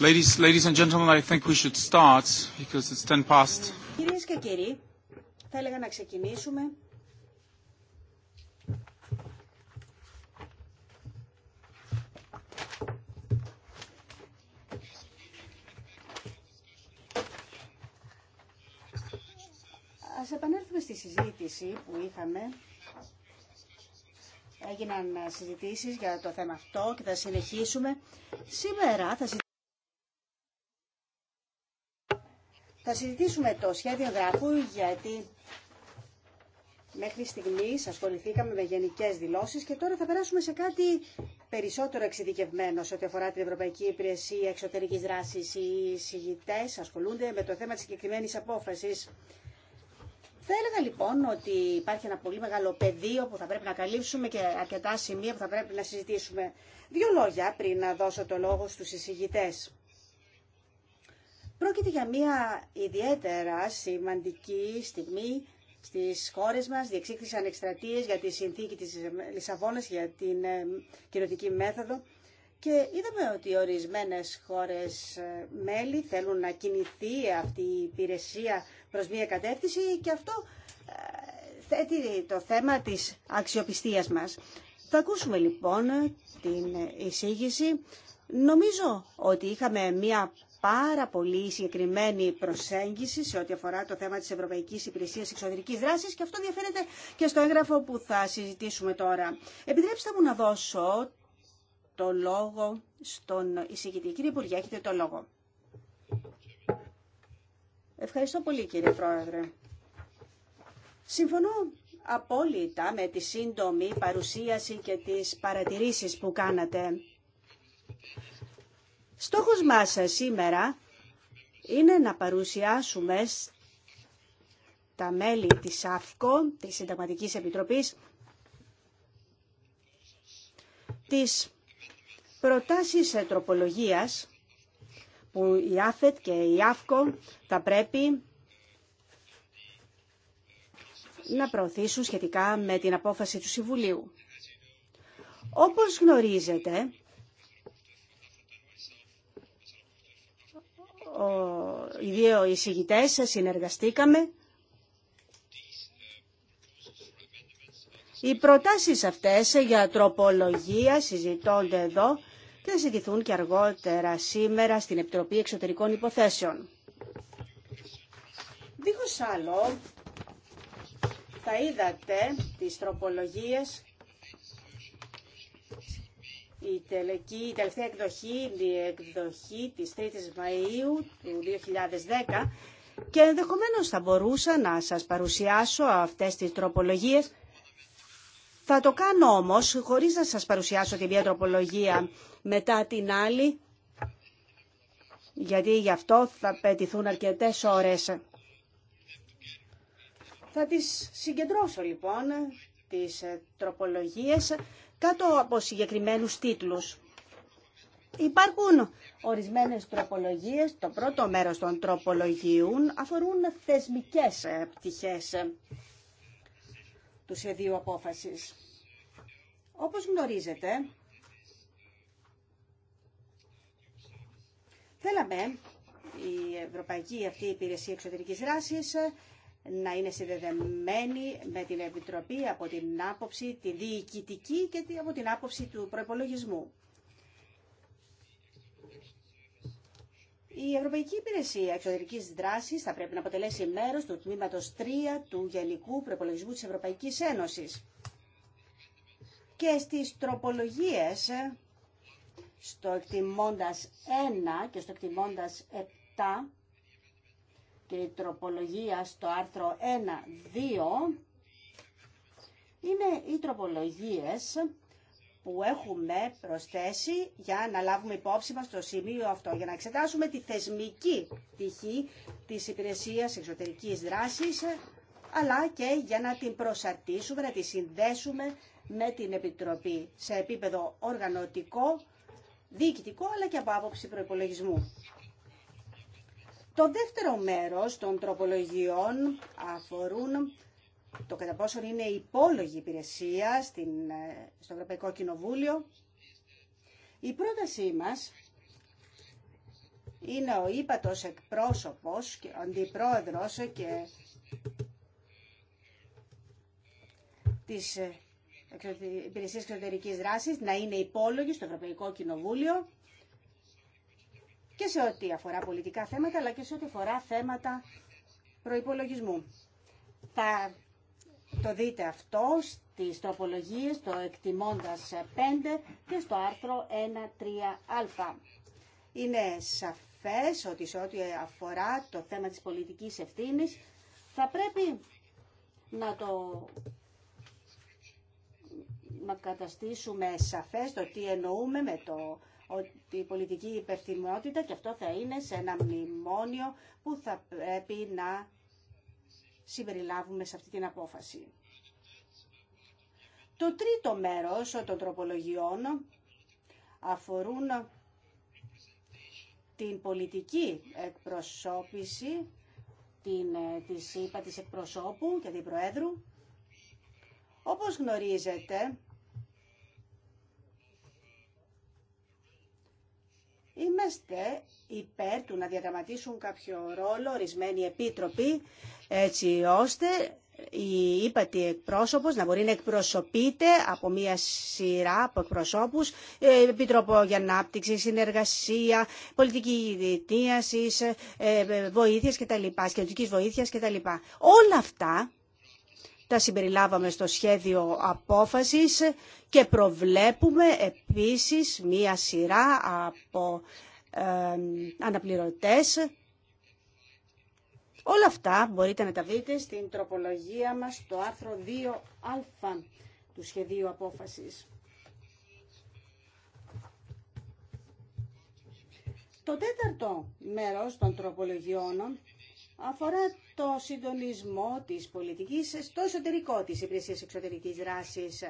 Ladies, ladies and gentlemen, I think we should start because it's 10 past. Κυρίες και κύριοι, θα έλεγα να ξεκινήσουμε. Ας επανέλθουμε στη συζήτηση που είχαμε έγιναν συζητήσεις για το θέμα αυτό και θα συνεχίσουμε. Σήμερα θα, συζητήσουμε το σχέδιο γράφου γιατί μέχρι στιγμής ασχοληθήκαμε με γενικές δηλώσεις και τώρα θα περάσουμε σε κάτι περισσότερο εξειδικευμένο σε ό,τι αφορά την Ευρωπαϊκή Υπηρεσία Εξωτερικής Δράσης. Οι συγητές ασχολούνται με το θέμα της συγκεκριμένη απόφασης θα έλεγα λοιπόν ότι υπάρχει ένα πολύ μεγάλο πεδίο που θα πρέπει να καλύψουμε και αρκετά σημεία που θα πρέπει να συζητήσουμε. Δύο λόγια πριν να δώσω το λόγο στους συζητητές. Πρόκειται για μια ιδιαίτερα σημαντική στιγμή στις χώρες μας. Διεξήχθησαν εκστρατείες για τη συνθήκη της Λισαβόνας, για την ε, κοινωτική μέθοδο. Και είδαμε ότι ορισμένες χώρες ε, μέλη θέλουν να κινηθεί αυτή η υπηρεσία προς μία κατεύθυνση και αυτό ε, θέτει το θέμα της αξιοπιστίας μας. Θα ακούσουμε λοιπόν την εισήγηση. Νομίζω ότι είχαμε μία πάρα πολύ συγκεκριμένη προσέγγιση σε ό,τι αφορά το θέμα της Ευρωπαϊκής Υπηρεσίας Εξωτερικής Δράσης και αυτό διαφέρεται και στο έγγραφο που θα συζητήσουμε τώρα. Επιτρέψτε μου να δώσω το λόγο στον εισηγητή. Κύριε Υπουργέ, έχετε το λόγο. Ευχαριστώ πολύ κύριε Πρόεδρε. Συμφωνώ απόλυτα με τη σύντομη παρουσίαση και τις παρατηρήσεις που κάνατε. Στόχος μας σήμερα είναι να παρουσιάσουμε τα μέλη της ΑΦΚΟ, της Συνταγματικής Επιτροπής, τις προτάσεις τροπολογίας που η ΑΦΕΤ και η ΑΦΚΟ θα πρέπει να προωθήσουν σχετικά με την απόφαση του Συμβουλίου. Όπως γνωρίζετε, οι δύο εισηγητές συνεργαστήκαμε. Οι προτάσεις αυτές για τροπολογία συζητώνται εδώ και ζητηθούν και αργότερα σήμερα στην Επιτροπή Εξωτερικών Υποθέσεων. Δίχως άλλο, θα είδατε τις τροπολογίες η, τελευταία εκδοχή, η εκδοχή της 3ης Μαΐου του 2010 και ενδεχομένως θα μπορούσα να σας παρουσιάσω αυτές τις τροπολογίες θα το κάνω όμως χωρίς να σας παρουσιάσω τη μία τροπολογία μετά την άλλη, γιατί γι' αυτό θα πετηθούν αρκετές ώρες. Θα τις συγκεντρώσω λοιπόν, τις ε, τροπολογίες, κάτω από συγκεκριμένους τίτλους. Υπάρχουν ορισμένες τροπολογίες. Το πρώτο μέρος των τροπολογίων αφορούν θεσμικές ε, πτυχές του σχεδίου απόφαση. Όπως γνωρίζετε, θέλαμε η Ευρωπαϊκή αυτή υπηρεσία εξωτερικής δράσης να είναι συνδεδεμένη με την Επιτροπή από την άποψη τη διοικητική και από την άποψη του προπολογισμού. Η Ευρωπαϊκή Υπηρεσία Εξωτερική Δράση θα πρέπει να αποτελέσει μέρο του τμήματο 3 του Γενικού Προπολογισμού τη Ευρωπαϊκή Ένωση. Και στι τροπολογίε, στο εκτιμώντα 1 και στο εκτιμώντα 7, και η τροπολογία στο άρθρο 1-2 είναι οι τροπολογίες που έχουμε προσθέσει για να λάβουμε υπόψη μας το σημείο αυτό, για να εξετάσουμε τη θεσμική πτυχή της υπηρεσίας εξωτερικής δράσης, αλλά και για να την προσαρτήσουμε, να τη συνδέσουμε με την Επιτροπή σε επίπεδο οργανωτικό, διοικητικό, αλλά και από άποψη προπολογισμού. Το δεύτερο μέρος των τροπολογιών αφορούν το κατά πόσον είναι υπόλογη υπηρεσία στην, ε, στο Ευρωπαϊκό Κοινοβούλιο. Η πρότασή μας είναι ο ύπατος εκπρόσωπος και ο αντιπρόεδρος και της ε, Υπηρεσίας Εξωτερικής Δράσης να είναι υπόλογη στο Ευρωπαϊκό Κοινοβούλιο και σε ό,τι αφορά πολιτικά θέματα αλλά και σε ό,τι αφορά θέματα προϋπολογισμού. Θα το δείτε αυτό στις τροπολογίες, το εκτιμώντας 5 και στο άρθρο 1.3α. Είναι σαφές ότι σε ό,τι αφορά το θέμα της πολιτικής ευθύνης θα πρέπει να το να καταστήσουμε σαφές το τι εννοούμε με το ότι η πολιτική υπευθυνότητα και αυτό θα είναι σε ένα μνημόνιο που θα πρέπει να συμπεριλάβουμε σε αυτή την απόφαση. Το τρίτο μέρος των τροπολογιών αφορούν την πολιτική εκπροσώπηση την, ε, της ΥΠΑ ΕΕ, της εκπροσώπου και την Προέδρου. Όπως γνωρίζετε, Είμαστε υπέρ του να διαδραματίσουν κάποιο ρόλο ορισμένοι επίτροποι έτσι ώστε η ύπατη εκπρόσωπος να μπορεί να εκπροσωπείται από μια σειρά από εκπροσώπους, ε, Επίτροπο για Ανάπτυξη, Συνεργασία, Πολιτική Διετίασης, ε, ε, Βοήθειας κτλ, Σχετικής Βοήθειας κτλ. Όλα αυτά τα συμπεριλάβαμε στο σχέδιο απόφασης και προβλέπουμε επίσης μία σειρά από ε, αναπληρωτές. Όλα αυτά μπορείτε να τα δείτε στην τροπολογία μας το άρθρο 2α του σχεδίου απόφασης. Το τέταρτο μέρος των τροπολογιών αφορά το συντονισμό της πολιτικής στο εσωτερικό της υπηρεσίας εξωτερικής δράσης.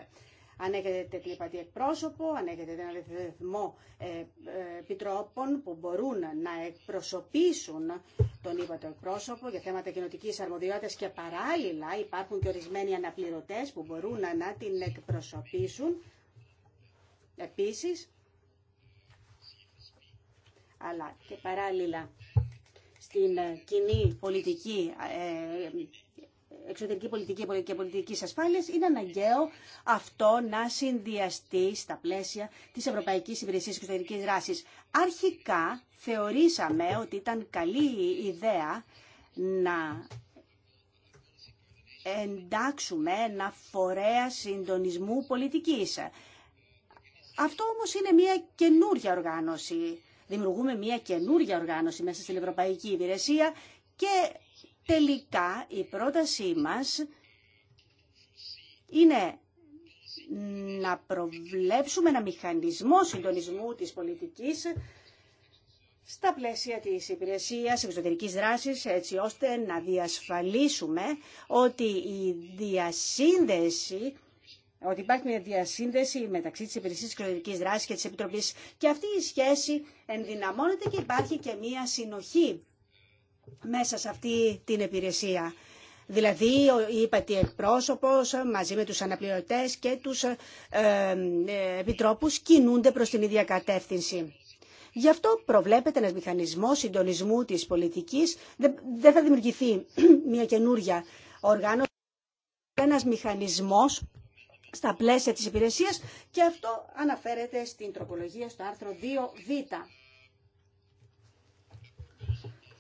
Αν έχετε την εκπρόσωπο, αν έχετε ένα αριθμό ε, ε, επιτρόπων που μπορούν να εκπροσωπήσουν τον ύπατο εκπρόσωπο για θέματα κοινοτική αρμοδιότητα και παράλληλα υπάρχουν και ορισμένοι αναπληρωτέ που μπορούν να την εκπροσωπήσουν. Επίση, αλλά και παράλληλα στην ε, κοινή πολιτική ε, εξωτερική πολιτική και πολιτική ασφάλεια, είναι αναγκαίο αυτό να συνδυαστεί στα πλαίσια τη Ευρωπαϊκή Υπηρεσία Εξωτερική Δράση. Αρχικά θεωρήσαμε ότι ήταν καλή ιδέα να εντάξουμε ένα φορέα συντονισμού πολιτικής. Αυτό όμως είναι μια καινούρια οργάνωση δημιουργούμε μια καινούργια οργάνωση μέσα στην Ευρωπαϊκή Υπηρεσία και τελικά η πρότασή μας είναι να προβλέψουμε ένα μηχανισμό συντονισμού της πολιτικής στα πλαίσια της υπηρεσίας εξωτερικής δράσης έτσι ώστε να διασφαλίσουμε ότι η διασύνδεση ότι υπάρχει μια διασύνδεση μεταξύ της υπηρεσίας κοινωνικής δράσης και της Επιτροπής και αυτή η σχέση ενδυναμώνεται και υπάρχει και μια συνοχή μέσα σε αυτή την υπηρεσία. Δηλαδή, οι ύπατη εκπρόσωπο μαζί με τους αναπληρωτές και τους ε, ε, επιτρόπους κινούνται προς την ίδια κατεύθυνση. Γι' αυτό προβλέπεται ένας μηχανισμός συντονισμού της πολιτικής. Δεν, θα δημιουργηθεί μια καινούρια οργάνωση. Ένας μηχανισμός στα πλαίσια της υπηρεσίας και αυτό αναφέρεται στην τροπολογία στο άρθρο 2β.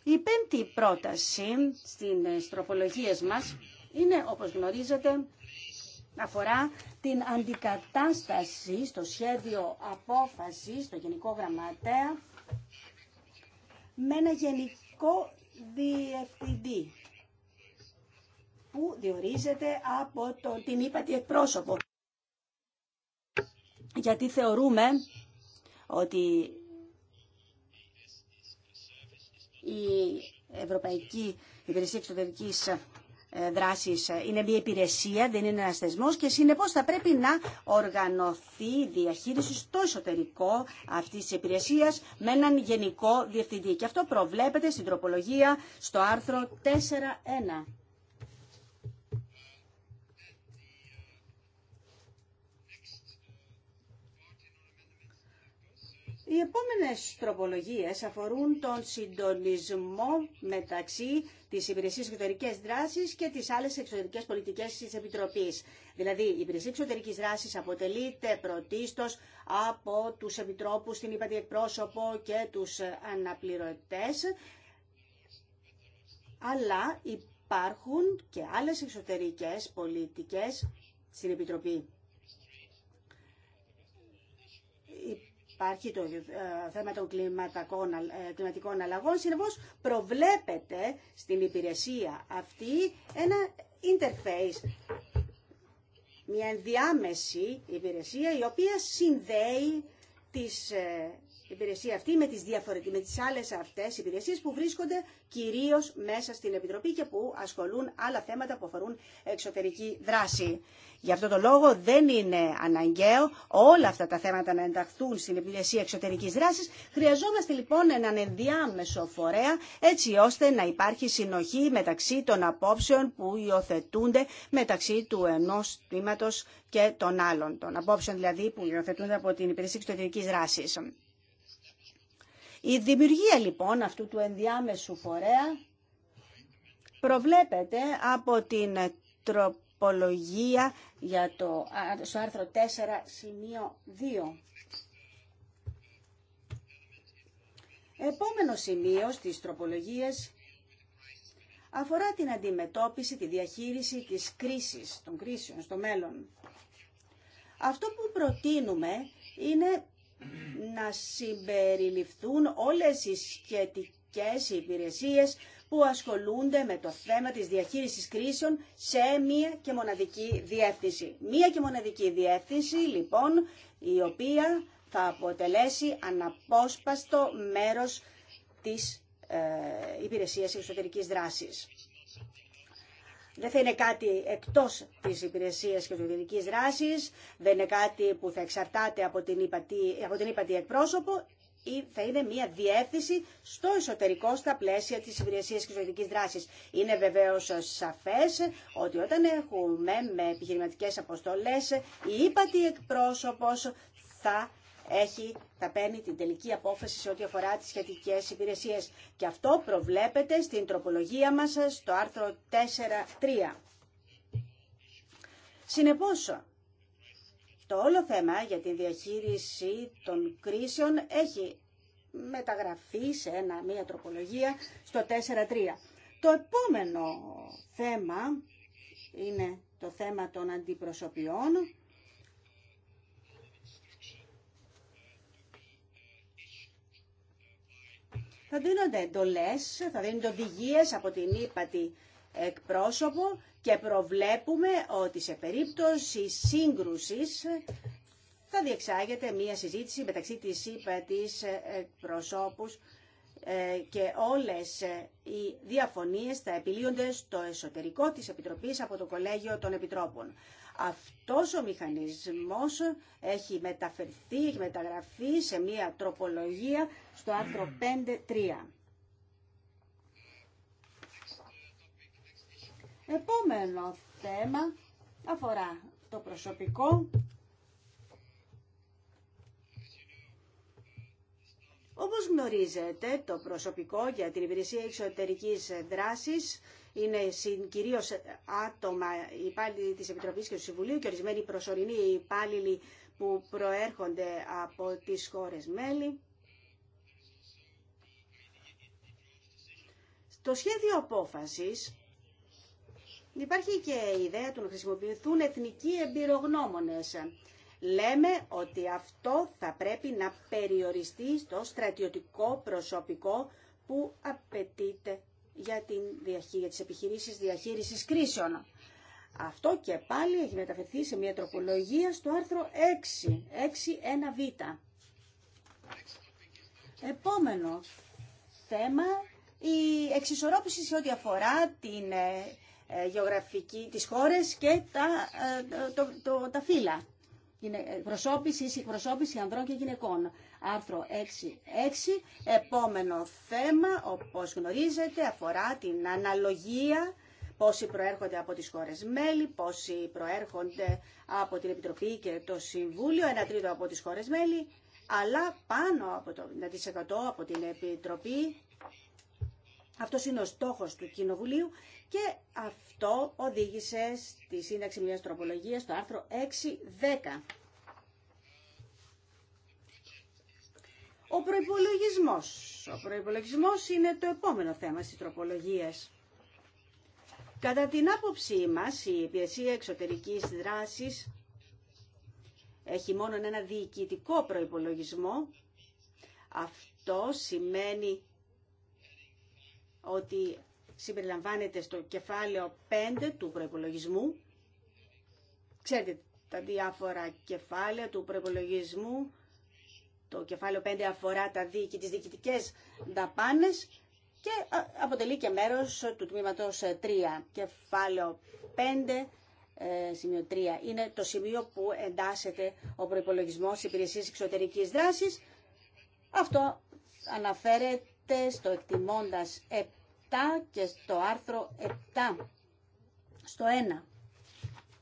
Η πέμπτη πρόταση στην ε, τροπολογίες μας είναι, όπως γνωρίζετε, αφορά την αντικατάσταση στο σχέδιο απόφαση στο Γενικό Γραμματέα με ένα γενικό διευθυντή που διορίζεται από το, την ύπατη εκπρόσωπο. Γιατί θεωρούμε ότι η Ευρωπαϊκή Υπηρεσία Εξωτερικής ε, Δράσης ε, είναι μια υπηρεσία, δεν είναι ένας θεσμός και συνεπώς θα πρέπει να οργανωθεί η διαχείριση στο εσωτερικό αυτής της υπηρεσίας με έναν γενικό διευθυντή. Και αυτό προβλέπεται στην τροπολογία στο άρθρο 4.1. Οι επόμενες τροπολογίες αφορούν τον συντονισμό μεταξύ της Υπηρεσίας Εξωτερικής Δράσης και της άλλες εξωτερικές πολιτικές της Επιτροπής. Δηλαδή, η Υπηρεσία Εξωτερικής Δράσης αποτελείται πρωτίστως από τους επιτρόπους, την είπατε εκπρόσωπο και τους αναπληρωτές, αλλά υπάρχουν και άλλες εξωτερικές πολιτικές στην Επιτροπή. υπάρχει το ε, θέμα των ε, κλιματικών αλλαγών. Συνεπώς προβλέπεται στην υπηρεσία αυτή ένα interface, μια ενδιάμεση υπηρεσία η οποία συνδέει τις ε, υπηρεσία αυτή με τις, άλλε με τις άλλες αυτές υπηρεσίες που βρίσκονται κυρίως μέσα στην Επιτροπή και που ασχολούν άλλα θέματα που αφορούν εξωτερική δράση. Γι' αυτό το λόγο δεν είναι αναγκαίο όλα αυτά τα θέματα να ενταχθούν στην υπηρεσία εξωτερικής δράσης. Χρειαζόμαστε λοιπόν έναν ενδιάμεσο φορέα έτσι ώστε να υπάρχει συνοχή μεταξύ των απόψεων που υιοθετούνται μεταξύ του ενός τμήματος και των άλλων. Των απόψεων δηλαδή που υιοθετούνται από την υπηρεσία εξωτερική δράσης. Η δημιουργία λοιπόν αυτού του ενδιάμεσου φορέα προβλέπεται από την τροπολογία για το, στο άρθρο 4 σημείο 2. Επόμενο σημείο στις τροπολογίες αφορά την αντιμετώπιση, τη διαχείριση της κρίσης, των κρίσεων στο μέλλον. Αυτό που προτείνουμε είναι να συμπεριληφθούν όλες οι σχετικές υπηρεσίες που ασχολούνται με το θέμα της διαχείρισης κρίσεων σε μία και μοναδική διεύθυνση. Μία και μοναδική διεύθυνση, λοιπόν, η οποία θα αποτελέσει αναπόσπαστο μέρος της ε, υπηρεσίας εξωτερικής δράσης. Δεν θα είναι κάτι εκτός της υπηρεσίας και της δράση, δεν είναι κάτι που θα εξαρτάται από την υπατή, από την υπατή εκπρόσωπο, ή θα είναι μια διεύθυνση στο εσωτερικό στα πλαίσια της υπηρεσία και ζωητικής δράσης. Είναι βεβαίως σαφές ότι όταν έχουμε με επιχειρηματικές αποστολές η ύπατη εκπρόσωπος θα έχει, θα παίρνει την τελική απόφαση σε ό,τι αφορά τις σχετικές υπηρεσίες. Και αυτό προβλέπεται στην τροπολογία μας στο άρθρο 4.3. Συνεπώς, το όλο θέμα για τη διαχείριση των κρίσεων έχει μεταγραφεί σε ένα, μια τροπολογία στο 4.3. Το επόμενο θέμα είναι το θέμα των αντιπροσωπιών θα δίνονται εντολέ, θα δίνονται οδηγίε από την ύπατη εκπρόσωπο και προβλέπουμε ότι σε περίπτωση σύγκρουσης θα διεξάγεται μία συζήτηση μεταξύ της ύπατης εκπροσώπους ε, και όλες οι διαφωνίες θα επιλύονται στο εσωτερικό της Επιτροπής από το Κολέγιο των Επιτρόπων. Αυτός ο μηχανισμός έχει μεταφερθεί, έχει μεταγραφεί σε μία τροπολογία στο άρθρο 5.3. Επόμενο θέμα αφορά το προσωπικό. Όπως γνωρίζετε, το προσωπικό για την υπηρεσία εξωτερικής δράσης είναι κυρίω άτομα υπάλληλοι τη Επιτροπή και του Συμβουλίου και ορισμένοι προσωρινοί υπάλληλοι που προέρχονται από τις χώρες μέλη. Στο σχέδιο απόφασης υπάρχει και η ιδέα του να χρησιμοποιηθούν εθνικοί εμπειρογνώμονες. Λέμε ότι αυτό θα πρέπει να περιοριστεί στο στρατιωτικό προσωπικό που απαιτείται για, την διαχείριση, για τις επιχειρήσεις διαχείρισης κρίσεων. Αυτό και πάλι έχει μεταφερθεί σε μια τροπολογία στο άρθρο 6, 6.1β. Επόμενο θέμα, η εξισορρόπηση σε ό,τι αφορά την ε, ε, γεωγραφική της χώρες και τα, ε, το, το, τα φύλλα. Ε, προσώπηση, προσώπηση ανδρών και γυναικών άρθρο 6.6. Επόμενο θέμα, όπως γνωρίζετε, αφορά την αναλογία πόσοι προέρχονται από τις χώρες μέλη, πόσοι προέρχονται από την Επιτροπή και το Συμβούλιο, ένα τρίτο από τις χώρες μέλη, αλλά πάνω από το 90% από την Επιτροπή. Αυτό είναι ο στόχος του Κοινοβουλίου και αυτό οδήγησε στη σύνταξη μιας τροπολογίας το άρθρο 6.10. Ο προϋπολογισμός. Ο προϋπολογισμός είναι το επόμενο θέμα στις τροπολογίες. Κατά την άποψή μας, η υπηρεσία εξωτερικής δράσης έχει μόνο ένα διοικητικό προϋπολογισμό. Αυτό σημαίνει ότι συμπεριλαμβάνεται στο κεφάλαιο 5 του προϋπολογισμού. Ξέρετε, τα διάφορα κεφάλαια του προϋπολογισμού το κεφάλαιο 5 αφορά τα δίκη, τις διοικητικές δαπάνες και αποτελεί και μέρος του τμήματος 3. Ε, κεφάλαιο 5 ε, σημείο 3. Είναι το σημείο που εντάσσεται ο προπολογισμό υπηρεσίας εξωτερικής δράσης. Αυτό αναφέρεται στο εκτιμώντας 7 και στο άρθρο 7. Στο 1.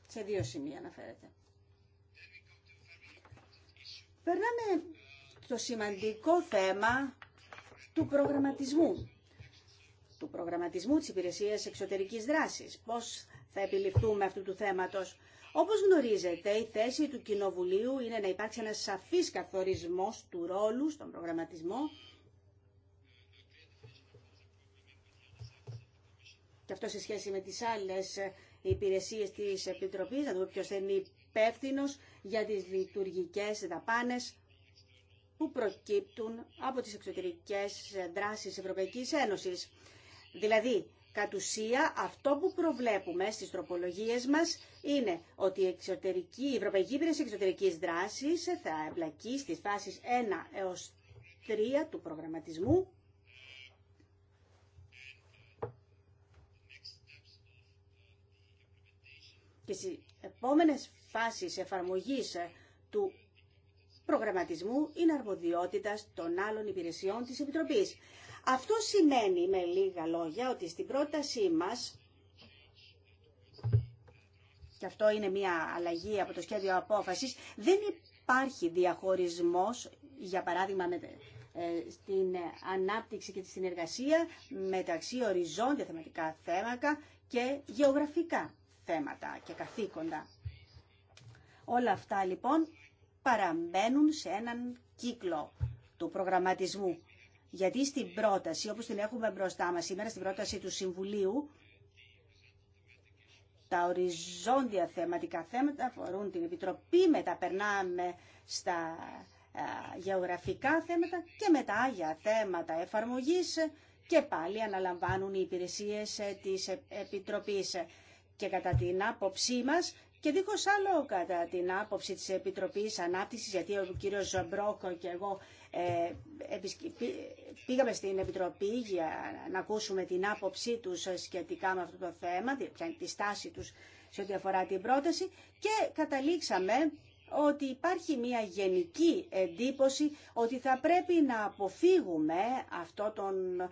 Σε δύο σημεία αναφέρεται. Περνάμε το σημαντικό θέμα του προγραμματισμού του προγραμματισμού της υπηρεσίας εξωτερικής δράσης. Πώς θα επιληφθούμε αυτού του θέματος. Όπως γνωρίζετε, η θέση του Κοινοβουλίου είναι να υπάρξει ένας σαφής καθορισμός του ρόλου στον προγραμματισμό και αυτό σε σχέση με τις άλλες υπηρεσίες της Επιτροπής, να δούμε ποιος είναι υπεύθυνο για τις λειτουργικές δαπάνες που προκύπτουν από τις εξωτερικές δράσεις Ευρωπαϊκής Ένωσης. Δηλαδή, κατ' ουσία αυτό που προβλέπουμε στις τροπολογίες μας είναι ότι η, εξωτερική, η Ευρωπαϊκή Υπηρεσία Εξωτερικής Δράσης θα εμπλακεί στις φάσεις 1 έως 3 του προγραμματισμού και στις επόμενες φάσεις εφαρμογής του προγραμματισμού ή αρμοδιότητα των άλλων υπηρεσιών της Επιτροπής. Αυτό σημαίνει με λίγα λόγια ότι στην πρότασή μας και αυτό είναι μια αλλαγή από το σχέδιο απόφασης, δεν υπάρχει διαχωρισμός, για παράδειγμα, με, ε, στην ανάπτυξη και τη συνεργασία μεταξύ οριζόντια θεματικά θέματα και γεωγραφικά θέματα και καθήκοντα. Όλα αυτά λοιπόν παραμένουν σε έναν κύκλο του προγραμματισμού. Γιατί στην πρόταση, όπως την έχουμε μπροστά μας σήμερα, στην πρόταση του Συμβουλίου, τα οριζόντια θεματικά θέματα αφορούν την Επιτροπή, μετά περνάμε στα γεωγραφικά θέματα και μετά για θέματα εφαρμογής και πάλι αναλαμβάνουν οι υπηρεσίες ε, της Επιτροπής. Και κατά την άποψή μας και δίχως άλλο κατά την άποψη της Επιτροπής Ανάπτυξης, γιατί ο κύριος Ζαμπρόκο και εγώ ε, πήγαμε στην Επιτροπή για να ακούσουμε την άποψή τους σχετικά με αυτό το θέμα, τη στάση τους σε ό,τι αφορά την πρόταση και καταλήξαμε ότι υπάρχει μια γενική εντύπωση ότι θα πρέπει να αποφύγουμε αυτό τον, ε,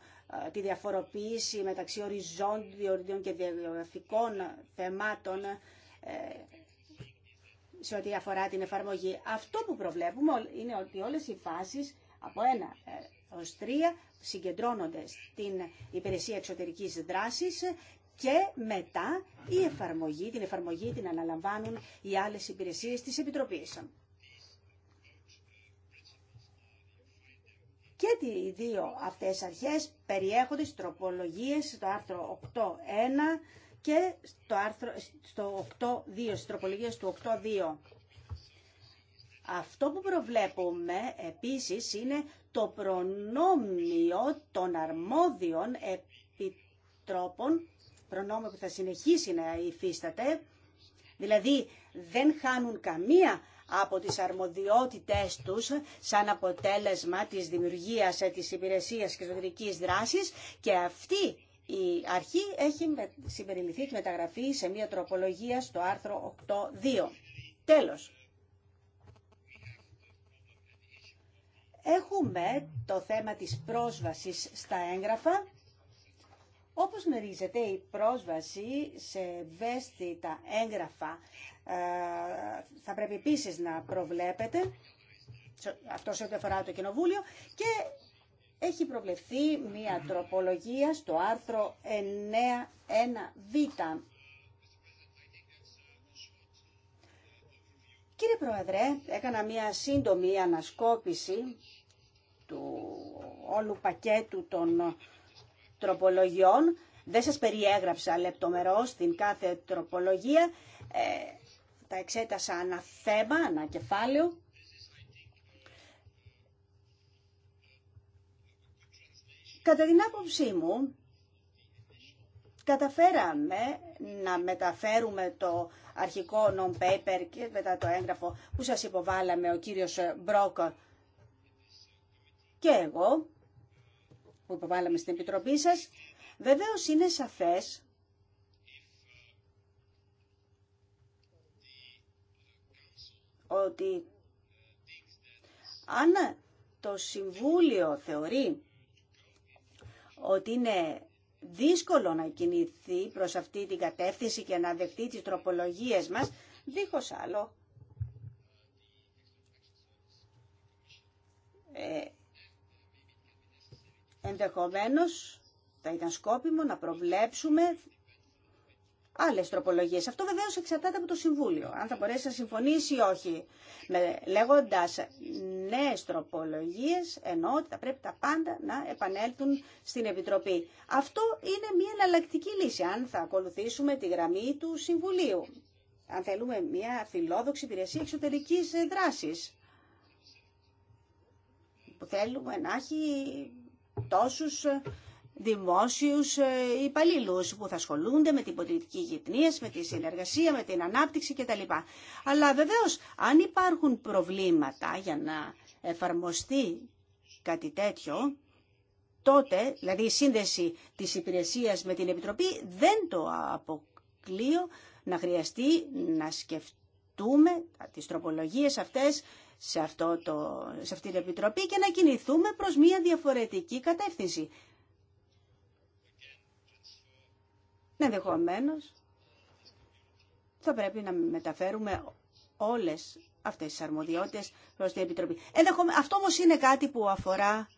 τη διαφοροποίηση μεταξύ οριζόντιων και διαγραφικών θεμάτων ε, σε ό,τι αφορά την εφαρμογή. Αυτό που προβλέπουμε είναι ότι όλες οι φάσεις από ένα ε, ως τρία συγκεντρώνονται στην υπηρεσία εξωτερικής δράσης και μετά η εφαρμογή, την εφαρμογή την αναλαμβάνουν οι άλλες υπηρεσίες της Επιτροπής. Και οι δύο αυτές αρχές περιέχονται στις τροπολογίες στο άρθρο 8.1 και στο άρθρο στο 8.2, στις του 8.2. Αυτό που προβλέπουμε επίσης είναι το προνόμιο των αρμόδιων επιτρόπων, προνόμιο που θα συνεχίσει να υφίσταται, δηλαδή δεν χάνουν καμία από τις αρμοδιότητες τους σαν αποτέλεσμα της δημιουργίας της υπηρεσίας και δράσης και αυτή η αρχή έχει συμπεριληφθεί τη μεταγραφή σε μία τροπολογία στο άρθρο 8.2. Τέλος. Έχουμε το θέμα της πρόσβασης στα έγγραφα. Όπως γνωρίζετε, η πρόσβαση σε τα έγγραφα ε, θα πρέπει επίσης να προβλέπετε αυτό σε ό,τι αφορά το Κοινοβούλιο και έχει προβλεφθεί μία τροπολογία στο άρθρο Κύριε Πρόεδρε, έκανα μία σύντομη ανασκόπηση του όλου πακέτου των τροπολογιών. Δεν σας περιέγραψα λεπτομερώς την κάθε τροπολογία. Ε, τα εξέτασα ένα θέμα, κεφάλαιο. Κατά την άποψή μου, καταφέραμε να μεταφέρουμε το αρχικό non-paper και μετά το έγγραφο που σας υποβάλαμε ο κύριος Μπρόκ και εγώ, που υποβάλαμε στην Επιτροπή σας, βεβαίως είναι σαφές ότι αν το Συμβούλιο θεωρεί ότι είναι δύσκολο να κινηθεί προς αυτή την κατεύθυνση και να δεχτεί τις τροπολογίες μας, δίχως άλλο. Ε, ενδεχομένως θα ήταν σκόπιμο να προβλέψουμε άλλε τροπολογίε. Αυτό βεβαίω εξαρτάται από το Συμβούλιο, αν θα μπορέσει να συμφωνήσει ή όχι. Λέγοντα νέε τροπολογίε, εννοώ ότι θα πρέπει τα πάντα να επανέλθουν στην Επιτροπή. Αυτό είναι μια εναλλακτική λύση, αν θα ακολουθήσουμε τη γραμμή του Συμβουλίου. Αν θέλουμε μια φιλόδοξη υπηρεσία εξωτερική δράση που θέλουμε να έχει τόσους δημόσιους ε, υπαλλήλου που θα ασχολούνται με την πολιτική γυπνία με τη συνεργασία, με την ανάπτυξη κτλ. Αλλά βεβαίως αν υπάρχουν προβλήματα για να εφαρμοστεί κάτι τέτοιο, τότε, δηλαδή η σύνδεση της υπηρεσίας με την Επιτροπή δεν το αποκλείω να χρειαστεί να σκεφτούμε τις τροπολογίες αυτές σε, αυτό το, σε αυτή την Επιτροπή και να κινηθούμε προς μια διαφορετική κατεύθυνση. Ναι, ενδεχομένω θα πρέπει να μεταφέρουμε όλες αυτές τι αρμοδιότητε προ την Επιτροπή. Αυτό όμω είναι κάτι που αφορά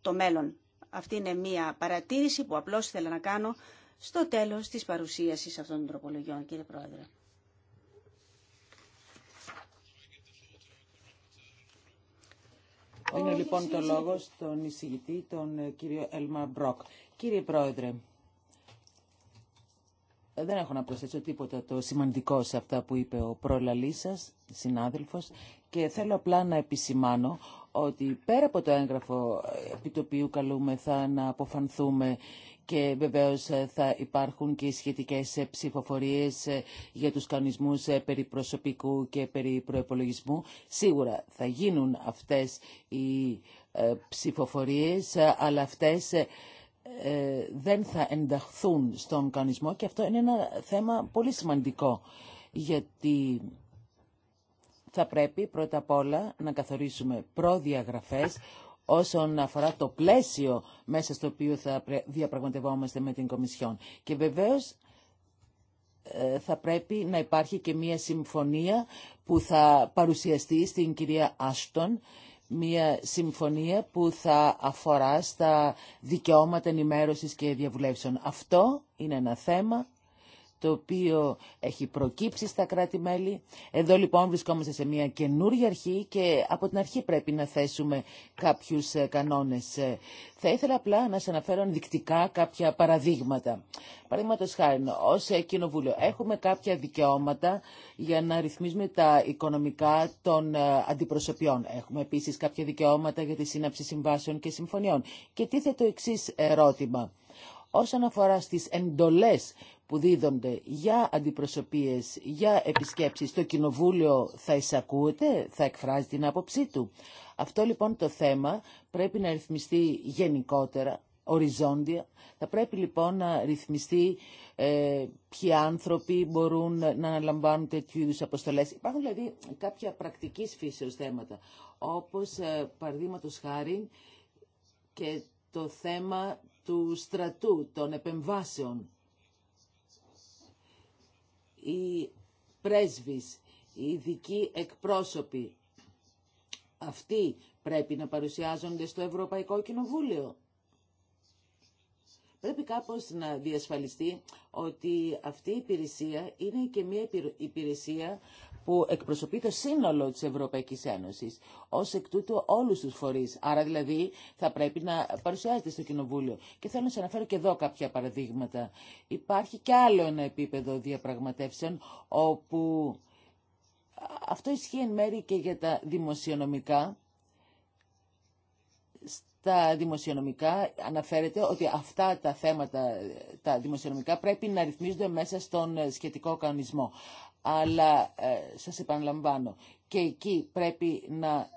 το μέλλον. Αυτή είναι μία παρατήρηση που απλώς ήθελα να κάνω στο τέλος της παρουσίαση αυτών των τροπολογιών, κύριε Πρόεδρε. Είναι λοιπόν το λόγο στον εισηγητή, τον ε, κύριο Έλμα Μπροκ. Κύριε Πρόεδρε, ε, δεν έχω να προσθέσω τίποτα το σημαντικό σε αυτά που είπε ο προλαλής σας, συνάδελφος, και θέλω απλά να επισημάνω ότι πέρα από το έγγραφο επί το καλούμε θα να αποφανθούμε και βεβαίως ε, θα υπάρχουν και σχετικές ε, ψηφοφορίες για τους κανονισμούς περί προσωπικού και περί προεπολογισμού. Σίγουρα θα γίνουν αυτές οι ψηφοφορίες, αλλά αυτές ε, δεν θα ενταχθούν στον κανονισμό και αυτό είναι ένα θέμα πολύ σημαντικό γιατί θα πρέπει πρώτα απ' όλα να καθορίσουμε προδιαγραφές όσον αφορά το πλαίσιο μέσα στο οποίο θα διαπραγματευόμαστε με την Κομισιόν. Και βεβαίως ε, θα πρέπει να υπάρχει και μία συμφωνία που θα παρουσιαστεί στην κυρία Άστον μια συμφωνία που θα αφορά στα δικαιώματα ενημέρωσης και διαβουλεύσεων. Αυτό είναι ένα θέμα το οποίο έχει προκύψει στα κράτη-μέλη. Εδώ λοιπόν βρισκόμαστε σε μια καινούργια αρχή και από την αρχή πρέπει να θέσουμε κάποιους ε, κανόνες. Ε, θα ήθελα απλά να σα αναφέρω ενδεικτικά κάποια παραδείγματα. Παραδείγματο χάρη, ω ε, Κοινοβούλιο, έχουμε κάποια δικαιώματα για να ρυθμίσουμε τα οικονομικά των αντιπροσωπιών. Έχουμε επίση κάποια δικαιώματα για τη σύναψη συμβάσεων και συμφωνιών. Και τίθεται το εξή ερώτημα. Όσον αφορά στις εντολές που δίδονται για αντιπροσωπείες, για επισκέψεις, το Κοινοβούλιο θα εισακούεται, θα εκφράζει την άποψή του. Αυτό λοιπόν το θέμα πρέπει να ρυθμιστεί γενικότερα, οριζόντια. Θα πρέπει λοιπόν να ρυθμιστεί ε, ποιοι άνθρωποι μπορούν να αναλαμβάνουν τέτοιου είδου αποστολέ. Υπάρχουν δηλαδή κάποια πρακτική φύσεως θέματα, όπως ε, παραδείγματο χάρη και το θέμα του στρατού, των επεμβάσεων. Οι πρέσβεις, οι ειδικοί εκπρόσωποι, αυτοί πρέπει να παρουσιάζονται στο Ευρωπαϊκό Κοινοβούλιο. Πρέπει κάπως να διασφαλιστεί ότι αυτή η υπηρεσία είναι και μια υπηρεσία που εκπροσωπεί το σύνολο της Ευρωπαϊκής Ένωσης, ως εκ τούτου όλους τους φορείς. Άρα δηλαδή θα πρέπει να παρουσιάζεται στο Κοινοβούλιο. Και θέλω να σας αναφέρω και εδώ κάποια παραδείγματα. Υπάρχει και άλλο ένα επίπεδο διαπραγματεύσεων, όπου αυτό ισχύει εν μέρη και για τα δημοσιονομικά, τα δημοσιονομικά αναφέρεται ότι αυτά τα θέματα, τα δημοσιονομικά, πρέπει να ρυθμίζονται μέσα στον ε, σχετικό κανονισμό. Αλλά ε, σας επαναλαμβάνω, και εκεί πρέπει να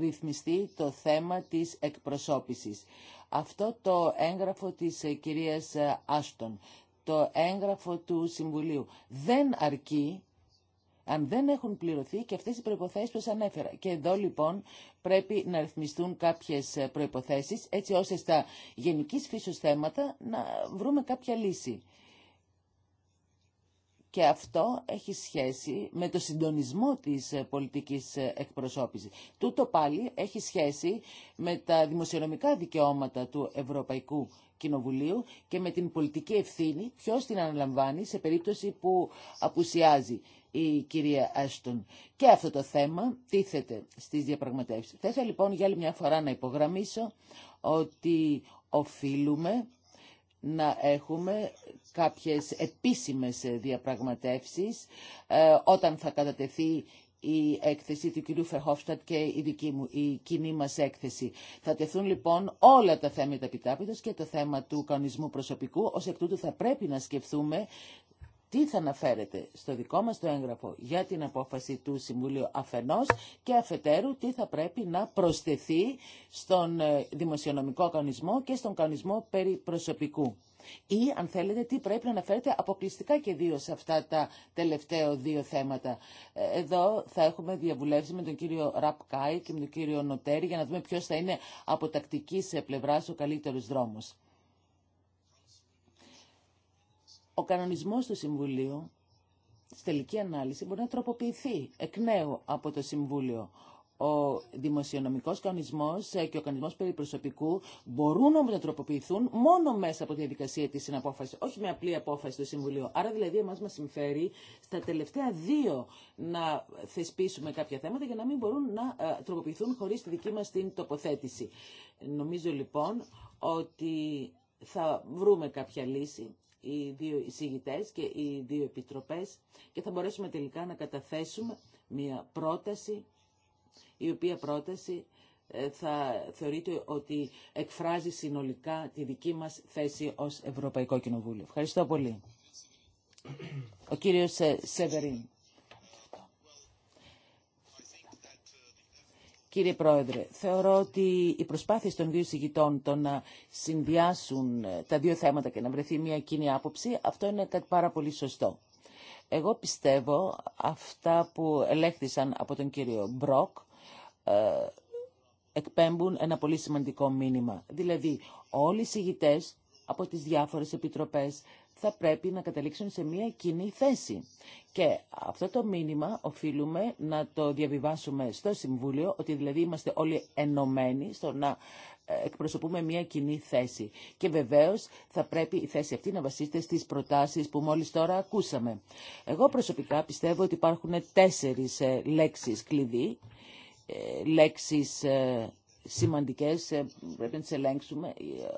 ρυθμιστεί το θέμα της εκπροσώπησης. Αυτό το έγγραφο της ε, κυρίας ε, Άστον, το έγγραφο του Συμβουλίου δεν αρκεί αν δεν έχουν πληρωθεί και αυτές οι προϋποθέσεις που σας ανέφερα. Και εδώ λοιπόν πρέπει να ρυθμιστούν κάποιες ε, προϋποθέσεις έτσι ώστε στα γενικής φύσεως θέματα να βρούμε κάποια λύση. Και αυτό έχει σχέση με το συντονισμό της ε, πολιτικής ε, εκπροσώπησης. Τούτο πάλι έχει σχέση με τα δημοσιονομικά δικαιώματα του Ευρωπαϊκού Κοινοβουλίου και με την πολιτική ευθύνη ποιος την αναλαμβάνει σε περίπτωση που απουσιάζει η κυρία Άστον. Και αυτό το θέμα τίθεται στις διαπραγματεύσεις. Θα λοιπόν για άλλη μια φορά να υπογραμμίσω ότι οφείλουμε να έχουμε κάποιες επίσημες διαπραγματεύσεις ε, όταν θα κατατεθεί η έκθεση του κυρίου Φερχόφστατ και η δική μου, η κοινή μας έκθεση. Θα τεθούν λοιπόν όλα τα θέματα επιτάπητος και το θέμα του κανονισμού προσωπικού. Ως εκ τούτου θα πρέπει να σκεφτούμε τι θα αναφέρεται στο δικό μας το έγγραφο για την απόφαση του Συμβουλίου αφενός και αφετέρου τι θα πρέπει να προσθεθεί στον ε, δημοσιονομικό κανονισμό και στον κανονισμό περί προσωπικού. Ή, αν θέλετε, τι πρέπει να αναφέρεται αποκλειστικά και δύο σε αυτά τα τελευταία δύο θέματα. Ε, εδώ θα έχουμε διαβουλεύσει με τον κύριο Ραπ και με τον κύριο Νοτέρη για να δούμε ποιο θα είναι από τακτική πλευρά ο καλύτερο δρόμος. Ο κανονισμός του Συμβουλίου, στη τελική ανάλυση, μπορεί να τροποποιηθεί εκ νέου από το Συμβούλιο. Ο δημοσιονομικός κανονισμός ε, και ο κανονισμός περί προσωπικού μπορούν να τροποποιηθούν μόνο μέσα από τη διαδικασία της συναπόφασης, όχι με απλή απόφαση του Συμβουλίου. Άρα δηλαδή εμάς μας συμφέρει στα τελευταία δύο να θεσπίσουμε κάποια θέματα για να μην μπορούν να ε, τροποποιηθούν χωρίς τη δική μας την τοποθέτηση. Νομίζω λοιπόν ότι θα βρούμε κάποια λύση οι δύο εισηγητές και οι δύο επιτροπές και θα μπορέσουμε τελικά να καταθέσουμε μια πρόταση η οποία πρόταση ε, θα θεωρείται ότι εκφράζει συνολικά τη δική μας θέση ως Ευρωπαϊκό Κοινοβούλιο. Ευχαριστώ πολύ. Ο κύριος ε, Σεβερίν. Κύριε Πρόεδρε, θεωρώ ότι οι προσπάθειε των δύο συγητών το να συνδυάσουν ε, τα δύο θέματα και να βρεθεί μια κοινή άποψη, αυτό είναι κάτι πάρα πολύ σωστό. Εγώ πιστεύω αυτά που ελέγχθησαν από τον κύριο Μπροκ ε, εκπέμπουν ένα πολύ σημαντικό μήνυμα. Δηλαδή, όλοι οι συγητές από τις διάφορες επιτροπές θα πρέπει να καταλήξουν σε μια κοινή θέση. Και αυτό το μήνυμα οφείλουμε να το διαβιβάσουμε στο Συμβούλιο, ότι δηλαδή είμαστε όλοι ενωμένοι στο να ε, εκπροσωπούμε μια κοινή θέση. Και βεβαίως θα πρέπει η θέση αυτή να βασίζεται στις προτάσεις που μόλις τώρα ακούσαμε. Εγώ προσωπικά πιστεύω ότι υπάρχουν τέσσερις ε, λέξεις κλειδί, ε, λέξεις σημαντικές, πρέπει να τις ελέγξουμε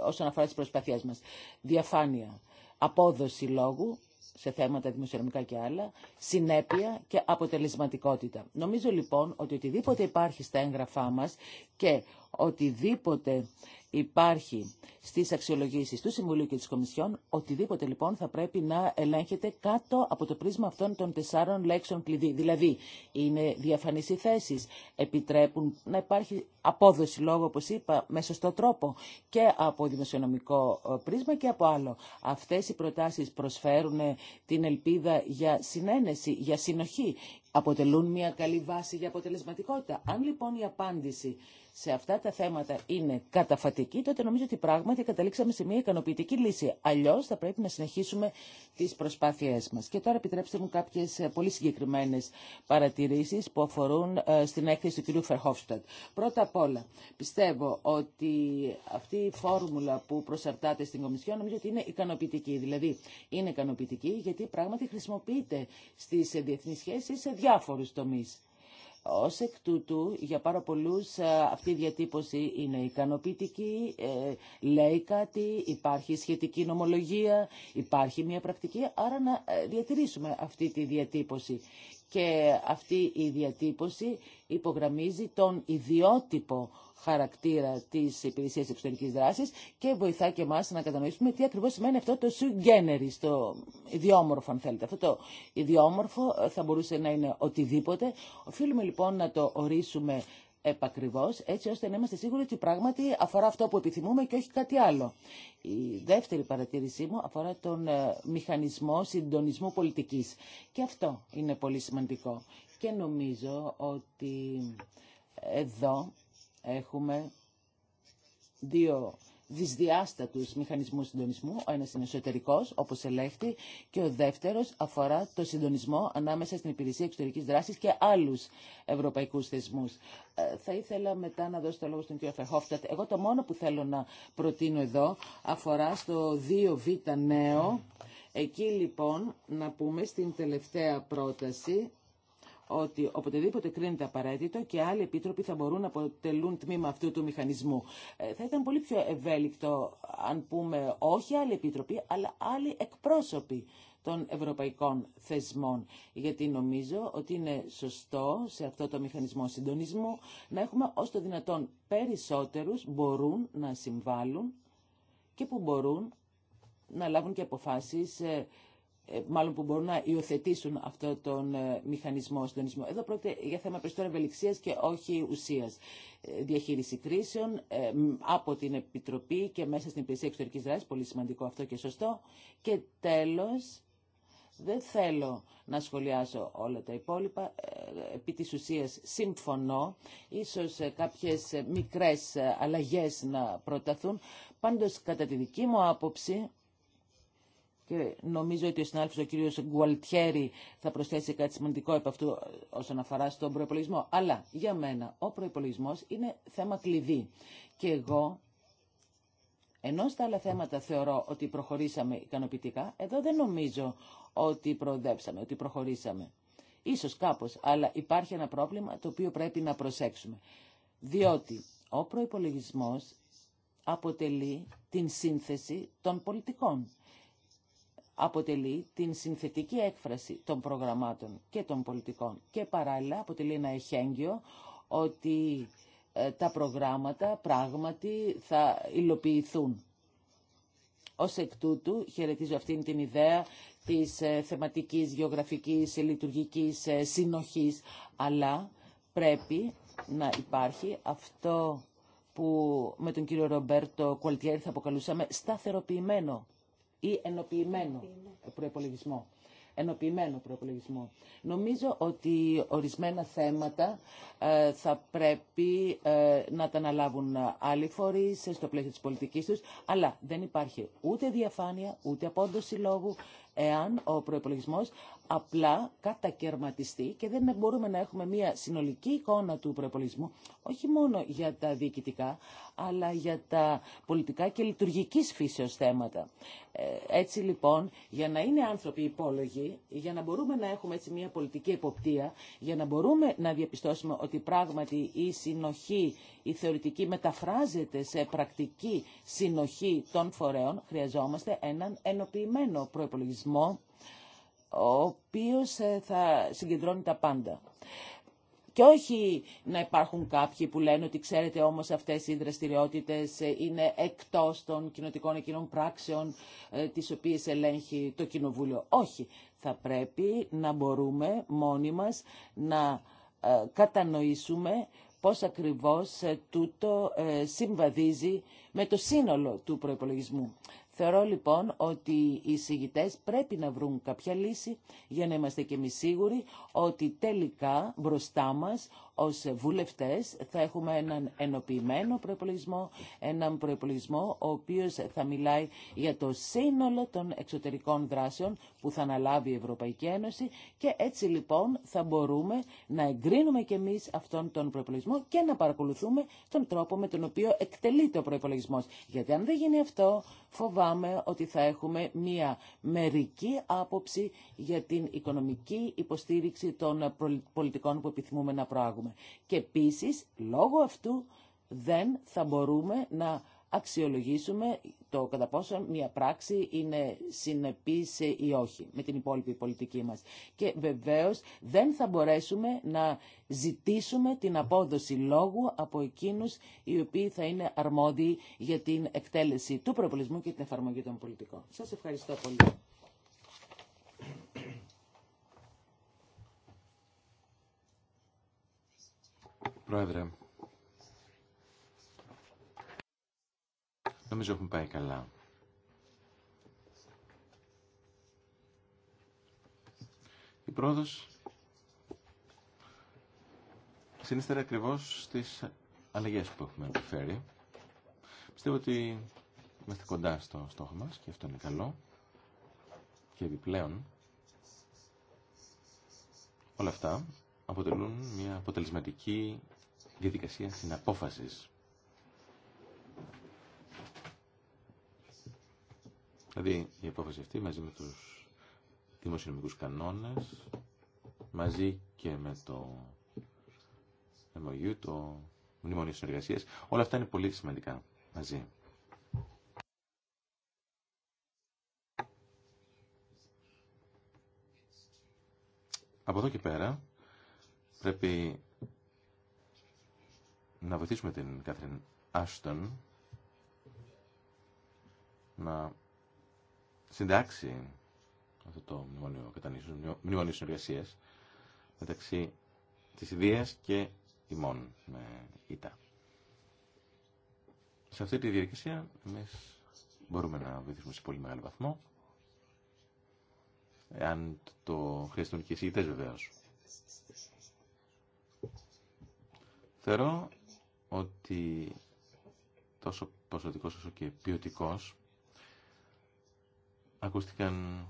όσον αφορά τις προσπαθίες μας. Διαφάνεια, απόδοση λόγου σε θέματα δημοσιονομικά και άλλα, συνέπεια και αποτελεσματικότητα. Νομίζω λοιπόν ότι οτιδήποτε υπάρχει στα έγγραφά μας και οτιδήποτε υπάρχει στις αξιολογήσεις του Συμβουλίου και της Κομισιόν, οτιδήποτε λοιπόν θα πρέπει να ελέγχεται κάτω από το πρίσμα αυτών των τεσσάρων λέξεων κλειδί. Δηλαδή, είναι διαφανείς οι θέσεις, επιτρέπουν να υπάρχει απόδοση λόγω, όπως είπα, με σωστό τρόπο και από δημοσιονομικό ε, πρίσμα και από άλλο. Αυτές οι προτάσεις προσφέρουν ε, την ελπίδα για συνένεση, για συνοχή, αποτελούν μια καλή βάση για αποτελεσματικότητα. Αν λοιπόν η απάντηση σε αυτά τα θέματα είναι καταφατική, τότε νομίζω ότι πράγματι καταλήξαμε σε μια ικανοποιητική λύση. Αλλιώ θα πρέπει να συνεχίσουμε τι προσπάθειέ μα. Και τώρα επιτρέψτε μου κάποιε ε, πολύ συγκεκριμένε παρατηρήσει που αφορούν ε, στην έκθεση του κ. Φερχόφστατ. Πρώτα απ' όλα, πιστεύω ότι αυτή η φόρμουλα που προσαρτάται στην Κομισιόν νομίζω ότι είναι ικανοποιητική. Δηλαδή, είναι ικανοποιητική γιατί πράγματι χρησιμοποιείται στι ε, διεθνεί σχέσει σε διάφορου τομεί. Ως εκ τούτου, για πάρα πολλούς ε, αυτή η διατύπωση είναι ικανοποιητική, ε, λέει κάτι, υπάρχει σχετική νομολογία, υπάρχει μια πρακτική, άρα να ε, διατηρήσουμε αυτή τη διατύπωση. Και αυτή η διατύπωση υπογραμμίζει τον ιδιότυπο χαρακτήρα της υπηρεσία εξωτερικής δράση και βοηθά και εμά να κατανοήσουμε τι ακριβώ σημαίνει αυτό το sui το ιδιόμορφο αν θέλετε. Αυτό το ιδιόμορφο θα μπορούσε να είναι οτιδήποτε. Οφείλουμε λοιπόν να το ορίσουμε επακριβώς, έτσι ώστε να είμαστε σίγουροι ότι πράγματι αφορά αυτό που επιθυμούμε και όχι κάτι άλλο. Η δεύτερη παρατήρησή μου αφορά τον ε, μηχανισμό συντονισμού πολιτική. Και αυτό είναι πολύ σημαντικό. Και νομίζω ότι εδώ Έχουμε δύο δυσδιάστατους μηχανισμούς συντονισμού. Ο ένας είναι εσωτερικός, όπως ελέγχθη, και ο δεύτερος αφορά το συντονισμό ανάμεσα στην Υπηρεσία Εξωτερικής Δράσης και άλλους ευρωπαϊκούς θεσμούς. Ε, θα ήθελα μετά να δώσω το λόγο στον κ. Φεχόφτατ. Εγώ το μόνο που θέλω να προτείνω εδώ αφορά στο 2β νέο. Εκεί λοιπόν να πούμε στην τελευταία πρόταση ότι οποτεδήποτε κρίνεται απαραίτητο και άλλοι επίτροποι θα μπορούν να αποτελούν τμήμα αυτού του μηχανισμού. Ε, θα ήταν πολύ πιο ευέλικτο αν πούμε όχι άλλοι επίτροποι, αλλά άλλοι εκπρόσωποι των ευρωπαϊκών θεσμών. Γιατί νομίζω ότι είναι σωστό σε αυτό το μηχανισμό συντονισμού να έχουμε ως το δυνατόν περισσότερους μπορούν να συμβάλλουν και που μπορούν να λάβουν και αποφάσεις ε, ε, μάλλον που μπορούν να υιοθετήσουν αυτό τον ε, μηχανισμό συντονισμού. Εδώ πρόκειται για θέμα περισσότερο ευελιξία και όχι ουσία. Ε, διαχείριση κρίσεων από την Επιτροπή και μέσα στην Υπηρεσία Εξωτερική Δράση, πολύ σημαντικό αυτό και σωστό. Και τέλο, δεν θέλω να σχολιάσω όλα τα υπόλοιπα. Επί της ουσίας συμφωνώ. Ίσως κάποιες μικρές αλλαγές να προταθούν. Πάντως, κατά τη δική μου άποψη, και νομίζω ότι ο συνάδελφος ο κύριος Γκουαλτιέρη θα προσθέσει κάτι σημαντικό επ' αυτού όσον αφορά στον προπολογισμό. Αλλά για μένα ο προπολογισμό είναι θέμα κλειδί. Και εγώ, ενώ στα άλλα θέματα θεωρώ ότι προχωρήσαμε ικανοποιητικά, εδώ δεν νομίζω ότι προοδέψαμε, ότι προχωρήσαμε. Ίσως κάπως, αλλά υπάρχει ένα πρόβλημα το οποίο πρέπει να προσέξουμε. Διότι ο προπολογισμό αποτελεί την σύνθεση των πολιτικών αποτελεί την συνθετική έκφραση των προγραμμάτων και των πολιτικών και παράλληλα αποτελεί ένα εχέγγυο ότι ε, τα προγράμματα πράγματι θα υλοποιηθούν. Ως εκ τούτου χαιρετίζω αυτήν την ιδέα της ε, θεματικής, γεωγραφικής, λειτουργικής ε, συνοχής, αλλά πρέπει να υπάρχει αυτό που με τον κύριο Ρομπέρτο Κουαλτιέρη θα αποκαλούσαμε σταθεροποιημένο ή ενοποιημένο προπολογισμό. Ενοποιημένο προπολογισμό. Νομίζω ότι ορισμένα θέματα ε, θα πρέπει ε, να τα αναλάβουν άλλοι φορεί στο πλαίσιο της πολιτικής τους, αλλά δεν υπάρχει ούτε διαφάνεια, ούτε απόδοση λόγου, εάν ο προπολογισμό απλά κατακαιρματιστεί και δεν μπορούμε να έχουμε μια συνολική εικόνα του προπολογισμού, όχι μόνο για τα διοικητικά, αλλά για τα πολιτικά και λειτουργική φύσεως θέματα. Ε, έτσι λοιπόν, για να είναι άνθρωποι υπόλογοι, για να μπορούμε να έχουμε έτσι μια πολιτική εποπτεία, για να μπορούμε να διαπιστώσουμε ότι πράγματι η συνοχή, η θεωρητική μεταφράζεται σε πρακτική συνοχή των φορέων, χρειαζόμαστε έναν ενοποιημένο προπολογισμό οργανισμό ο οποίος ε, θα συγκεντρώνει τα πάντα. Και όχι να υπάρχουν κάποιοι που λένε ότι ξέρετε όμως αυτές οι δραστηριότητες ε, είναι εκτός των κοινοτικών εκείνων πράξεων ε, τις οποίες ελέγχει το Κοινοβούλιο. Όχι, θα πρέπει να μπορούμε μόνοι μας να κατανοήσουμε πώς ακριβώς τούτο συμβαδίζει με το σύνολο του προϋπολογισμού. Θεωρώ λοιπόν ότι οι συγητές πρέπει να βρουν κάποια λύση για να είμαστε και εμείς σίγουροι ότι τελικά μπροστά μας ως βουλευτές θα έχουμε έναν ενοποιημένο προϋπολογισμό, έναν προϋπολογισμό ο οποίος θα μιλάει για το σύνολο των εξωτερικών δράσεων που θα αναλάβει η Ευρωπαϊκή Ένωση και έτσι λοιπόν θα μπορούμε να εγκρίνουμε και εμείς αυτόν τον προϋπολογισμό και να παρακολουθούμε τον τρόπο με τον οποίο εκτελείται ο προϋπολογισμός. Γιατί αν δεν γίνει αυτό φοβάμαι ότι θα έχουμε μία μερική άποψη για την οικονομική υποστήριξη των πολιτικών που επιθυμούμε να προάγουμε. Και επίσης, λόγω αυτού δεν θα μπορούμε να αξιολογήσουμε το κατά πόσο μια πράξη είναι συνεπής ή όχι με την υπόλοιπη πολιτική μας. Και βεβαίως δεν θα μπορέσουμε να ζητήσουμε την απόδοση λόγου από εκείνους οι οποίοι θα είναι αρμόδιοι για την εκτέλεση του προπολισμού και την εφαρμογή των πολιτικών. Σας ευχαριστώ πολύ. Πρόεδρε, νομίζω έχουμε πάει καλά. Η πρόοδος συνίστερα ακριβώς στις αλλαγέ που έχουμε επιφέρει. Πιστεύω ότι είμαστε κοντά στο στόχο μας και αυτό είναι καλό. Και επιπλέον, όλα αυτά αποτελούν μια αποτελεσματική διαδικασία συναπόφασης. Δηλαδή η απόφαση αυτή μαζί με τους δημοσιονομικούς κανόνες, μαζί και με το MOU, το Μνημονίο Συνεργασίας, όλα αυτά είναι πολύ σημαντικά μαζί. Από εδώ και πέρα πρέπει να βοηθήσουμε την Κάθριν Άστον να συντάξει αυτό το μνημόνιο κατανήσεων, μνημόνιο συνεργασία μεταξύ της Ιδίας και ημών με ΙΤΑ. Σε αυτή τη διαδικασία εμείς μπορούμε να βοηθήσουμε σε πολύ μεγάλο βαθμό εάν το χρειαστούν και οι συγητές βεβαίως. Θεωρώ ότι τόσο ποσοτικός όσο και ποιοτικός ακούστηκαν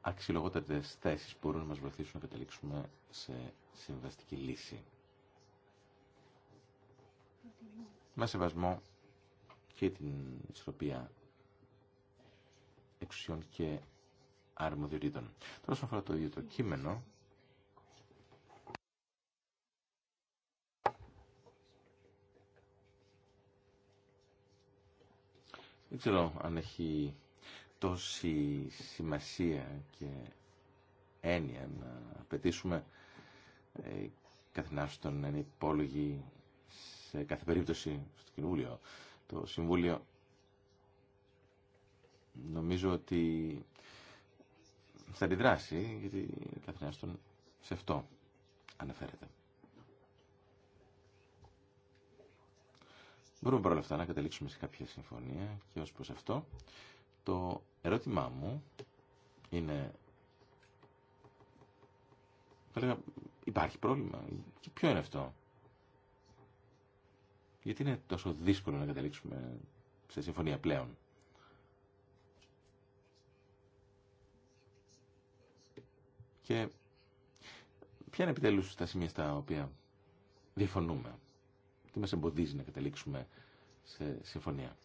αξιολογότερες θέσεις που μπορούν να μας βοηθήσουν να καταλήξουμε σε συμβαστική λύση. Με σεβασμό και την ισορροπία εξουσιών και αρμοδιορίτων. Τώρα, όσον αφορά το ίδιο το κείμενο, Δεν ξέρω αν έχει τόση σημασία και έννοια να απαιτήσουμε ε, καθηνάστον να είναι σε κάθε περίπτωση στο Κοινούλιο. Το Συμβούλιο νομίζω ότι θα αντιδράσει γιατί καθηνάστον σε αυτό αναφέρεται. Μπορούμε παρόλα αυτά να καταλήξουμε σε κάποια συμφωνία και ως προς αυτό το ερώτημά μου είναι θα υπάρχει πρόβλημα και ποιο είναι αυτό. Γιατί είναι τόσο δύσκολο να καταλήξουμε σε συμφωνία πλέον. Και ποια είναι επιτέλους τα σημεία στα οποία διαφωνούμε τι μας εμποδίζει να καταλήξουμε σε συμφωνία.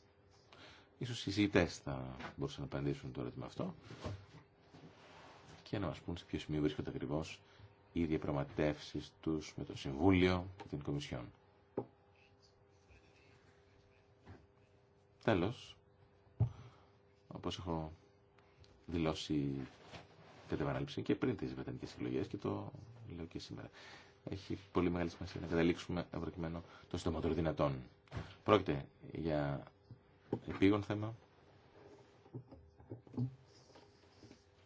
Ίσως οι συζητές θα μπορούσαν να απαντήσουν το με αυτό και να μας πούν σε ποιο σημείο βρίσκονται ακριβώ οι διαπραγματεύσει τους με το Συμβούλιο και την Κομισιόν. Τέλος, όπως έχω δηλώσει κατά επανάληψη και πριν τις Βρετανικές εκλογές και το λέω και σήμερα έχει πολύ μεγάλη σημασία να καταλήξουμε ευρωκειμένο το συντομότερων δυνατών. Πρόκειται για επίγον θέμα,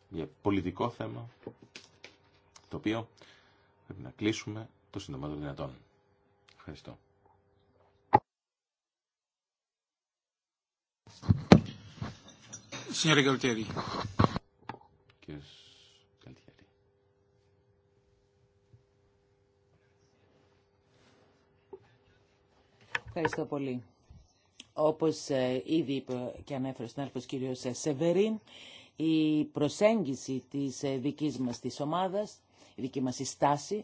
για πολιτικό θέμα, το οποίο πρέπει να κλείσουμε το συντομότερο δυνατών. Ευχαριστώ. Ευχαριστώ πολύ. Όπως ε, ήδη είπε και ανέφερε ο συνάδελφος κύριος ε, Σεβερίν, η προσέγγιση της ε, δικής μας της ομάδας, η δική μας η στάση,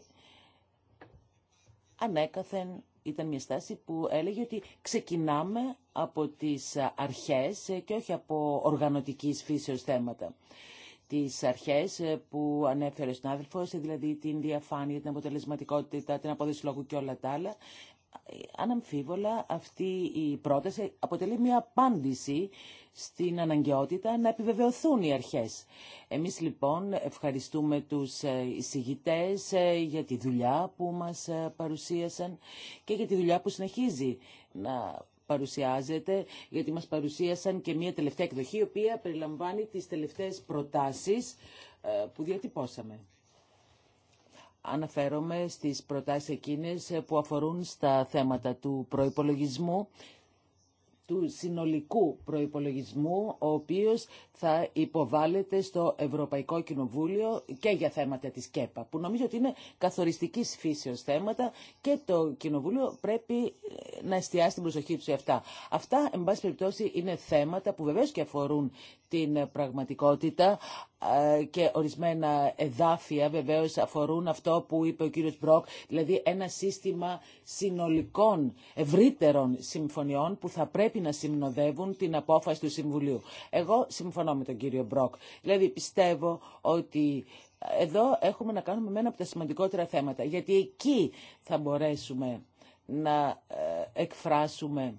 ανέκαθεν ήταν μια στάση που έλεγε ότι ξεκινάμε από τις αρχές και όχι από οργανωτικής φύσεως θέματα. Τις αρχές που ανέφερε ο συνάδελφος, δηλαδή την διαφάνεια, την αποτελεσματικότητα, την απόδοση λόγου και όλα τα άλλα, αναμφίβολα αυτή η πρόταση αποτελεί μια απάντηση στην αναγκαιότητα να επιβεβαιωθούν οι αρχές. Εμείς λοιπόν ευχαριστούμε τους ε, εισηγητές ε, για τη δουλειά που μας ε, παρουσίασαν και για τη δουλειά που συνεχίζει να παρουσιάζεται, γιατί μας παρουσίασαν και μια τελευταία εκδοχή, η οποία περιλαμβάνει τις τελευταίες προτάσεις που διατυπώσαμε αναφέρομαι στις προτάσεις εκείνες που αφορούν στα θέματα του προϋπολογισμού του συνολικού προϋπολογισμού, ο οποίος θα υποβάλλεται στο Ευρωπαϊκό Κοινοβούλιο και για θέματα της ΚΕΠΑ, που νομίζω ότι είναι καθοριστικής φύσεως θέματα και το Κοινοβούλιο πρέπει ε, να εστιάσει την προσοχή του σε αυτά. Αυτά, εν πάση περιπτώσει, είναι θέματα που βεβαίως και αφορούν την πραγματικότητα, ε, και ορισμένα εδάφια βεβαίως αφορούν αυτό που είπε ο κύριος Μπροκ, δηλαδή ένα σύστημα συνολικών ευρύτερων συμφωνιών που θα πρέπει να συμνοδεύουν την απόφαση του Συμβουλίου. Εγώ συμφωνώ με τον κύριο Μπροκ. Δηλαδή πιστεύω ότι εδώ έχουμε να κάνουμε με ένα από τα σημαντικότερα θέματα, γιατί εκεί θα μπορέσουμε να ε, εκφράσουμε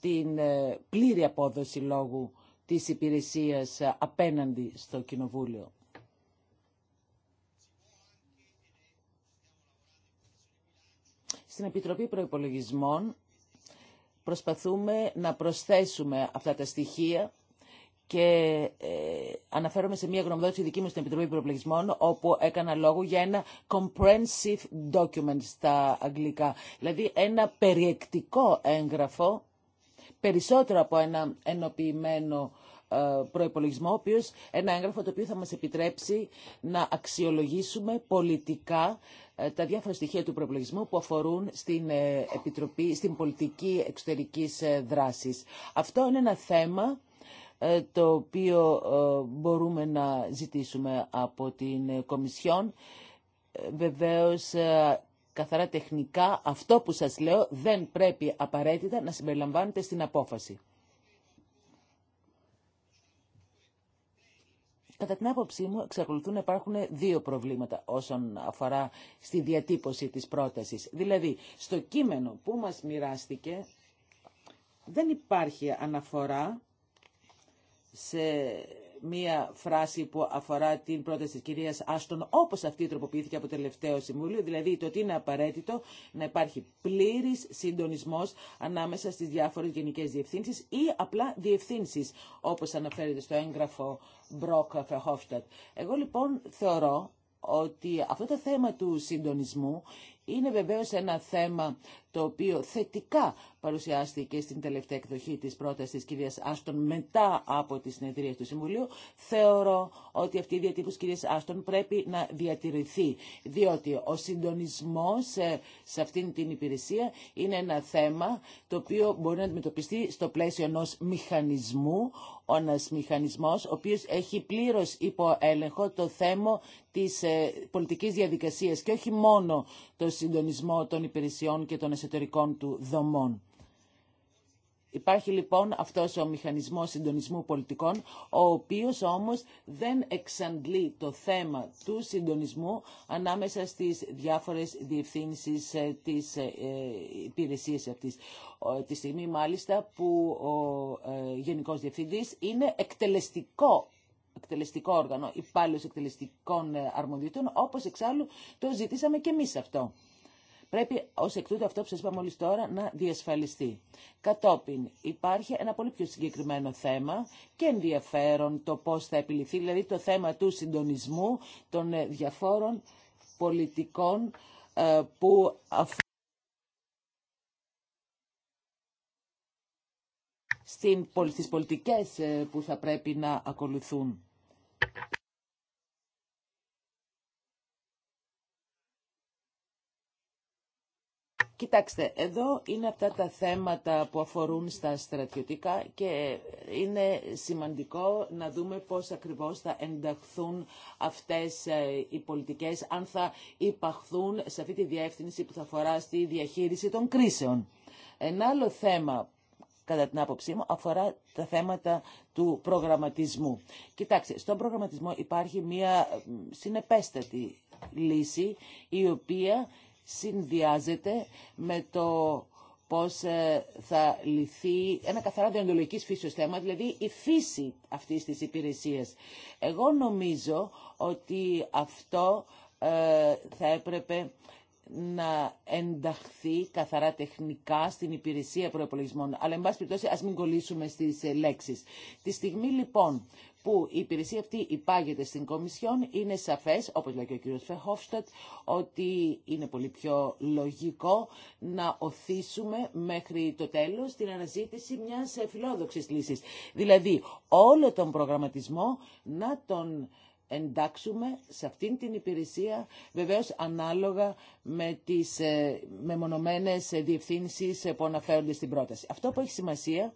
την ε, πλήρη απόδοση λόγου της υπηρεσίας ε, απέναντι στο Κοινοβούλιο. Στην Επιτροπή Προϋπολογισμών προσπαθούμε να προσθέσουμε αυτά τα στοιχεία και ε, αναφέρομαι σε μια γνωμοδότηση δική μου στην Επιτροπή Προπολογισμών, όπου έκανα λόγο για ένα comprehensive document στα αγγλικά, δηλαδή ένα περιεκτικό έγγραφο περισσότερο από ένα ενοποιημένο ε, προϋπολογισμό, ο οποίος, ένα έγγραφο το οποίο θα μας επιτρέψει να αξιολογήσουμε πολιτικά ε, τα διάφορα στοιχεία του προϋπολογισμού που αφορούν στην, ε, Επιτροπή, στην πολιτική εξωτερικής δράσης. Αυτό είναι ένα θέμα το οποίο μπορούμε να ζητήσουμε από την Κομισιόν. Βεβαίως καθαρά τεχνικά αυτό που σας λέω δεν πρέπει απαραίτητα να συμπεριλαμβάνεται στην απόφαση. Κατά την άποψή μου, εξακολουθούν να υπάρχουν δύο προβλήματα όσον αφορά στη διατύπωση της πρότασης. Δηλαδή, στο κείμενο που μας μοιράστηκε, δεν υπάρχει αναφορά σε μία φράση που αφορά την πρόταση της κυρίας Άστον όπως αυτή τροποποιήθηκε από το τελευταίο Συμβούλιο, δηλαδή το ότι είναι απαραίτητο να υπάρχει πλήρης συντονισμός ανάμεσα στις διάφορες γενικές διευθύνσεις ή απλά διευθύνσεις, όπως αναφέρεται στο έγγραφο Μπρόκ Φεχόφστατ. Εγώ λοιπόν θεωρώ ότι αυτό το θέμα του συντονισμού είναι βεβαίως ένα θέμα το οποίο θετικά παρουσιάστηκε στην τελευταία εκδοχή της πρότασης της κυρίας Άστον μετά από τις συνεδρίες του Συμβουλίου, θεωρώ ότι αυτή η διατύπωση κυρίας Άστον πρέπει να διατηρηθεί, διότι ο συντονισμός σε, αυτή αυτήν την υπηρεσία είναι ένα θέμα το οποίο μπορεί να αντιμετωπιστεί στο πλαίσιο ενός μηχανισμού, ο ένας μηχανισμός ο οποίος έχει πλήρως υποέλεγχο το θέμα της ε, πολιτικής διαδικασίας και όχι μόνο το συντονισμό των υπηρεσιών και των εσωτερικών του δομών. Υπάρχει λοιπόν αυτός ο μηχανισμός συντονισμού πολιτικών, ο οποίος όμως δεν εξαντλεί το θέμα του συντονισμού ανάμεσα στις διάφορες διευθύνσεις ε, της ε, υπηρεσίας αυτής. Τη στιγμή μάλιστα που ο ε, Γενικός Διευθυντής είναι εκτελεστικό εκτελεστικό όργανο, υπάλληλος εκτελεστικών αρμοδιοτήτων, όπως εξάλλου το ζητήσαμε και εμείς αυτό. Πρέπει ω εκ τούτου αυτό που σας είπα μόλι τώρα να διασφαλιστεί. Κατόπιν υπάρχει ένα πολύ πιο συγκεκριμένο θέμα και ενδιαφέρον το πώς θα επιληθεί, δηλαδή το θέμα του συντονισμού των ε, διαφόρων πολιτικών ε, που στις πολιτικές ε, που θα πρέπει να ακολουθούν. Κοιτάξτε, εδώ είναι αυτά τα θέματα που αφορούν στα στρατιωτικά και είναι σημαντικό να δούμε πώς ακριβώς θα ενταχθούν αυτές ε, οι πολιτικές, αν θα υπαχθούν σε αυτή τη διεύθυνση που θα αφορά στη διαχείριση των κρίσεων. Ένα άλλο θέμα κατά την άποψή μου, αφορά τα θέματα του προγραμματισμού. Κοιτάξτε, στον προγραμματισμό υπάρχει μια ε, συνεπέστατη λύση, η οποία συνδυάζεται με το πώς ε, θα λυθεί ένα καθαρά διοντολογικής φύσεως θέμα, δηλαδή η φύση αυτής της υπηρεσίας. Εγώ νομίζω ότι αυτό ε, θα έπρεπε να ενταχθεί καθαρά τεχνικά στην υπηρεσία προεπολογισμών. Αλλά, εν πάση περιπτώσει, ας μην κολλήσουμε στις ε, λέξεις. Τη στιγμή, λοιπόν, που η υπηρεσία αυτή υπάγεται στην Κομισιόν, είναι σαφές, όπως λέει και ο κύριος Φεχόφστατ, ότι είναι πολύ πιο λογικό να οθήσουμε μέχρι το τέλος την αναζήτηση μιας φιλόδοξης λύσης. Δηλαδή, όλο τον προγραμματισμό να τον εντάξουμε σε αυτήν την υπηρεσία βεβαίως ανάλογα με τις ε, μεμονωμένες διευθύνσεις που αναφέρονται στην πρόταση. Αυτό που έχει σημασία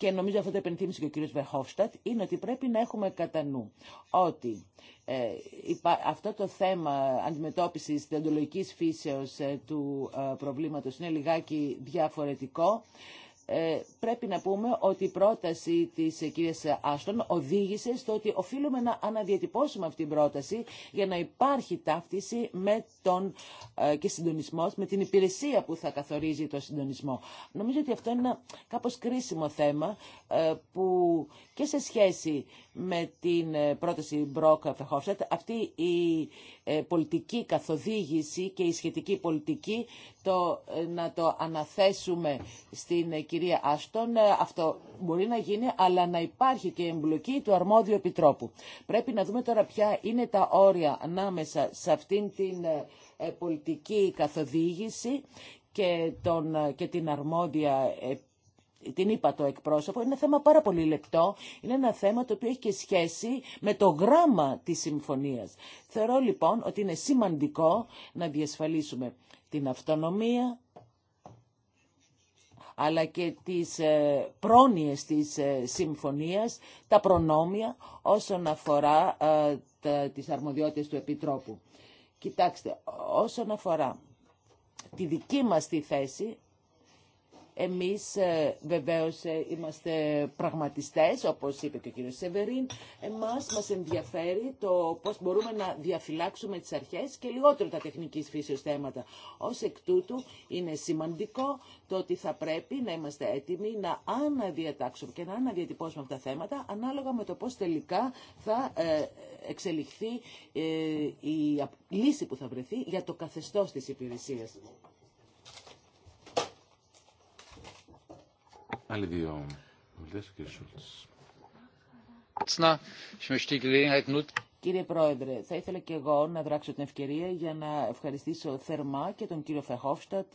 και νομίζω αυτό το επενθύμισε και ο κύριος Βεχόφστατ είναι ότι πρέπει να έχουμε κατά νου ότι ε, αυτό το θέμα αντιμετώπισης διοντολογικής φύσεως ε, του ε, προβλήματος είναι λιγάκι διαφορετικό. Ε, πρέπει να πούμε ότι η πρόταση της κυρίας Άστον οδήγησε στο ότι οφείλουμε να αναδιατυπώσουμε αυτή την πρόταση για να υπάρχει ταύτιση με τον, ε, και με την υπηρεσία που θα καθορίζει το συντονισμό. Νομίζω ότι αυτό είναι ένα κάπως κρίσιμο θέμα ε, που και σε σχέση με την πρόταση Μπρόκ φεχόφσετ αυτή η πολιτική καθοδήγηση και η σχετική πολιτική το, να το αναθέσουμε στην κυρία κυρία Άστον, ε, αυτό μπορεί να γίνει, αλλά να υπάρχει και εμπλοκή του αρμόδιου επιτρόπου. Πρέπει να δούμε τώρα ποια είναι τα όρια ανάμεσα σε αυτήν την ε, ε, πολιτική καθοδήγηση και, τον, και την αρμόδια την είπα το εκπρόσωπο, είναι ένα θέμα πάρα πολύ λεπτό. Είναι ένα θέμα το οποίο έχει και σχέση με το γράμμα της συμφωνίας. Θεωρώ λοιπόν ότι είναι σημαντικό να διασφαλίσουμε την αυτονομία αλλά και τις ε, πρόνοιες της ε, συμφωνίας, τα προνόμια όσον αφορά ε, τις αρμοδιότητες του Επιτρόπου. Κοιτάξτε, όσον αφορά τη δική μας τη θέση, εμείς ε, βεβαίως ε, είμαστε πραγματιστές, όπως είπε και ο κύριος Σεβερίν. Εμάς μας ενδιαφέρει το πώς μπορούμε να διαφυλάξουμε τις αρχές και λιγότερο τα τεχνικής φύσεως θέματα. Ως εκ τούτου είναι σημαντικό το ότι θα πρέπει να είμαστε έτοιμοι να αναδιατάξουμε και να αναδιατυπώσουμε αυτά τα θέματα ανάλογα με το πώς τελικά θα ε, εξελιχθεί η λύση που θα βρεθεί για το καθεστώς της υπηρεσίας. κύριε Κύριε Πρόεδρε, θα ήθελα και εγώ να δράξω την ευκαιρία για να ευχαριστήσω θερμά και τον κύριο Φεχόφστατ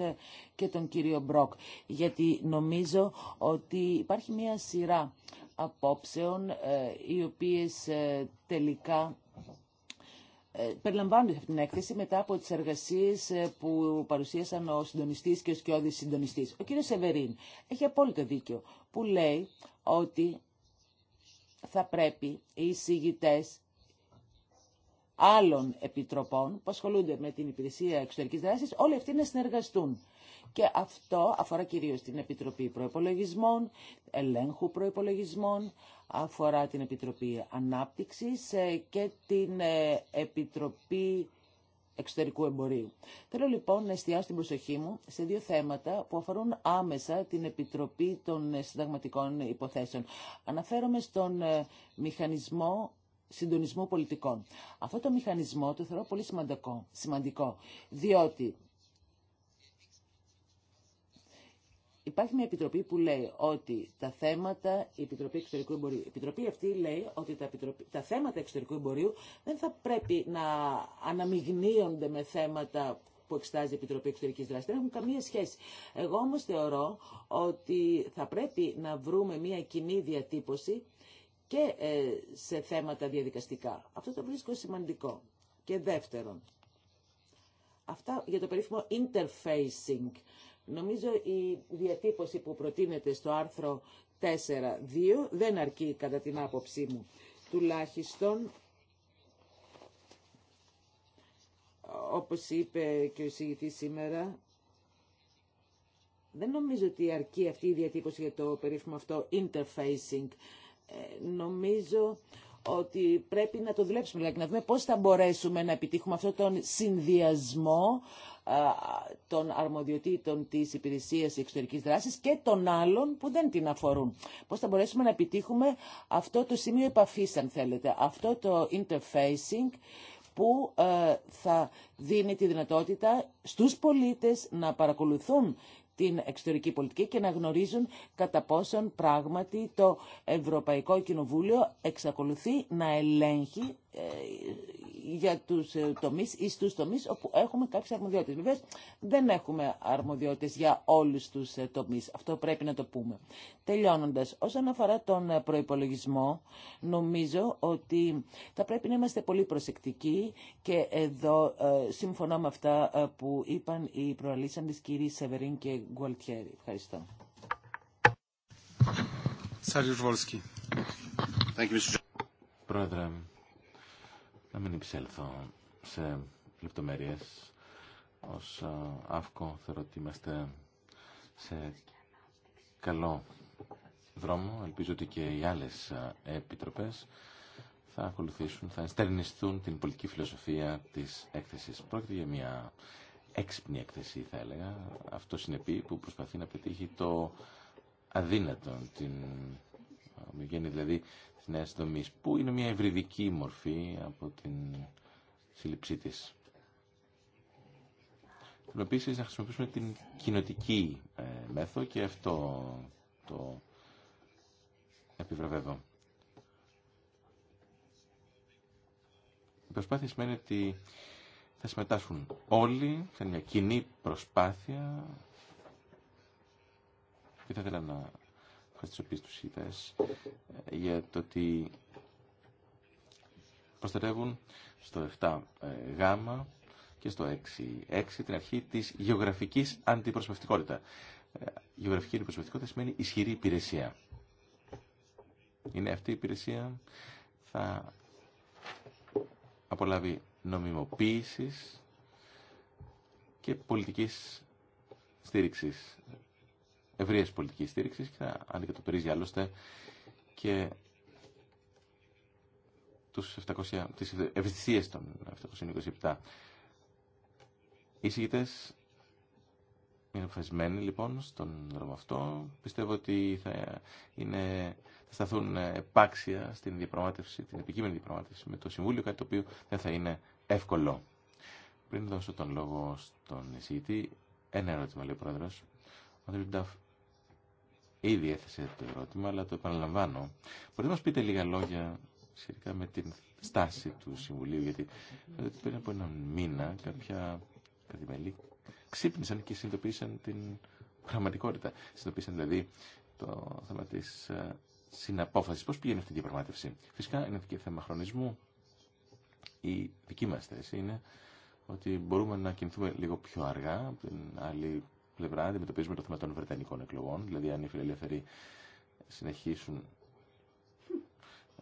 και τον κύριο Μπροκ, γιατί νομίζω ότι υπάρχει μια σειρά απόψεων ε, οι οποίες ε, τελικά ε, περιλαμβάνονται σε αυτήν την έκθεση μετά από τις εργασίες ε, που παρουσίασαν ο συντονιστή και ο σκιώδη συντονιστή. Ο κ. Σεβερίν έχει απόλυτο δίκιο που λέει ότι θα πρέπει οι εισηγητές άλλων επιτροπών που ασχολούνται με την υπηρεσία εξωτερική δράση, όλοι αυτοί να συνεργαστούν. Και αυτό αφορά κυρίως την Επιτροπή Προϋπολογισμών, Ελέγχου Προϋπολογισμών, αφορά την Επιτροπή Ανάπτυξης ε, και την ε, Επιτροπή Εξωτερικού Εμπορίου. Θέλω λοιπόν να εστιάσω την προσοχή μου σε δύο θέματα που αφορούν άμεσα την Επιτροπή των Συνταγματικών Υποθέσεων. Αναφέρομαι στον ε, μηχανισμό συντονισμού πολιτικών. Αυτό το μηχανισμό το θεωρώ πολύ σημαντικό, σημαντικό διότι Υπάρχει μια επιτροπή που λέει ότι τα θέματα, η Επιτροπή Εξωτερικού Εμπορίου, η επιτροπή αυτή λέει ότι τα, τα θέματα εξωτερικού εμπορίου δεν θα πρέπει να αναμειγνύονται με θέματα που εξετάζει η Επιτροπή Εξωτερική Δράση. Δεν έχουν καμία σχέση. Εγώ όμω θεωρώ ότι θα πρέπει να βρούμε μια κοινή διατύπωση και ε, σε θέματα διαδικαστικά. Αυτό το βρίσκω σημαντικό. Και δεύτερον, αυτά για το περίφημο interfacing Νομίζω η διατύπωση που προτείνεται στο άρθρο 4.2 δεν αρκεί κατά την άποψή μου. Τουλάχιστον, όπως είπε και ο σήμερα, δεν νομίζω ότι αρκεί αυτή η διατύπωση για το περίφημο αυτό interfacing. Ε, νομίζω ότι πρέπει να το δουλέψουμε, δηλαδή να δούμε πώς θα μπορέσουμε να επιτύχουμε αυτό τον συνδυασμό των αρμοδιοτήτων της υπηρεσίας εξωτερικής δράσης και των άλλων που δεν την αφορούν. Πώς θα μπορέσουμε να επιτύχουμε αυτό το σημείο επαφής, αν θέλετε, αυτό το interfacing που ε, θα δίνει τη δυνατότητα στους πολίτες να παρακολουθούν την εξωτερική πολιτική και να γνωρίζουν κατά πόσον πράγματι το Ευρωπαϊκό Κοινοβούλιο εξακολουθεί να ελέγχει ε, για τους ε, τομεί ή στου τομεί, όπου έχουμε κάποιες αρμοδιότητες. Βεβαίω, δεν έχουμε αρμοδιότητες για όλους τους ε, τομεί. Αυτό πρέπει να το πούμε. Τελειώνοντας, όσον αφορά τον ε, προπολογισμό, νομίζω ότι θα πρέπει να είμαστε πολύ προσεκτικοί και εδώ συμφωνώ με αυτά που είπαν οι προαλήσαντε κύριε Σεβερίν και Γκουαλτιέρη. Ευχαριστώ. Πρόεδρε, να μην υψέλθω σε λεπτομέρειες. Ως αύκο θεωρώ ότι είμαστε σε καλό δρόμο. Ελπίζω ότι και οι άλλες επιτροπές θα ακολουθήσουν, θα ενστερνιστούν την πολιτική φιλοσοφία της έκθεσης. Πρόκειται για μια έξυπνη έκθεση θα έλεγα, αυτό συνεπεί που προσπαθεί να πετύχει το αδύνατο, την δηλαδή νέας δομής, που είναι μια ευρυδική μορφή από την σύλληψή της. Θέλω να χρησιμοποιήσουμε την κοινοτική ε, μέθο και αυτό το επιβραβεύω. Η προσπάθεια σημαίνει ότι θα συμμετάσχουν όλοι σε μια κοινή προσπάθεια και θα ήθελα να Στι τις οποίες τους ε, για το ότι προστατεύουν στο 7 ε, γάμα και στο 6, 6 την αρχή της γεωγραφικής αντιπροσωπευτικότητα. Ε, γεωγραφική αντιπροσωπευτικότητα σημαίνει ισχυρή υπηρεσία. Είναι αυτή η υπηρεσία θα απολαύει νομιμοποίησης και πολιτικής στήριξης ευρείας πολιτικής στήριξης και θα αντικατοπτρίζει άλλωστε και τους 700, τις των 727. Οι είναι αποφασισμένοι λοιπόν στον δρόμο αυτό. Πιστεύω ότι θα, είναι, θα σταθούν επάξια στην διαπραγμάτευση, την επικείμενη διαπραγμάτευση με το Συμβούλιο, κάτι το οποίο δεν θα είναι εύκολο. Πριν δώσω τον λόγο στον εισηγητή, ένα ερώτημα λέει ο Πρόεδρος. Ο Ήδη έθεσε το ερώτημα, αλλά το επαναλαμβάνω. Μπορείτε να μα πείτε λίγα λόγια σχετικά με την στάση του Συμβουλίου, γιατί πριν από έναν μήνα κάποια καθημερινή ξύπνησαν και συνειδητοποίησαν την πραγματικότητα. Συνειδητοποίησαν δηλαδή το θέμα της ε, συναπόφαση. Πώ πηγαίνει αυτή η διαπραγμάτευση. Φυσικά είναι και θέμα χρονισμού. Η δική μα θέση είναι ότι μπορούμε να κινηθούμε λίγο πιο αργά την άλλη πλευρά αντιμετωπίζουμε το θέμα των Βρετανικών εκλογών, δηλαδή αν οι φιλελεύθεροι συνεχίσουν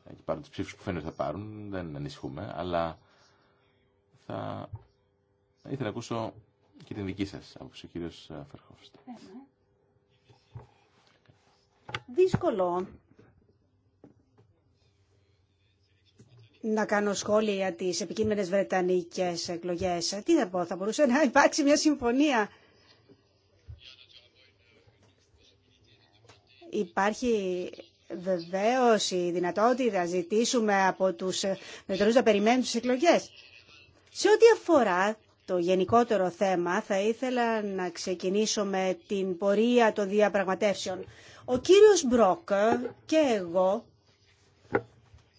και πάρουν τις ψήφου που φαίνεται θα πάρουν, δεν ανησυχούμε, αλλά θα ήθελα να ακούσω και την δική σας άποψη, ο κύριος Φερχόφστα. Δύσκολο να κάνω σχόλια για τις επικείμενες Βρετανικές εκλογές. Τι θα πω, θα μπορούσε να υπάρξει μια συμφωνία Υπάρχει βεβαίω η δυνατότητα να ζητήσουμε από του μετρούς να περιμένουν τι εκλογέ. Σε ό,τι αφορά το γενικότερο θέμα, θα ήθελα να ξεκινήσω με την πορεία των διαπραγματεύσεων. Ο κύριος Μπρόκ και εγώ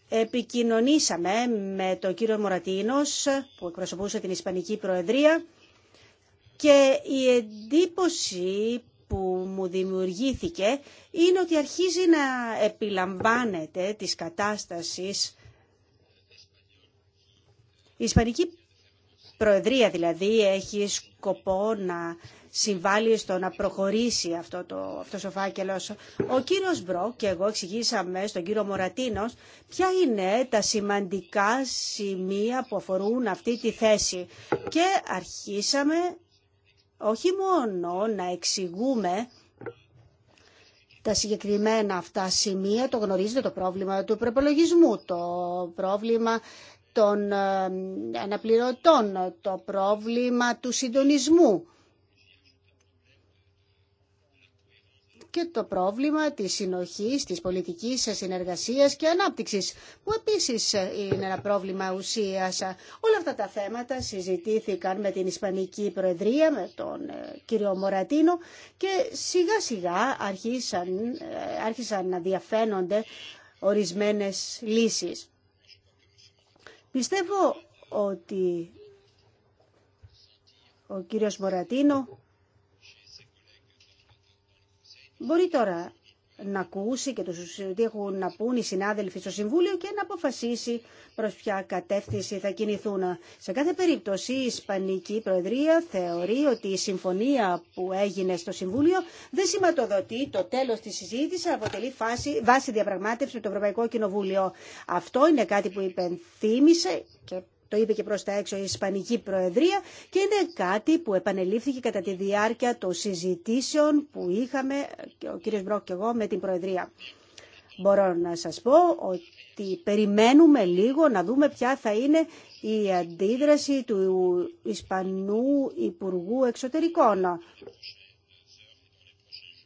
επικοινωνήσαμε με τον κύριο Μωρατίνος... που εκπροσωπούσε την Ισπανική Προεδρία και η εντύπωση που μου δημιουργήθηκε είναι ότι αρχίζει να επιλαμβάνεται της κατάστασης η Ισπανική Προεδρία δηλαδή έχει σκοπό να συμβάλλει στο να προχωρήσει αυτό το, αυτός ο Ο κύριος Μπροκ και εγώ εξηγήσαμε στον κύριο Μορατίνος ποια είναι τα σημαντικά σημεία που αφορούν αυτή τη θέση και αρχίσαμε όχι μόνο να εξηγούμε τα συγκεκριμένα αυτά σημεία, το γνωρίζετε το πρόβλημα του προπολογισμού, το πρόβλημα των ε, αναπληρωτών, το πρόβλημα του συντονισμού και το πρόβλημα της συνοχής, της πολιτικής συνεργασίας και ανάπτυξης, που επίσης είναι ένα πρόβλημα ουσίας. Όλα αυτά τα θέματα συζητήθηκαν με την Ισπανική Προεδρία, με τον ε, κύριο Μορατίνο και σιγά σιγά άρχισαν, ε, άρχισαν να διαφαίνονται ορισμένες λύσεις. Πιστεύω ότι ο κύριος Μορατίνο μπορεί τώρα να ακούσει και τους, τι έχουν να πούν οι συνάδελφοι στο Συμβούλιο και να αποφασίσει προς ποια κατεύθυνση θα κινηθούν. Σε κάθε περίπτωση η Ισπανική Προεδρία θεωρεί ότι η συμφωνία που έγινε στο Συμβούλιο δεν σηματοδοτεί το τέλος της συζήτησης, αποτελεί φάση, βάση διαπραγμάτευση με το Ευρωπαϊκό Κοινοβούλιο. Αυτό είναι κάτι που υπενθύμησε και το είπε και προς τα έξω η Ισπανική Προεδρία και είναι κάτι που επανελήφθηκε κατά τη διάρκεια των συζητήσεων που είχαμε ο κύριος Μπρόκ και εγώ με την Προεδρία. Μπορώ να σας πω ότι περιμένουμε λίγο να δούμε ποια θα είναι η αντίδραση του Ισπανού Υπουργού Εξωτερικών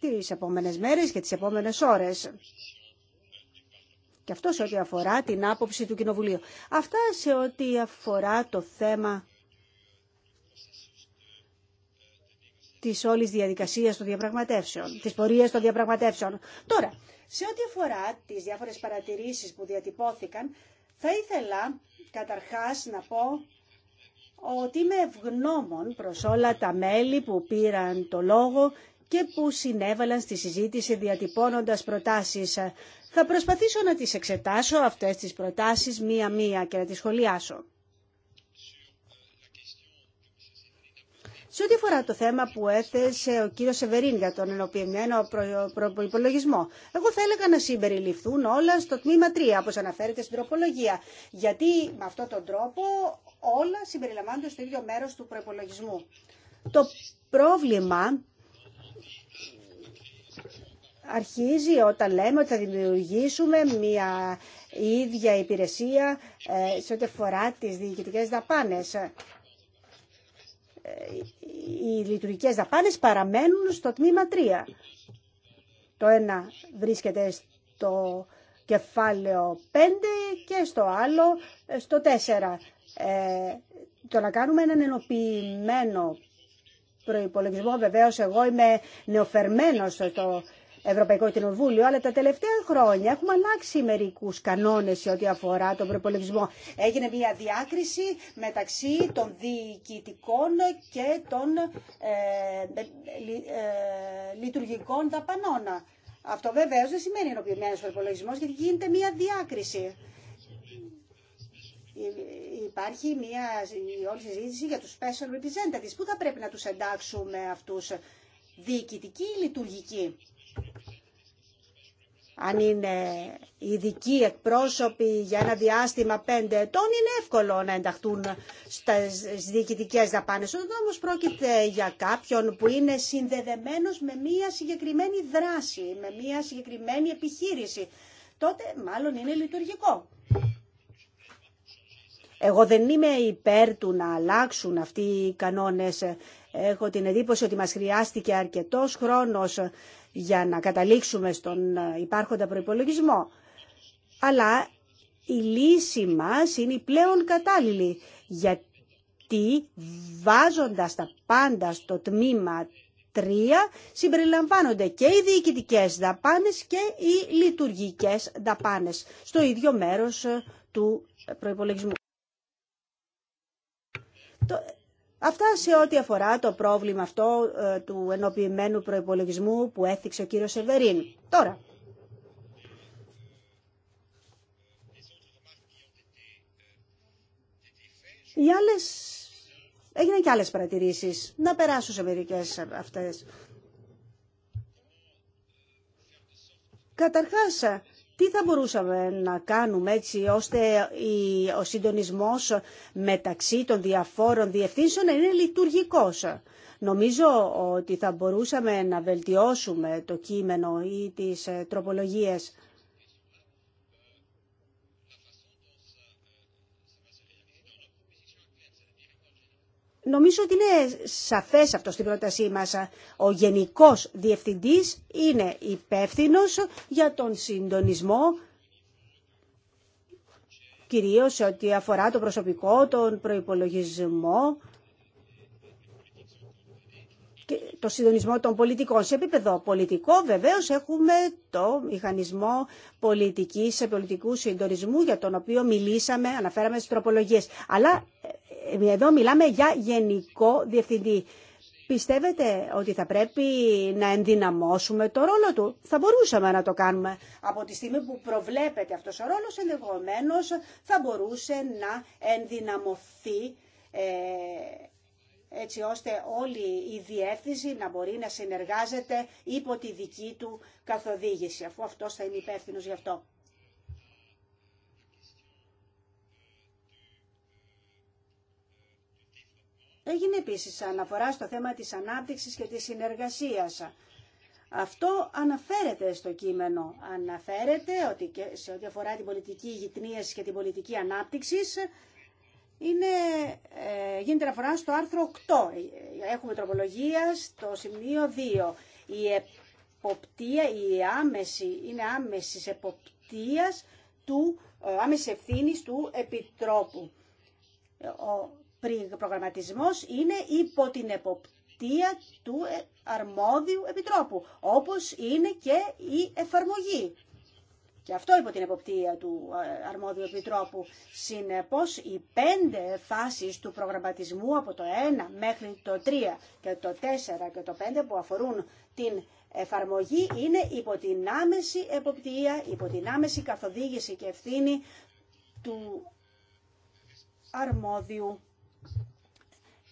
τις επόμενες μέρες και τις επόμενες ώρες. Και αυτό σε ό,τι αφορά την άποψη του Κοινοβουλίου. Αυτά σε ό,τι αφορά το θέμα της όλης διαδικασίας των διαπραγματεύσεων, της πορείας των διαπραγματεύσεων. Τώρα, σε ό,τι αφορά τις διάφορες παρατηρήσεις που διατυπώθηκαν, θα ήθελα καταρχάς να πω ότι είμαι ευγνώμων προς όλα τα μέλη που πήραν το λόγο και που συνέβαλαν στη συζήτηση διατυπώνοντας προτάσεις. Θα προσπαθήσω να τις εξετάσω αυτές τις προτάσεις μία-μία και να τις σχολιάσω. Σε ό,τι αφορά το θέμα που έθεσε ο κύριος Σεβερίν για τον ενοποιημένο προπολογισμό, εγώ θα έλεγα να συμπεριληφθούν όλα στο τμήμα 3, όπως αναφέρεται στην τροπολογία. Γιατί με αυτόν τον τρόπο όλα συμπεριλαμβάνονται στο ίδιο μέρος του προπολογισμού. Το πρόβλημα αρχίζει όταν λέμε ότι θα δημιουργήσουμε μια ίδια υπηρεσία ε, σε ό,τι αφορά τις διοικητικές δαπάνες. Ε, οι λειτουργικές δαπάνες παραμένουν στο τμήμα 3. Το ένα βρίσκεται στο κεφάλαιο 5 και στο άλλο ε, στο 4. Ε, το να κάνουμε έναν ενοποιημένο προϋπολογισμό, βεβαίως εγώ είμαι νεοφερμένος στο Ευρωπαϊκό Κοινοβούλιο, αλλά τα τελευταία χρόνια έχουμε αλλάξει μερικού κανόνε σε ό,τι αφορά τον προπολογισμό. Έγινε μια διάκριση μεταξύ των διοικητικών και των ε, ε, ε, λειτουργικών δαπανών. Αυτό βεβαίω δεν σημαίνει ενοποιημένο προπολογισμό, γιατί γίνεται μια διάκριση υπάρχει μια όλη συζήτηση για τους special representatives. Πού θα πρέπει να του εντάξουμε αυτού διοικητικοί ή λειτουργικοί αν είναι ειδικοί εκπρόσωποι για ένα διάστημα πέντε ετών, είναι εύκολο να ενταχθούν στις διοικητικές δαπάνες. Όταν όμως πρόκειται για κάποιον που είναι συνδεδεμένος με μία συγκεκριμένη δράση, με μία συγκεκριμένη επιχείρηση, τότε μάλλον είναι λειτουργικό. Εγώ δεν είμαι υπέρ του να αλλάξουν αυτοί οι κανόνες. Έχω την εντύπωση ότι μας χρειάστηκε αρκετός χρόνος για να καταλήξουμε στον ε, υπάρχοντα προϋπολογισμό. Αλλά η λύση μας είναι η πλέον κατάλληλη, γιατί βάζοντας τα πάντα στο τμήμα 3 συμπεριλαμβάνονται και οι διοικητικές δαπάνες και οι λειτουργικές δαπάνες στο ίδιο μέρος ε, του προϋπολογισμού. Αυτά σε ό,τι αφορά το πρόβλημα αυτό ε, του ενοποιημένου προϋπολογισμού που έθιξε ο κύριος Σεβερίν. Τώρα, οι άλλες... Έγιναν και άλλες παρατηρήσεις. Να περάσω σε μερικές αυτές. Καταρχάς, τι θα μπορούσαμε να κάνουμε έτσι ώστε ο συντονισμός μεταξύ των διαφόρων διευθύνσεων να είναι λειτουργικός. Νομίζω ότι θα μπορούσαμε να βελτιώσουμε το κείμενο ή τις ε, τροπολογίες. Νομίζω ότι είναι σαφές αυτό στην πρότασή μας. Ο Γενικός Διευθυντής είναι υπεύθυνο για τον συντονισμό κυρίως σε ό,τι αφορά το προσωπικό, τον προϋπολογισμό και το συντονισμό των πολιτικών. Σε επίπεδο πολιτικό βεβαίως έχουμε το μηχανισμό πολιτικής, σε πολιτικού συντονισμού για τον οποίο μιλήσαμε, αναφέραμε στις τροπολογίες. Αλλά ε, ε, εδώ μιλάμε για γενικό διευθυντή. Πιστεύετε ότι θα πρέπει να ενδυναμώσουμε το ρόλο του. Θα μπορούσαμε να το κάνουμε. Από τη στιγμή που προβλέπεται αυτός ο ρόλος, ενδεχομένως θα μπορούσε να ενδυναμωθεί ε, έτσι ώστε όλη η διεύθυνση να μπορεί να συνεργάζεται υπό τη δική του καθοδήγηση, αφού αυτός θα είναι υπεύθυνο γι' αυτό. Έγινε επίσης αναφορά στο θέμα της ανάπτυξης και της συνεργασίας. Αυτό αναφέρεται στο κείμενο. Αναφέρεται ότι σε ό,τι αφορά την πολιτική γυτνίας και την πολιτική ανάπτυξης είναι, ε, γίνεται αναφορά στο άρθρο 8. Έχουμε τροπολογία στο σημείο 2. Η εποπτεία, η άμεση, είναι άμεσης εποπτείας του, ε, άμεσης του Επιτρόπου προγραμματισμός είναι υπό την εποπτεία του ε, αρμόδιου επιτρόπου, όπως είναι και η εφαρμογή. Και αυτό υπό την εποπτεία του ε, αρμόδιου επιτρόπου. Συνεπώς, οι πέντε φάσεις του προγραμματισμού από το 1 μέχρι το 3 και το 4 και το 5 που αφορούν την εφαρμογή είναι υπό την άμεση εποπτεία, υπό την άμεση καθοδήγηση και ευθύνη του αρμόδιου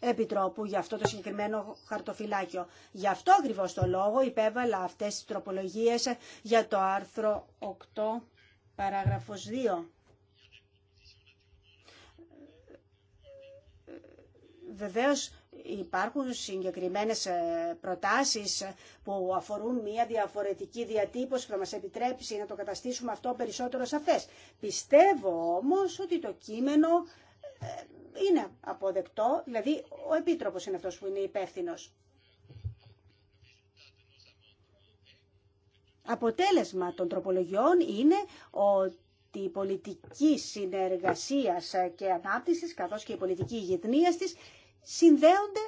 Επιτρόπου για αυτό το συγκεκριμένο χαρτοφυλάκιο. Γι' αυτό ακριβώ το λόγο υπέβαλα αυτές τις τροπολογίες για το άρθρο 8 παράγραφος 2. Βεβαίω, υπάρχουν συγκεκριμένες ε, προτάσεις που αφορούν μια διαφορετική διατύπωση που θα μας επιτρέψει να το καταστήσουμε αυτό περισσότερο σαφές. Πιστεύω όμως ότι το κείμενο ε, είναι αποδεκτό, δηλαδή ο Επίτροπος είναι αυτός που είναι υπεύθυνο. Αποτέλεσμα των τροπολογιών είναι ότι η πολιτική συνεργασία και ανάπτυξη καθώς και η πολιτική ηγετνία της, συνδέονται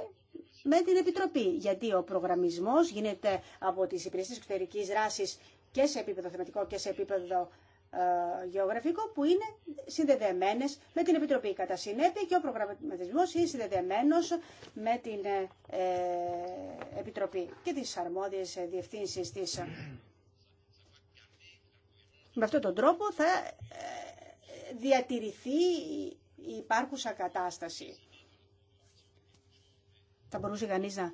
με την Επιτροπή, γιατί ο προγραμμισμός γίνεται από τις υπηρεσίες εξωτερικής δράσης και σε επίπεδο θεματικό και σε επίπεδο ε, γεωγραφικό που είναι συνδεδεμένες με την Επιτροπή. Κατά συνέπεια και ο προγραμματισμός είναι συνδεδεμένος με την ε, ε, Επιτροπή και τις αρμόδιες διευθύνσεις της. Με αυτόν τον τρόπο θα διατηρηθεί η υπάρχουσα κατάσταση. Θα μπορούσε κανείς να,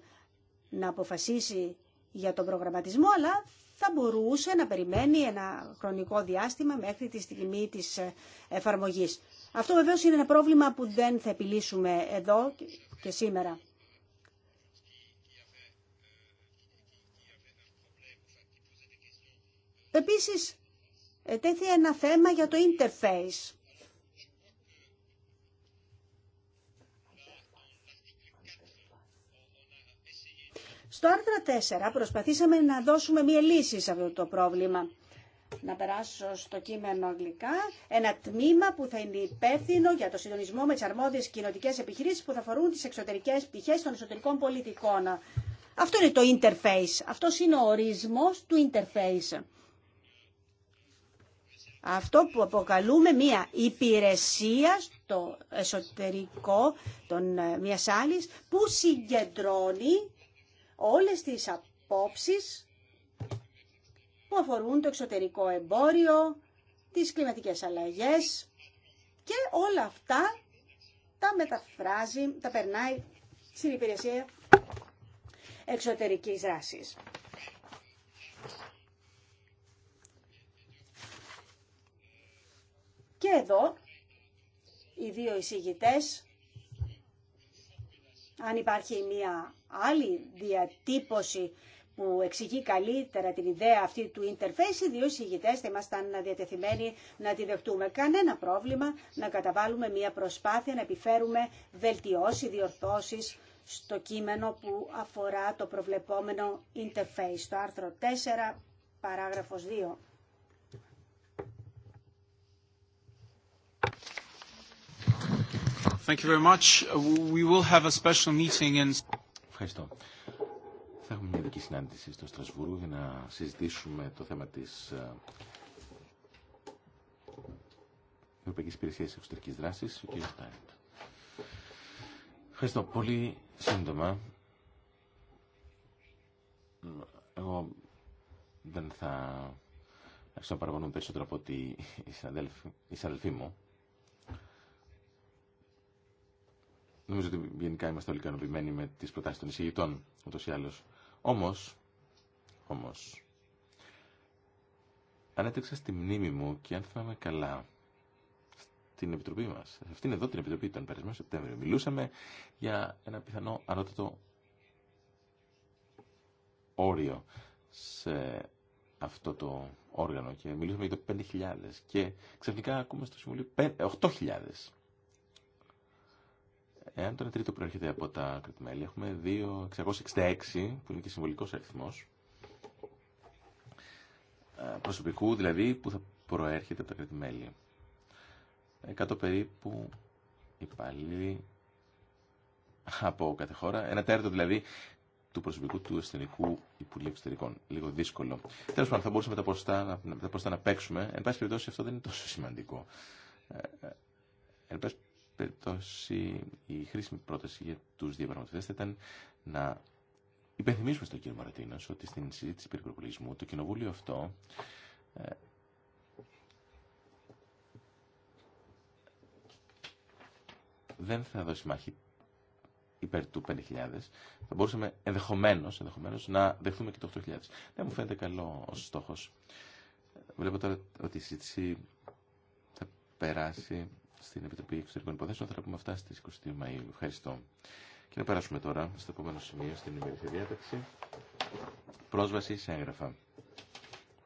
να αποφασίσει για τον προγραμματισμό, αλλά θα μπορούσε να περιμένει ένα χρονικό διάστημα μέχρι τη στιγμή της ε, εφαρμογής. Αυτό βεβαίως είναι ένα πρόβλημα που δεν θα επιλύσουμε εδώ και σήμερα. Επίσης, ε, τέθη ένα θέμα για το interface. Στο άρθρο 4 προσπαθήσαμε να δώσουμε μία λύση σε αυτό το πρόβλημα. Να περάσω στο κείμενο αγγλικά ένα τμήμα που θα είναι υπεύθυνο για το συντονισμό με τι αρμόδιε κοινοτικέ επιχειρήσει που θα αφορούν τι εξωτερικέ πτυχέ των εσωτερικών πολιτικών. Αυτό είναι το interface. Αυτό είναι ο ορισμό του interface. Αυτό που αποκαλούμε μία υπηρεσία στο εσωτερικό των ε, μιας άλλης που συγκεντρώνει όλες τις απόψεις που αφορούν το εξωτερικό εμπόριο, τις κλιματικές αλλαγές και όλα αυτά τα μεταφράζει, τα περνάει στην υπηρεσία εξωτερικής δράσης. Και εδώ οι δύο εισηγητές, αν υπάρχει μία άλλη διατύπωση που εξηγεί καλύτερα την ιδέα αυτή του interface, οι δύο συγητέ θα ήμασταν διατεθειμένοι να τη δεχτούμε. Κανένα πρόβλημα να καταβάλουμε μια προσπάθεια να επιφέρουμε βελτιώσει, διορθώσει στο κείμενο που αφορά το προβλεπόμενο interface, το άρθρο 4, παράγραφος 2. Thank you very much. We will have a special meeting in... Ευχαριστώ. Θα έχουμε μια ειδική συνάντηση στο Στρασβούργο για να συζητήσουμε το θέμα τη ε, Ευρωπαϊκή Υπηρεσία Εξωτερική δράση. ο Ευχαριστώ πολύ σύντομα. Εγώ δεν θα αρχίσω να περισσότερο από ότι οι συναδελφοί μου. Νομίζω ότι γενικά είμαστε όλοι ικανοποιημένοι με τι προτάσει των εισηγητών, ούτω ή άλλω. Όμω, όμως, αν έτρεξα στη μνήμη μου και αν θυμάμαι καλά, στην Επιτροπή μα, αυτήν εδώ την Επιτροπή τον περασμένο Σεπτέμβριο, μιλούσαμε για ένα πιθανό ανώτατο όριο σε αυτό το όργανο και μιλούσαμε για το 5.000 και ξαφνικά ακούμε στο Συμβουλίο 8.000. Εάν το τρίτο προέρχεται από τα κρατημέλη, έχουμε 2.666, που είναι και συμβολικός αριθμός, προσωπικού δηλαδή που θα προέρχεται από τα κρατημέλη. 100 περίπου υπαλλήλοι από κάθε χώρα, ένα τέταρτο δηλαδή του προσωπικού του Εσθενικού Υπουργείου Εξωτερικών. Λίγο δύσκολο. Τέλο πάντων, θα μπορούσαμε τα ποσοστά, τα ποσοστά να παίξουμε. Εν πάση περιπτώσει, αυτό δεν είναι τόσο σημαντικό. Ε, ε, εν πάση περιπτώσει η χρήσιμη πρόταση για τους διαπραγματευτέ θα ήταν να υπενθυμίσουμε στον κύριο Μαρατίνο ότι στην συζήτηση περικροπολισμού το κοινοβούλιο αυτό ε, δεν θα δώσει μάχη υπέρ του 5.000. Θα μπορούσαμε ενδεχομένως, ενδεχομένως να δεχθούμε και το 8.000. Δεν ναι, μου φαίνεται καλό ως στόχος. Ε, βλέπω τώρα ότι η συζήτηση θα περάσει στην Επιτροπή Εξωτερικών Υποθέσεων. Θα τα πούμε αυτά στις 22 Μαου. Ευχαριστώ. Και να περάσουμε τώρα στο επόμενο σημείο στην ημερήσια διάταξη. Πρόσβαση σε έγγραφα.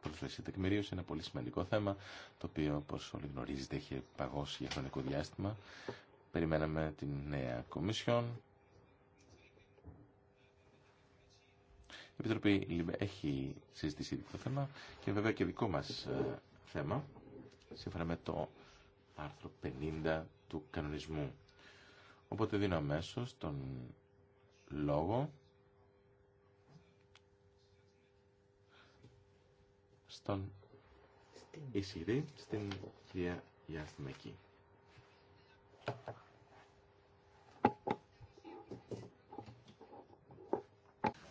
Πρόσβαση τεκμηρίωση, ένα πολύ σημαντικό θέμα, το οποίο οπω όλοι γνωρίζετε έχει παγώσει για χρονικό διάστημα. Περιμέναμε την νέα Κομισιόν. Η Επιτροπή έχει συζητήσει το θέμα και βέβαια και δικό μας ε, θέμα, σύμφωνα με το άρθρο 50 του κανονισμού. Οπότε δίνω αμέσω τον λόγο στον εισηγητή, στην κυρία Γιάννη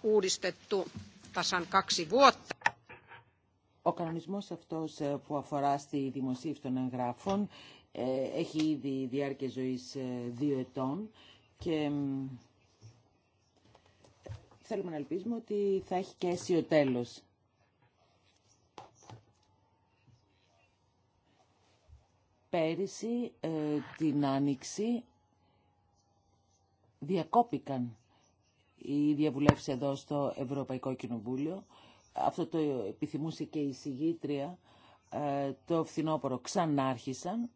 Uudistettu Ο κανονισμός αυτός ε, που αφορά στη δημοσίευση των εγγράφων ε, έχει ήδη διάρκεια ζωής ε, δύο ετών και θέλουμε να ελπίζουμε ότι θα έχει και ο τέλος. Πέρυσι ε, την Άνοιξη διακόπηκαν οι διαβουλεύσεις εδώ στο Ευρωπαϊκό Κοινοβούλιο. Αυτό το επιθυμούσε και η συγγήτρια. Το φθινόπωρο ξανάρχισαν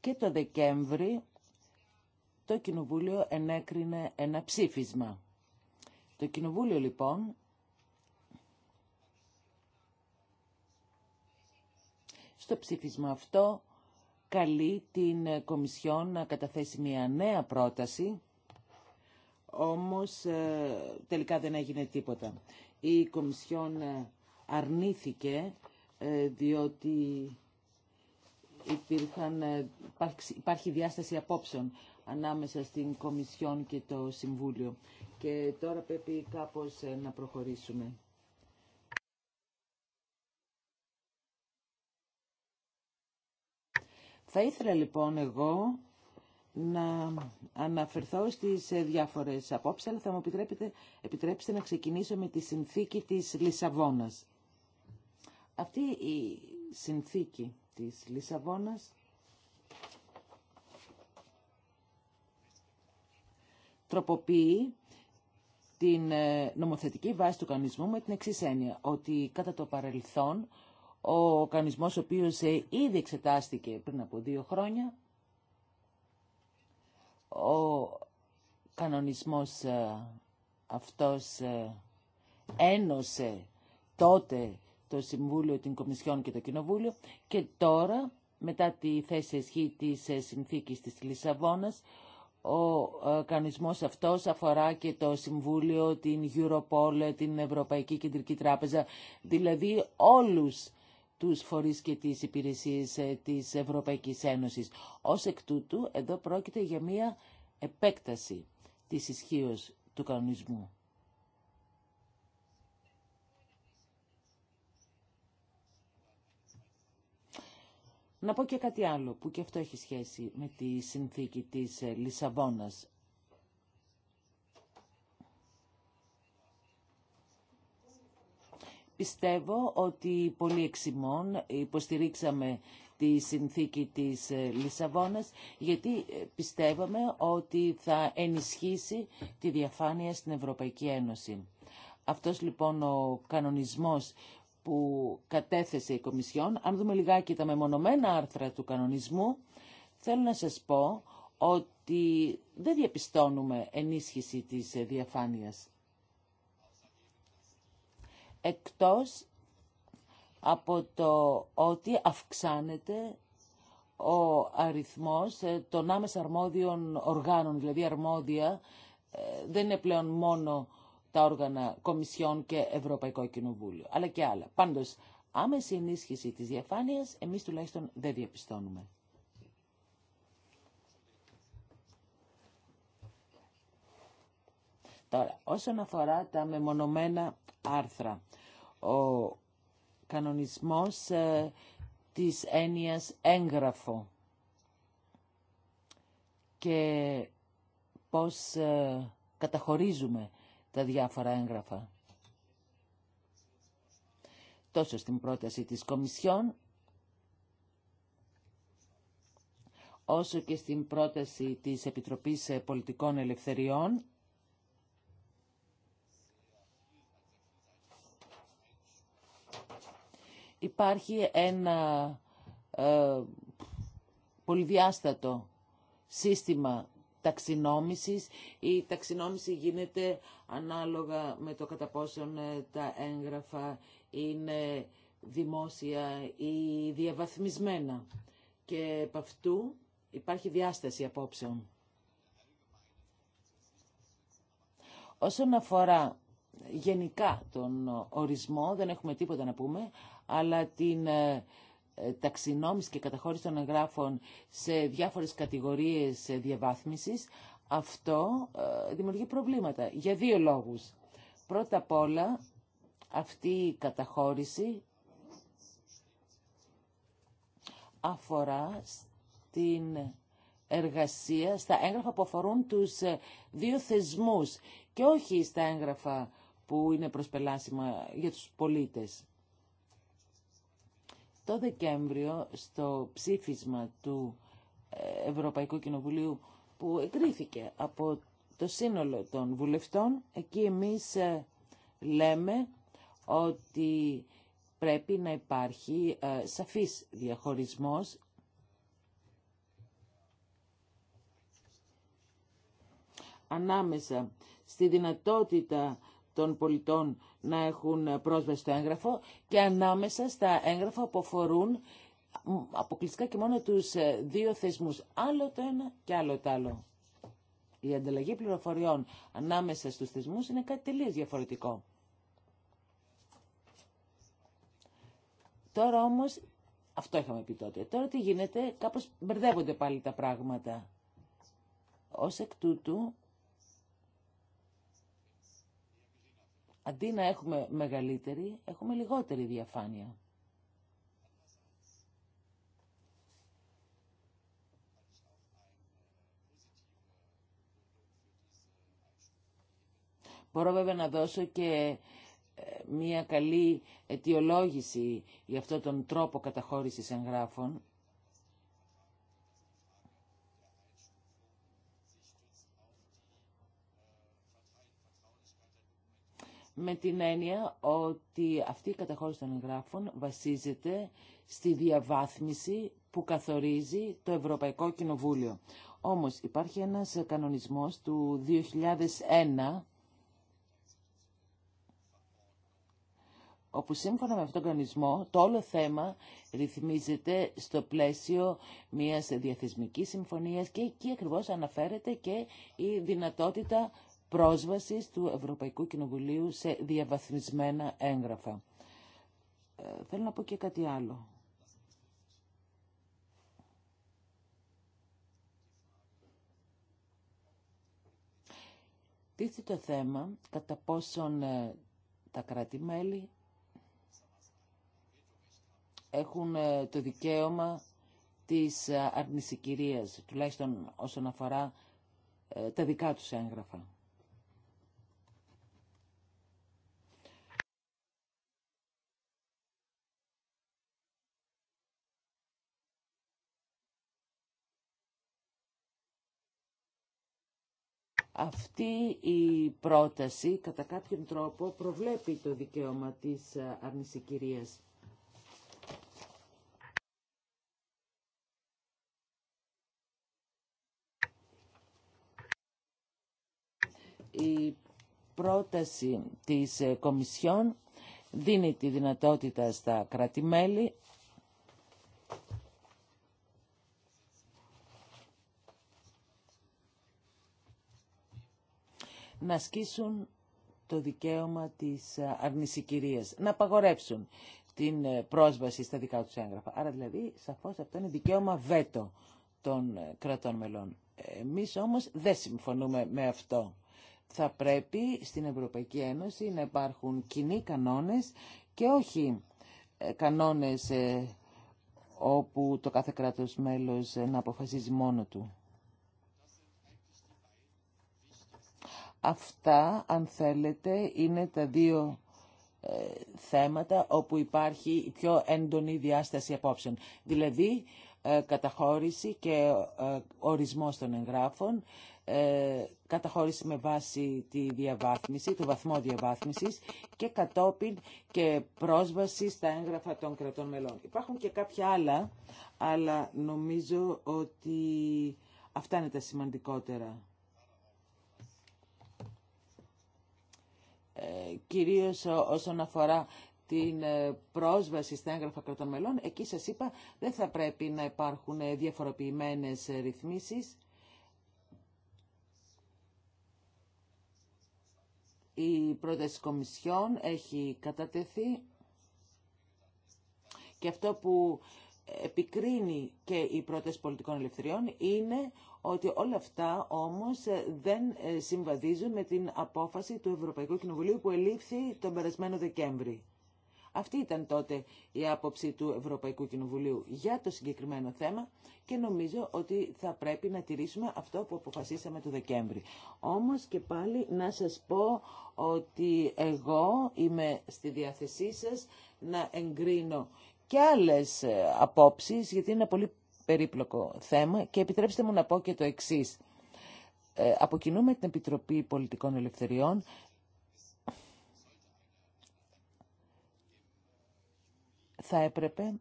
και το Δεκέμβρη το Κοινοβούλιο ενέκρινε ένα ψήφισμα. Το Κοινοβούλιο λοιπόν στο ψήφισμα αυτό καλεί την Κομισιόν να καταθέσει μια νέα πρόταση, όμως ε, τελικά δεν έγινε τίποτα. Η Κομισιόν ε, αρνήθηκε ε, διότι υπήρχαν, ε, υπάρχει διάσταση απόψεων ανάμεσα στην Κομισιόν και το Συμβούλιο. Και τώρα πρέπει κάπως ε, να προχωρήσουμε. Θα ήθελα λοιπόν εγώ να αναφερθώ στις ε, διάφορες απόψεις, αλλά θα μου επιτρέπετε, επιτρέψετε να ξεκινήσω με τη συνθήκη της Λισαβόνας. Αυτή η συνθήκη της Λισαβόνας. Τροποποιεί την ε, νομοθετική βάση του κανονισμού με την εξή έννοια, ότι κατά το παρελθόν ο κανονισμός ο οποίος ε, ήδη εξετάστηκε πριν από δύο χρόνια, ο κανονισμός ε, αυτός ένωσε τότε το Συμβούλιο, την Κομισιόν και το Κοινοβούλιο και τώρα μετά τη θέση ισχύ της ε, συνθήκης της Λισαβόνας ο κανονισμός ε, αυτός αφορά και το Συμβούλιο, την Europol, ε, την Ευρωπαϊκή Κεντρική Τράπεζα, δηλαδή όλους τους φορείς και τις υπηρεσίες της Ευρωπαϊκής Ένωσης. Ως εκ τούτου, εδώ πρόκειται για μία επέκταση της ισχύω του κανονισμού. Να πω και κάτι άλλο που και αυτό έχει σχέση με τη συνθήκη της ε, Λισαβόνας. Πιστεύω ότι πολύ εξημών υποστηρίξαμε τη συνθήκη της ε, Λισαβόνας, γιατί ε, πιστεύαμε ότι θα ενισχύσει τη διαφάνεια στην Ευρωπαϊκή Ένωση. Αυτός λοιπόν ο κανονισμός που κατέθεσε η Κομισιόν, αν δούμε λιγάκι τα μεμονωμένα άρθρα του κανονισμού, θέλω να σας πω ότι δεν διαπιστώνουμε ενίσχυση της διαφάνειας. Εκτός από το ότι αυξάνεται ο αριθμός ε, των άμεσα αρμόδιων οργάνων, δηλαδή αρμόδια, ε, δεν είναι πλέον μόνο τα όργανα Κομισιόν και Ευρωπαϊκό Κοινοβούλιο, αλλά και άλλα. Πάντως, άμεση ενίσχυση της διαφάνειας εμείς τουλάχιστον δεν διαπιστώνουμε. Τώρα, όσον αφορά τα μεμονωμένα άρθρα, ο κανονισμός ε, της έννοιας έγγραφο και πώς ε, καταχωρίζουμε τα διάφορα έγγραφα. Τόσο στην πρόταση της Κομισιόν, όσο και στην πρόταση της Επιτροπής Πολιτικών Ελευθεριών, υπάρχει ένα ε, πολυδιάστατο σύστημα ταξινόμησης. Η ταξινόμηση γίνεται ανάλογα με το κατά πόσον ε, τα έγγραφα είναι δημόσια ή διαβαθμισμένα. Και επ' αυτού υπάρχει διάσταση απόψεων. Όσον αφορά γενικά τον ε, ορισμό, δεν έχουμε τίποτα να πούμε, αλλά την ε, ε, ταξινόμηση και καταχώρηση των εγγράφων σε διάφορες κατηγορίες ε, διαβάθμισης, αυτό ε, δημιουργεί προβλήματα για δύο λόγους. Πρώτα απ' όλα, αυτή η καταχώρηση αφορά την εργασία, στα έγγραφα που αφορούν τους δύο θεσμούς και όχι στα έγγραφα που είναι προσπελάσιμα για τους πολίτες. Το Δεκέμβριο στο ψήφισμα του ε, Ευρωπαϊκού Κοινοβουλίου που εγκρίθηκε από το σύνολο των βουλευτών, εκεί εμείς ε, λέμε ότι πρέπει να υπάρχει ε, σαφής διαχωρισμός ανάμεσα στη δυνατότητα των πολιτών να έχουν πρόσβαση στο έγγραφο και ανάμεσα στα έγγραφα που αφορούν αποκλειστικά και μόνο τους ε, δύο θεσμούς, άλλο το ένα και άλλο το άλλο. Η ανταλλαγή πληροφοριών ανάμεσα στους θεσμούς είναι κάτι τελείως διαφορετικό. Τώρα όμως, αυτό είχαμε πει τότε, τώρα τι γίνεται, κάπως μπερδεύονται πάλι τα πράγματα. Ως εκ τούτου, αντί να έχουμε μεγαλύτερη, έχουμε λιγότερη διαφάνεια. Μπορώ βέβαια να δώσω και ε, μια καλή αιτιολόγηση για αυτόν τον τρόπο καταχώρησης εγγράφων. με την έννοια ότι αυτή η καταχώρηση των εγγράφων βασίζεται στη διαβάθμιση που καθορίζει το Ευρωπαϊκό Κοινοβούλιο. Όμως υπάρχει ένας κανονισμός του 2001 όπου σύμφωνα με αυτόν τον κανονισμό το όλο θέμα ρυθμίζεται στο πλαίσιο μιας διαθεσμικής συμφωνίας και εκεί ακριβώς αναφέρεται και η δυνατότητα πρόσβασης του Ευρωπαϊκού Κοινοβουλίου σε διαβαθμισμένα έγγραφα. Ε, θέλω να πω και κάτι άλλο. Τίθεται το θέμα κατά πόσον ε, τα κράτη-μέλη έχουν ε, το δικαίωμα της αρνησικυρίας, τουλάχιστον όσον αφορά τα δικά τους έγγραφα. Αυτή η πρόταση κατά κάποιον τρόπο προβλέπει το δικαίωμα της ε, αρνησικυρίας. Η πρόταση της ε, Κομισιόν δίνει τη δυνατότητα στα κράτη-μέλη να ασκήσουν το δικαίωμα της ε, αρνησικυρίας, να απαγορέψουν την ε, πρόσβαση στα δικά τους έγγραφα. Άρα δηλαδή σαφώς αυτό είναι δικαίωμα βέτο των ε, κρατών μελών. Εμείς όμως δεν συμφωνούμε με αυτό. Θα πρέπει στην Ευρωπαϊκή Ένωση να υπάρχουν κοινοί κανόνες και όχι κανόνες όπου το κάθε κράτος μέλος να αποφασίζει μόνο του. Αυτά, αν θέλετε, είναι τα δύο ε, θέματα όπου υπάρχει η πιο έντονη διάσταση απόψεων. Δηλαδή, ε, καταχώρηση και ε, ορισμός των εγγράφων, ε, καταχώρηση με βάση τη διαβάθμιση, το βαθμό διαβάθμισης και κατόπιν και πρόσβαση στα έγγραφα των κρατών μελών. Υπάρχουν και κάποια άλλα, αλλά νομίζω ότι αυτά είναι τα σημαντικότερα. Ε, κυρίως όσον αφορά την ε, πρόσβαση στα έγγραφα κρατών μελών, εκεί σας είπα δεν θα πρέπει να υπάρχουν ε, διαφοροποιημένες ρυθμίσεις. Η πρόταση Κομισιόν έχει κατατεθεί και αυτό που επικρίνει και η πρόταση πολιτικών ελευθεριών είναι ότι όλα αυτά όμως ε, δεν ε, συμβαδίζουν με την απόφαση του Ευρωπαϊκού Κοινοβουλίου που ελήφθη τον περασμένο Δεκέμβρη. Αυτή ήταν τότε η άποψη του Ευρωπαϊκού Κοινοβουλίου για το συγκεκριμένο θέμα και νομίζω ότι θα πρέπει να τηρήσουμε αυτό που αποφασίσαμε το Δεκέμβρη. Όμως και πάλι να σας πω ότι εγώ είμαι στη διάθεσή σας να εγκρίνω και άλλες ε, απόψεις γιατί είναι πολύ περίπλοκο θέμα και επιτρέψτε μου να πω και το εξής. Ε, αποκινούμε την Επιτροπή Πολιτικών Ελευθεριών θα έπρεπε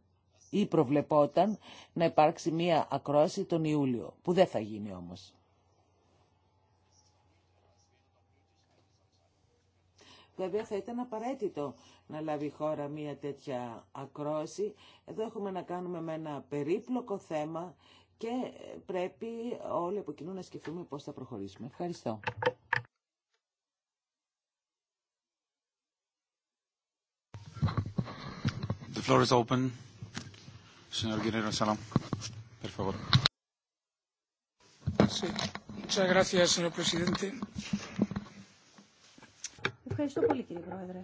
ή προβλεπόταν να υπάρξει μία ακρόαση τον Ιούλιο, που δεν θα γίνει όμως. Βέβαια θα ήταν απαραίτητο να λάβει η χώρα μια τέτοια ακρόση. Εδώ έχουμε να κάνουμε με ένα περίπλοκο θέμα και πρέπει όλοι από κοινού να σκεφτούμε πώς θα προχωρήσουμε. Ευχαριστώ. The floor is open. Señor favor. Muchas gracias, señor presidente. Ευχαριστώ πολύ κύριε Πρόεδρε.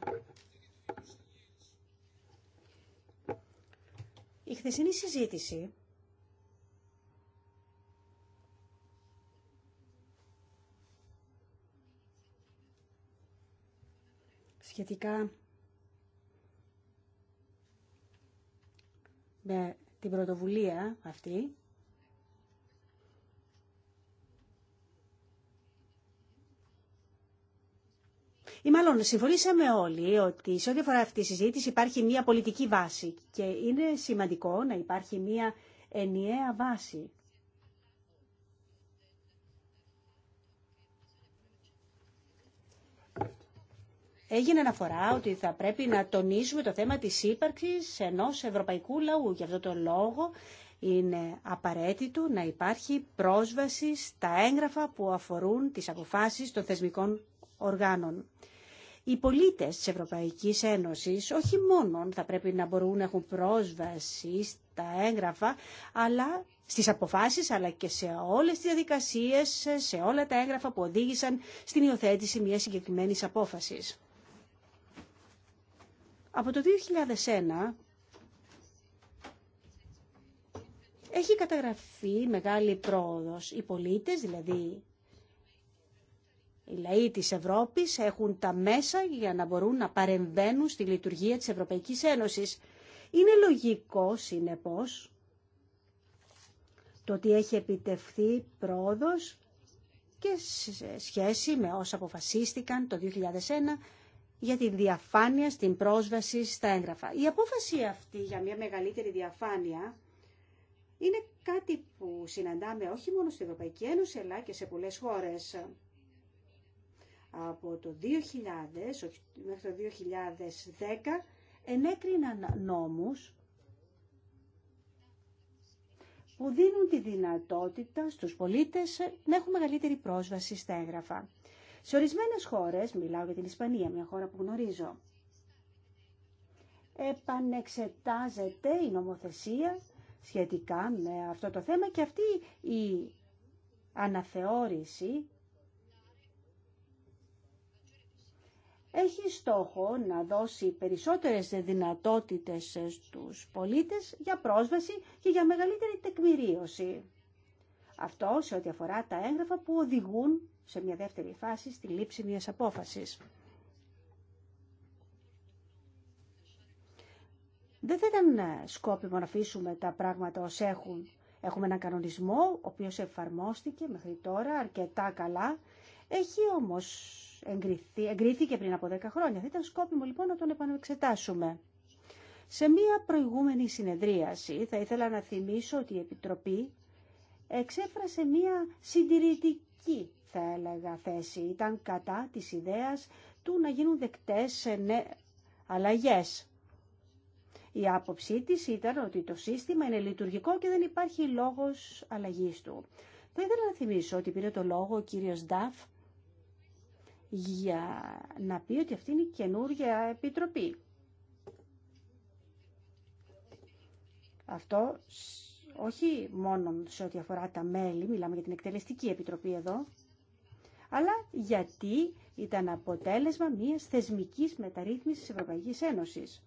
Η χθεσινή συζήτηση σχετικά με την πρωτοβουλία αυτή ή μάλλον συμφωνήσαμε όλοι ότι σε ό,τι αφορά αυτή τη συζήτηση υπάρχει μια πολιτική βάση και είναι σημαντικό να υπάρχει μια ενιαία βάση. Έγινε αναφορά ότι θα πρέπει να τονίσουμε το θέμα της ύπαρξης ενός ευρωπαϊκού λαού. Γι' αυτό το λόγο είναι απαραίτητο να υπάρχει πρόσβαση στα έγγραφα που αφορούν τις αποφάσεις των θεσμικών οργάνων οι πολίτες της Ευρωπαϊκής Ένωσης όχι μόνο θα πρέπει να μπορούν να έχουν πρόσβαση στα έγγραφα, αλλά στις αποφάσεις, αλλά και σε όλες τις διαδικασίες, σε όλα τα έγγραφα που οδήγησαν στην υιοθέτηση μιας συγκεκριμένης απόφασης. Από το 2001 έχει καταγραφεί μεγάλη πρόοδος. Οι πολίτες, δηλαδή οι λαοί της Ευρώπης έχουν τα μέσα για να μπορούν να παρεμβαίνουν στη λειτουργία της Ευρωπαϊκής Ένωσης. Είναι λογικό, συνεπώς, το ότι έχει επιτευχθεί πρόοδος και σε σχέση με όσα αποφασίστηκαν το 2001 για τη διαφάνεια στην πρόσβαση στα έγγραφα. Η απόφαση αυτή για μια μεγαλύτερη διαφάνεια είναι κάτι που συναντάμε όχι μόνο στην Ευρωπαϊκή Ένωση αλλά και σε πολλές χώρες από το 2000 μέχρι το 2010 ενέκριναν νόμους που δίνουν τη δυνατότητα στους πολίτες να έχουν μεγαλύτερη πρόσβαση στα έγγραφα. Σε ορισμένες χώρες, μιλάω για την Ισπανία, μια χώρα που γνωρίζω, επανεξετάζεται η νομοθεσία σχετικά με αυτό το θέμα και αυτή η αναθεώρηση έχει στόχο να δώσει περισσότερες δυνατότητες στους πολίτες για πρόσβαση και για μεγαλύτερη τεκμηρίωση. Αυτό σε ό,τι αφορά τα έγγραφα που οδηγούν σε μια δεύτερη φάση στη λήψη μιας απόφασης. Δεν θα ήταν σκόπιμο να αφήσουμε τα πράγματα ως έχουν. Έχουμε έναν κανονισμό, ο οποίος εφαρμόστηκε μέχρι τώρα αρκετά καλά έχει όμως εγκρίθηκε πριν από 10 χρόνια. Θα ήταν σκόπιμο λοιπόν να τον επανεξετάσουμε. Σε μία προηγούμενη συνεδρίαση θα ήθελα να θυμίσω ότι η Επιτροπή εξέφρασε μία συντηρητική θα έλεγα θέση. Ήταν κατά της ιδέας του να γίνουν δεκτές ε, νε... αλλαγές. Η άποψή της ήταν ότι το σύστημα είναι λειτουργικό και δεν υπάρχει λόγος αλλαγής του. Θα ήθελα να θυμίσω ότι πήρε το λόγο ο κύριος Νταφ για να πει ότι αυτή είναι η καινούργια επιτροπή. Αυτό όχι μόνο σε ό,τι αφορά τα μέλη, μιλάμε για την εκτελεστική επιτροπή εδώ, αλλά γιατί ήταν αποτέλεσμα μιας θεσμικής μεταρρύθμισης της Ευρωπαϊκής Ένωσης.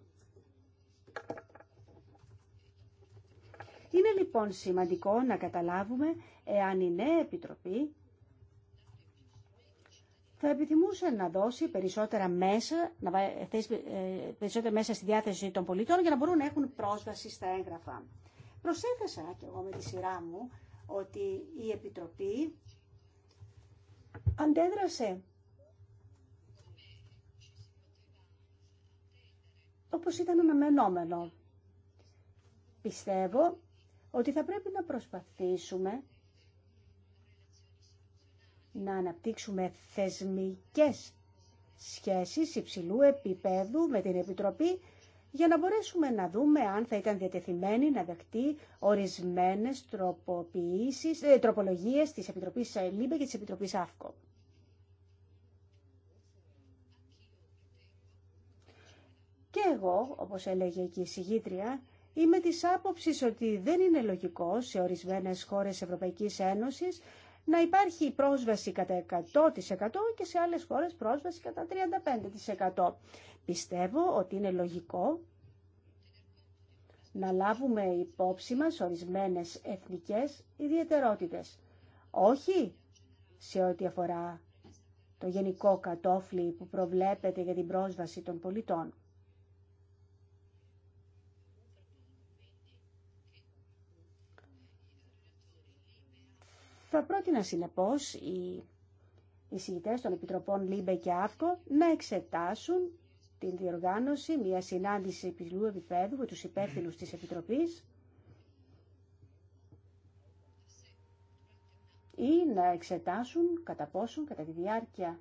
Είναι λοιπόν σημαντικό να καταλάβουμε εάν η νέα επιτροπή θα επιθυμούσε να δώσει περισσότερα μέσα, να ε, θέσει ε, περισσότερα μέσα στη διάθεση των πολιτών για να μπορούν να έχουν πρόσβαση στα έγγραφα. Προσέθεσα και εγώ με τη σειρά μου ότι η Επιτροπή αντέδρασε όπως ήταν αναμενόμενο. Πιστεύω ότι θα πρέπει να προσπαθήσουμε να αναπτύξουμε θεσμικές σχέσεις υψηλού επίπεδου με την Επιτροπή για να μπορέσουμε να δούμε αν θα ήταν διατεθειμένη να δεχτεί ορισμένες τροποποιήσεις, ε, τροπολογίες της Επιτροπής ΛΥΜΠΕ και της Επιτροπής ΑΦΚΟ. Και εγώ, όπως έλεγε και η συγγήτρια, είμαι της άποψης ότι δεν είναι λογικό σε ορισμένες χώρες Ευρωπαϊκής Ένωσης να υπάρχει πρόσβαση κατά 100% και σε άλλες χώρες πρόσβαση κατά 35%. Πιστεύω ότι είναι λογικό να λάβουμε υπόψη μας ορισμένες εθνικές ιδιαιτερότητες. Όχι σε ό,τι αφορά το γενικό κατόφλι που προβλέπεται για την πρόσβαση των πολιτών. Θα πρότεινα συνεπώ οι εισηγητές των Επιτροπών ΛΥΜΠΕ και ΑΦΚΟ να εξετάσουν την διοργάνωση μια συνάντηση υψηλού επίπεδου με του υπεύθυνους τη Επιτροπή ή να εξετάσουν κατά πόσον κατά τη διάρκεια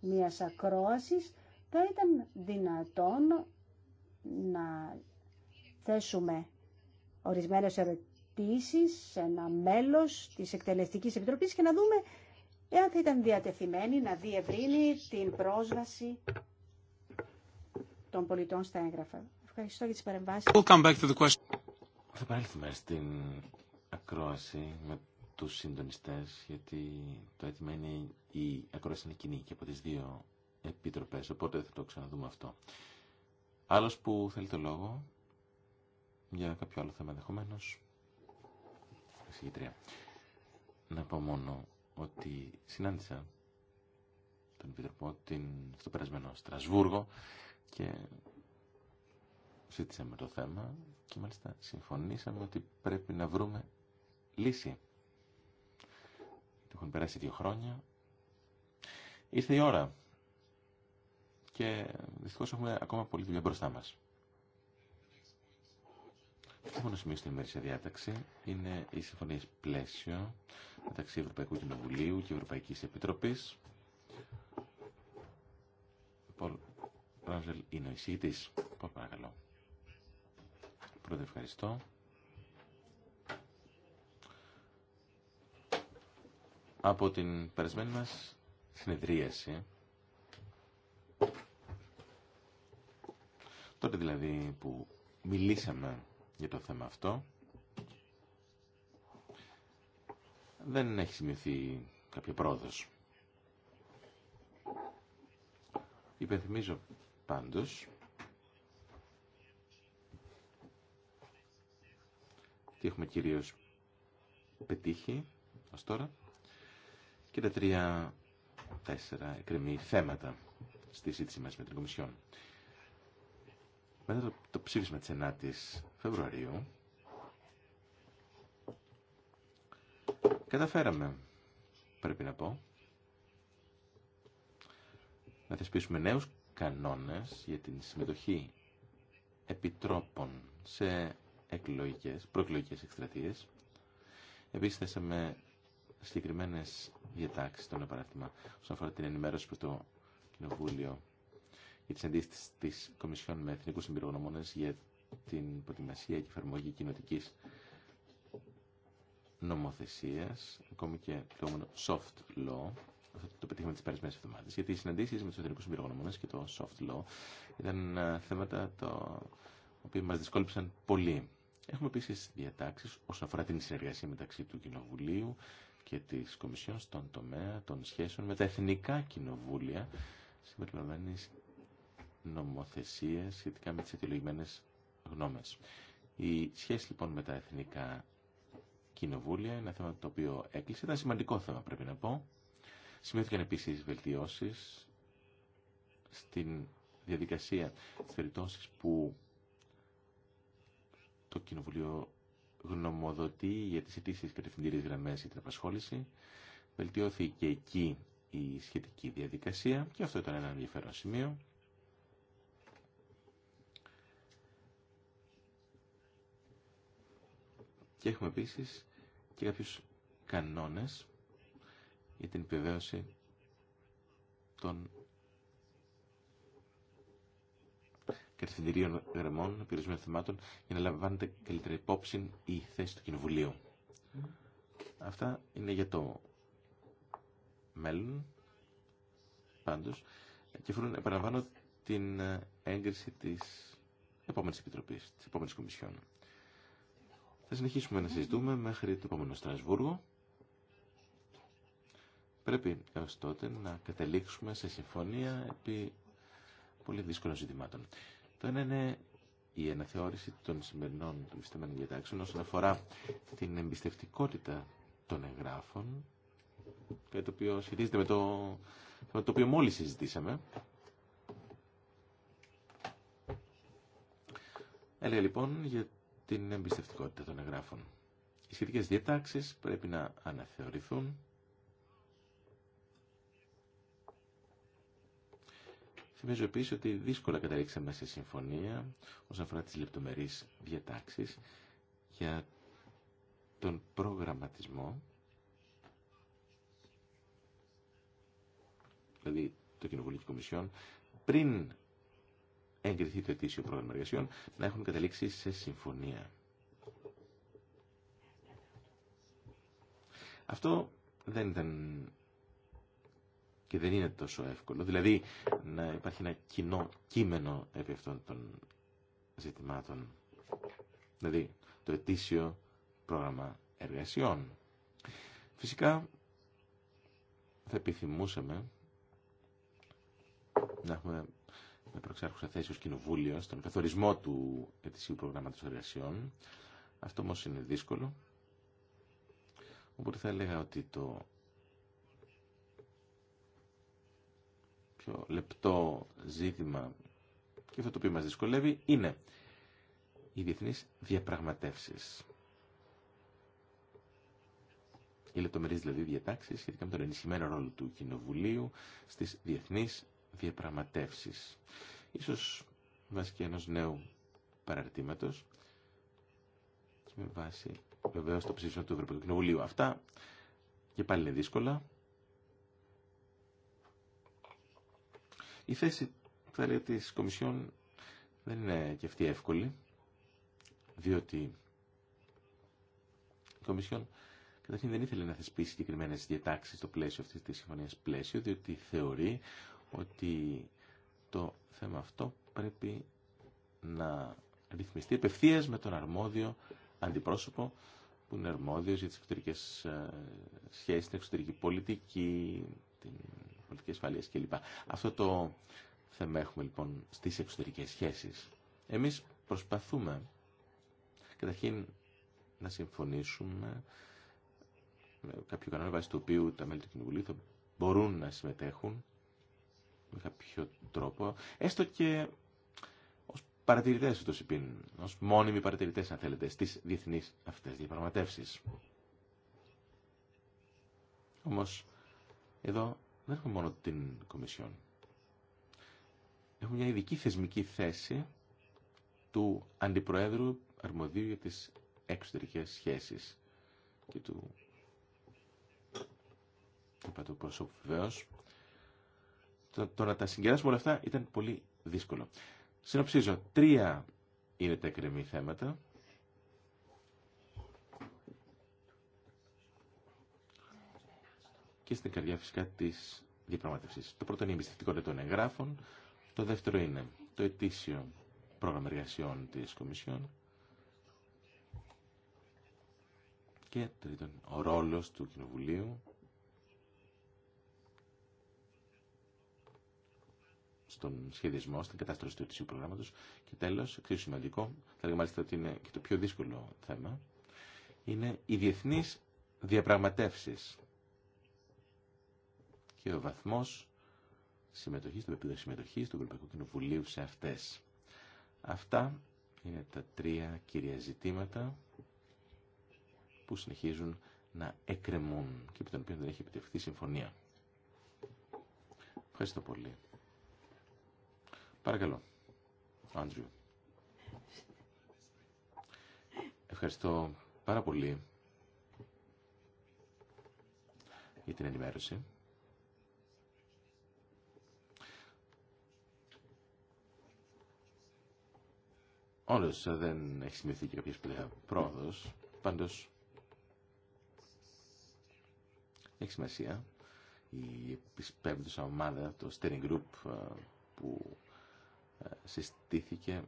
μιας ακρόασης θα ήταν δυνατόν να θέσουμε ορισμένες ερωτήσεις σε ένα μέλος της Εκτελεστικής Επιτροπής και να δούμε εάν θα ήταν διατεθειμένη να διευρύνει την πρόσβαση των πολιτών στα έγγραφα. Ευχαριστώ για τις παρεμβάσεις. come back to the question. Θα παρέλθουμε στην ακρόαση με τους συντονιστές, γιατί το αίτημα είναι η ακρόαση είναι κοινή και από τις δύο επιτροπές, οπότε θα το ξαναδούμε αυτό. Άλλος που θέλει το λόγο, για κάποιο άλλο θέμα ενδεχομένω εισηγητρία. Να πω μόνο ότι συνάντησα τον Επιτροπό την, στο περασμένο Στρασβούργο και ζήτησαμε το θέμα και μάλιστα συμφωνήσαμε ότι πρέπει να βρούμε λύση. Έχουν περάσει δύο χρόνια. Ήρθε η ώρα και δυστυχώς έχουμε ακόμα πολύ δουλειά μπροστά μας επόμενο σημείο στην ημερήσια διάταξη είναι οι συμφωνίε πλαίσιο μεταξύ Ευρωπαϊκού Κοινοβουλίου και Ευρωπαϊκή Επίτροπή, Πολ Ράζελ είναι ο εισήγητη. Πολ παρακαλώ. Πρώτα ευχαριστώ. Από την περασμένη μας συνεδρίαση τότε δηλαδή που μιλήσαμε για το θέμα αυτό. Δεν έχει σημειωθεί κάποια πρόοδος. Υπενθυμίζω πάντως τι έχουμε κυρίως πετύχει ως τώρα και τα τρία τέσσερα εκκρεμή θέματα στη σύντηση μας με την Κομισιόν. Μετά το ψήφισμα της 9ης Φεβρουαρίου καταφέραμε, πρέπει να πω, να θεσπίσουμε νέους κανόνες για την συμμετοχή επιτρόπων σε εκλογικές, προεκλογικές εκστρατείες. Επίσης θέσαμε συγκεκριμένες διατάξεις στον επαναρτημά όσον αφορά την ενημέρωση προς το Κοινοβούλιο για τι αντίστοιχε τη Κομισιόν με Εθνικού Συμπειρογνωμόνε για την προετοιμασία και εφαρμογή κοινοτική νομοθεσία, ακόμη και το λεγόμενο soft law. το πετύχαμε τι περασμένε εβδομάδε. Γιατί οι συναντήσει με του Εθνικού Συμπειρογνωμόνε και το soft law ήταν ε, θέματα τα οποία μα δυσκόλυψαν πολύ. Έχουμε επίση διατάξει όσον αφορά την συνεργασία μεταξύ του Κοινοβουλίου και τη Κομισιόν στον τομέα των σχέσεων με τα εθνικά κοινοβούλια συμπεριλαμβάνει νομοθεσία σχετικά με τι αιτιολογημένε γνώμες. Η σχέση λοιπόν με τα εθνικά κοινοβούλια, ένα θέμα το οποίο έκλεισε, ήταν σημαντικό θέμα πρέπει να πω. Σημειώθηκαν επίση βελτιώσει στην διαδικασία τη περιπτώσει που το Κοινοβουλίο γνωμοδοτεί για τις αιτήσεις κατευθυντήριες γραμμές για την απασχόληση. Βελτιώθηκε εκεί η σχετική διαδικασία και αυτό ήταν ένα ενδιαφέρον σημείο. και έχουμε επίση και κάποιους κανόνες για την επιβεβαίωση των κατευθυντηρίων γραμμών περιορισμένων θεμάτων για να λαμβάνετε καλύτερη υπόψη η θέση του Κοινοβουλίου. Αυτά είναι για το μέλλον, πάντως, και αφορούν, επαναλαμβάνω, την ε, έγκριση της επόμενης Επιτροπής, της επόμενης Κομισιόν. Θα συνεχίσουμε να συζητούμε μέχρι το επόμενο Στρασβούργο. Πρέπει έως τότε να καταλήξουμε σε συμφωνία επί πολύ δύσκολων ζητημάτων. Το ένα είναι η αναθεώρηση των σημερινών του πιστεμένων διατάξεων όσον αφορά την εμπιστευτικότητα των εγγράφων, κάτι το οποίο σχετίζεται με το, με το οποίο μόλις συζητήσαμε. Έλεγα λοιπόν για την εμπιστευτικότητα των εγγράφων. Οι σχετικές διατάξεις πρέπει να αναθεωρηθούν Θυμίζω επίση ότι δύσκολα καταλήξαμε σε συμφωνία όσον αφορά τις λεπτομερείς διατάξεις για τον προγραμματισμό δηλαδή το Κοινοβουλίο Κομισιόν πριν εγκριθεί το ετήσιο πρόγραμμα εργασιών, να έχουν καταλήξει σε συμφωνία. Αυτό δεν ήταν και δεν είναι τόσο εύκολο. Δηλαδή να υπάρχει ένα κοινό κείμενο επί αυτών των ζητημάτων. Δηλαδή το ετήσιο πρόγραμμα εργασιών. Φυσικά θα επιθυμούσαμε να έχουμε με προξάρχουσα θέση ω κοινοβούλιο στον καθορισμό του ετησίου προγράμματος εργασιών. Αυτό όμω είναι δύσκολο. Οπότε θα έλεγα ότι το πιο λεπτό ζήτημα και αυτό το οποίο μας δυσκολεύει είναι οι διεθνείς διαπραγματεύσεις. Οι λεπτομερείς δηλαδή διατάξεις σχετικά με τον ενισχυμένο ρόλο του Κοινοβουλίου στις διεθνείς διαπραγματεύσεις. Ίσως βάσει και ενός νέου παραρτήματος και με βάση βεβαίως το ψήφισμα του Ευρωπαϊκού Κοινοβουλίου. Αυτά και πάλι είναι δύσκολα. Η θέση θα λέει, της Κομισιόν δεν είναι και αυτή εύκολη, διότι η Κομισιόν καταρχήν δεν ήθελε να θεσπίσει συγκεκριμένε διατάξει στο πλαίσιο αυτή τη συμφωνία πλαίσιο, διότι θεωρεί ότι το θέμα αυτό πρέπει να ρυθμιστεί επευθείας με τον αρμόδιο αντιπρόσωπο που είναι αρμόδιος για τις εξωτερικές ε, σχέσεις, την εξωτερική πολιτική, την πολιτική ασφαλεία κλπ. Αυτό το θέμα έχουμε λοιπόν στις εξωτερικές σχέσεις. Εμείς προσπαθούμε καταρχήν να συμφωνήσουμε με κάποιο κανόνα βάσει του οποίου τα μέλη του Κοινοβουλίου θα μπορούν να συμμετέχουν με κάποιο τρόπο, έστω και ως παρατηρητέ του ΣΥΠΗΝ, ω μόνιμοι παρατηρητέ αν θέλετε, στι διεθνείς αυτέ διαπραγματεύσει. Όμω, εδώ δεν έχουμε μόνο την Κομισιόν. Έχουμε μια ειδική θεσμική θέση του Αντιπροέδρου Αρμοδίου για τις εξωτερικές σχέσεις και του είπα το πρόσωπο το, να τα συγκεράσουμε όλα αυτά ήταν πολύ δύσκολο. Συνοψίζω, τρία είναι τα εκκρεμή θέματα. και στην καρδιά φυσικά της διαπραγματευσή. Το πρώτο είναι η εμπιστευτικότητα των εγγράφων. Το δεύτερο είναι το ετήσιο πρόγραμμα εργασιών της Κομισιόν. Και τρίτον, ο ρόλος του Κοινοβουλίου στον σχεδιασμό, στην κατάσταση του ετησίου προγράμματο. Και τέλο, εξίσου σημαντικό, θα λέγαμε μάλιστα ότι είναι και το πιο δύσκολο θέμα, είναι οι διεθνεί διαπραγματεύσει και ο βαθμό συμμετοχή, το επίπεδο συμμετοχή του Ευρωπαϊκού Κοινοβουλίου σε αυτέ. Αυτά είναι τα τρία κυρία ζητήματα που συνεχίζουν να εκκρεμούν και από των οποία δεν έχει επιτευχθεί συμφωνία. Ευχαριστώ πολύ. Παρακαλώ, Άντριου. Ευχαριστώ πάρα πολύ για την ενημέρωση. Όντω δεν έχει σημειωθεί και κάποια σπουδαία πρόοδο. Πάντω έχει σημασία η επισπέυδουσα ομάδα, το steering group ε, που συστήθηκε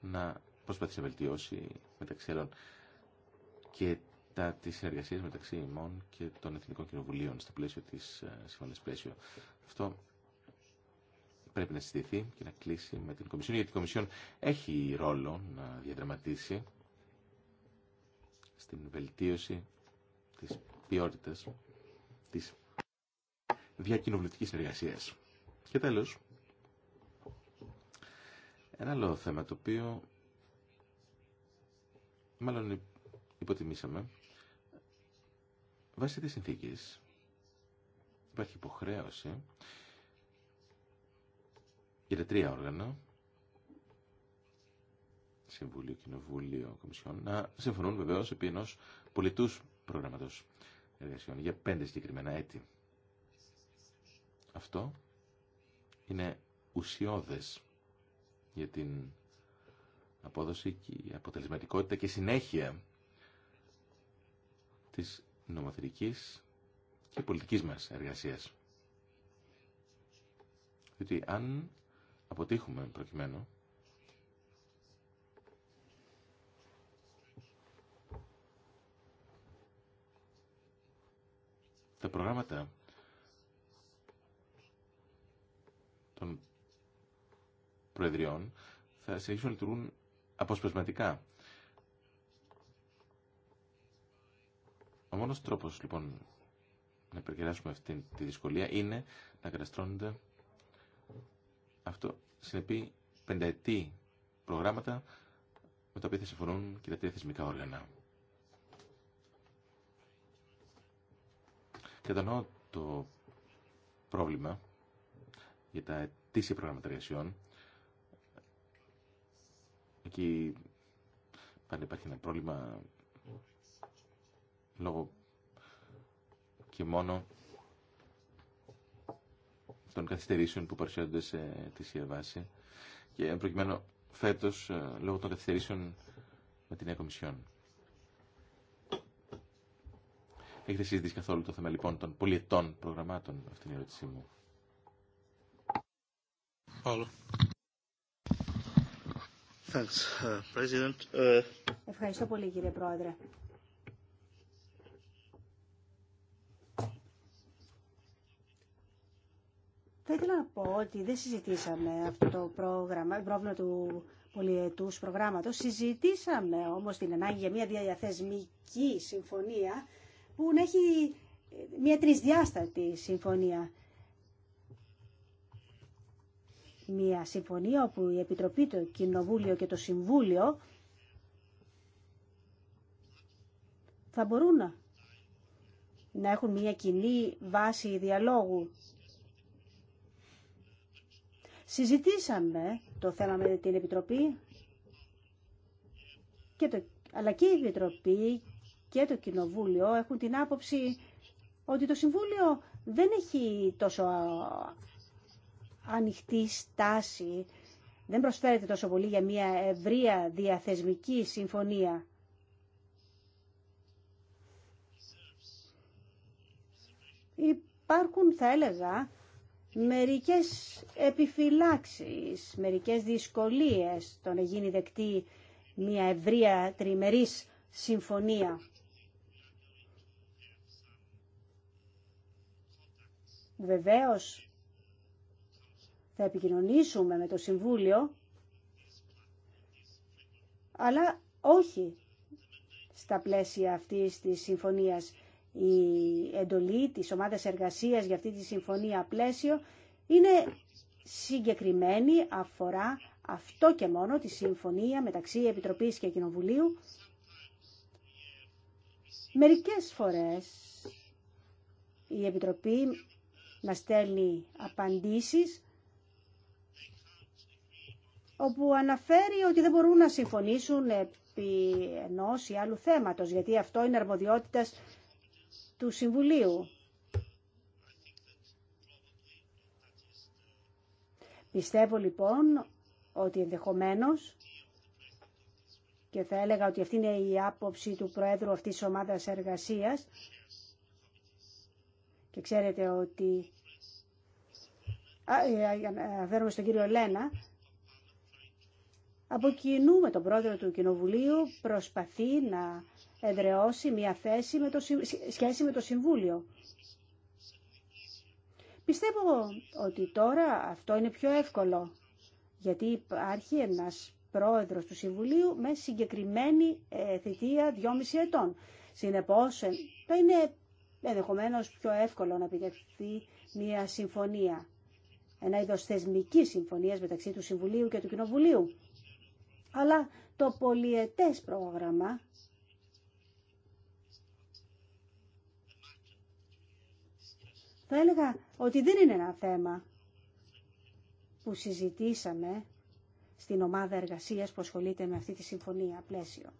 να προσπαθήσει να βελτιώσει μεταξύ άλλων και τα τη συνεργασία μεταξύ ημών και των Εθνικών Κοινοβουλίων στο πλαίσιο τη ε, συμφωνία πλαίσιο. Αυτό πρέπει να συστήθει και να κλείσει με την Κομισιόν, γιατί η Κομισιόν έχει ρόλο να διαδραματίσει στην βελτίωση της ποιότητας της διακοινοβουλευτικής εργασίας Και τέλος, ένα άλλο θέμα το οποίο μάλλον υποτιμήσαμε. Βάσει τη συνθήκη υπάρχει υποχρέωση για τα τρία όργανα Συμβούλιο, Κοινοβούλιο, Κομισιόν να συμφωνούν βεβαίως επί ενός πολιτούς προγραμματός εργασιών για πέντε συγκεκριμένα έτη. Αυτό είναι ουσιώδες για την απόδοση και η αποτελεσματικότητα και συνέχεια της νομοθετικής και πολιτικής μας εργασίας. Διότι αν αποτύχουμε προκειμένου τα προγράμματα προεδριών θα συνεχίσουν να λειτουργούν αποσπασματικά. Ο μόνος τρόπος λοιπόν να περιγράψουμε αυτή τη δυσκολία είναι να καταστρώνονται αυτό συνεπεί πενταετή προγράμματα με τα οποία θα συμφωνούν και τα τρία θεσμικά όργανα. Κατανοώ το πρόβλημα για τα αιτήσια προγράμματα Εκεί πάλι υπάρχει ένα πρόβλημα λόγω και μόνο των καθυστερήσεων που παρουσιάζονται σε αιτήσια βάση και προκειμένου φέτος ε, λόγω των καθυστερήσεων με την Κομισιόν. Έχετε συζητήσει καθόλου το θέμα λοιπόν των πολιετών προγραμμάτων, αυτήν την ερώτησή μου. Άλλο. Uh, uh, Ευχαριστώ πολύ κύριε Πρόεδρε. Θα ήθελα να πω ότι δεν συζητήσαμε αυτό το πρόγραμμα, το πρόβλημα του πολιετού προγράμματος. Συζητήσαμε όμως την ανάγκη για μια διαθεσμική συμφωνία που να έχει μια τρισδιάστατη συμφωνία μια συμφωνία όπου η Επιτροπή, το Κοινοβούλιο και το Συμβούλιο θα μπορούν να έχουν μια κοινή βάση διαλόγου. Συζητήσαμε το θέμα με την Επιτροπή, και το, αλλά και η Επιτροπή και το Κοινοβούλιο έχουν την άποψη ότι το Συμβούλιο δεν έχει τόσο ανοιχτή στάση. Δεν προσφέρεται τόσο πολύ για μια ευρεία διαθεσμική συμφωνία. Υπάρχουν, θα έλεγα, μερικές επιφυλάξεις, μερικές δυσκολίες το να γίνει δεκτή μια ευρεία τριμερής συμφωνία. Βεβαίως, θα επικοινωνήσουμε με το Συμβούλιο, αλλά όχι στα πλαίσια αυτής της συμφωνίας. Η εντολή της ομάδας εργασίας για αυτή τη συμφωνία πλαίσιο είναι συγκεκριμένη, αφορά αυτό και μόνο τη συμφωνία μεταξύ Επιτροπής και Κοινοβουλίου. Μερικές φορές η Επιτροπή μας στέλνει απαντήσεις όπου αναφέρει ότι δεν μπορούν να συμφωνήσουν επί ενός ή άλλου θέματος, γιατί αυτό είναι αρμοδιότητα του Συμβουλίου. Πιστεύω λοιπόν ότι ενδεχομένως και θα έλεγα ότι αυτή είναι η άποψη του Προέδρου αυτής της ομάδας εργασίας και ξέρετε ότι ε, ε, αναφέρομαι στον κύριο Λένα από κοινού με τον πρόεδρο του Κοινοβουλίου προσπαθεί να εδραιώσει μια θέση με το, σχέση με το Συμβούλιο. Πιστεύω ότι τώρα αυτό είναι πιο εύκολο, γιατί υπάρχει ένας πρόεδρος του Συμβουλίου με συγκεκριμένη ε, θητεία 2,5 ετών. Συνεπώς, ε, θα είναι ενδεχομένω πιο εύκολο να επιτευχθεί μια συμφωνία, ένα είδος θεσμική συμφωνίας μεταξύ του Συμβουλίου και του Κοινοβουλίου αλλά το πολιετές πρόγραμμα θα έλεγα ότι δεν είναι ένα θέμα που συζητήσαμε στην ομάδα εργασίας που ασχολείται με αυτή τη συμφωνία πλαίσιο.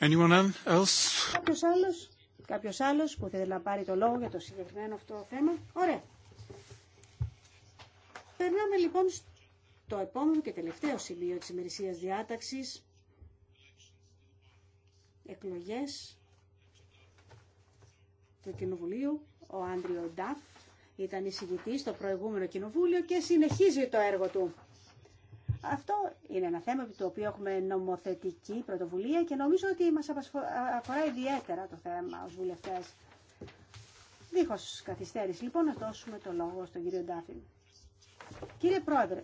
Anyone else? Κάποιος άλλος, κάποιος άλλος που θέλει να πάρει το λόγο για το συγκεκριμένο αυτό θέμα. Ωραία. Περνάμε λοιπόν το επόμενο και τελευταίο σημείο της ημερησίας διάταξης, εκλογές του Κοινοβουλίου, ο Άντριο Νταφ ήταν εισηγητή στο προηγούμενο Κοινοβούλιο και συνεχίζει το έργο του. Αυτό είναι ένα θέμα το οποίο έχουμε νομοθετική πρωτοβουλία και νομίζω ότι μας αφορά ιδιαίτερα το θέμα ως βουλευτές. Δίχως καθυστέρηση λοιπόν να δώσουμε το λόγο στον κύριο Ντάφιν. Κύριε Πρόεδρε,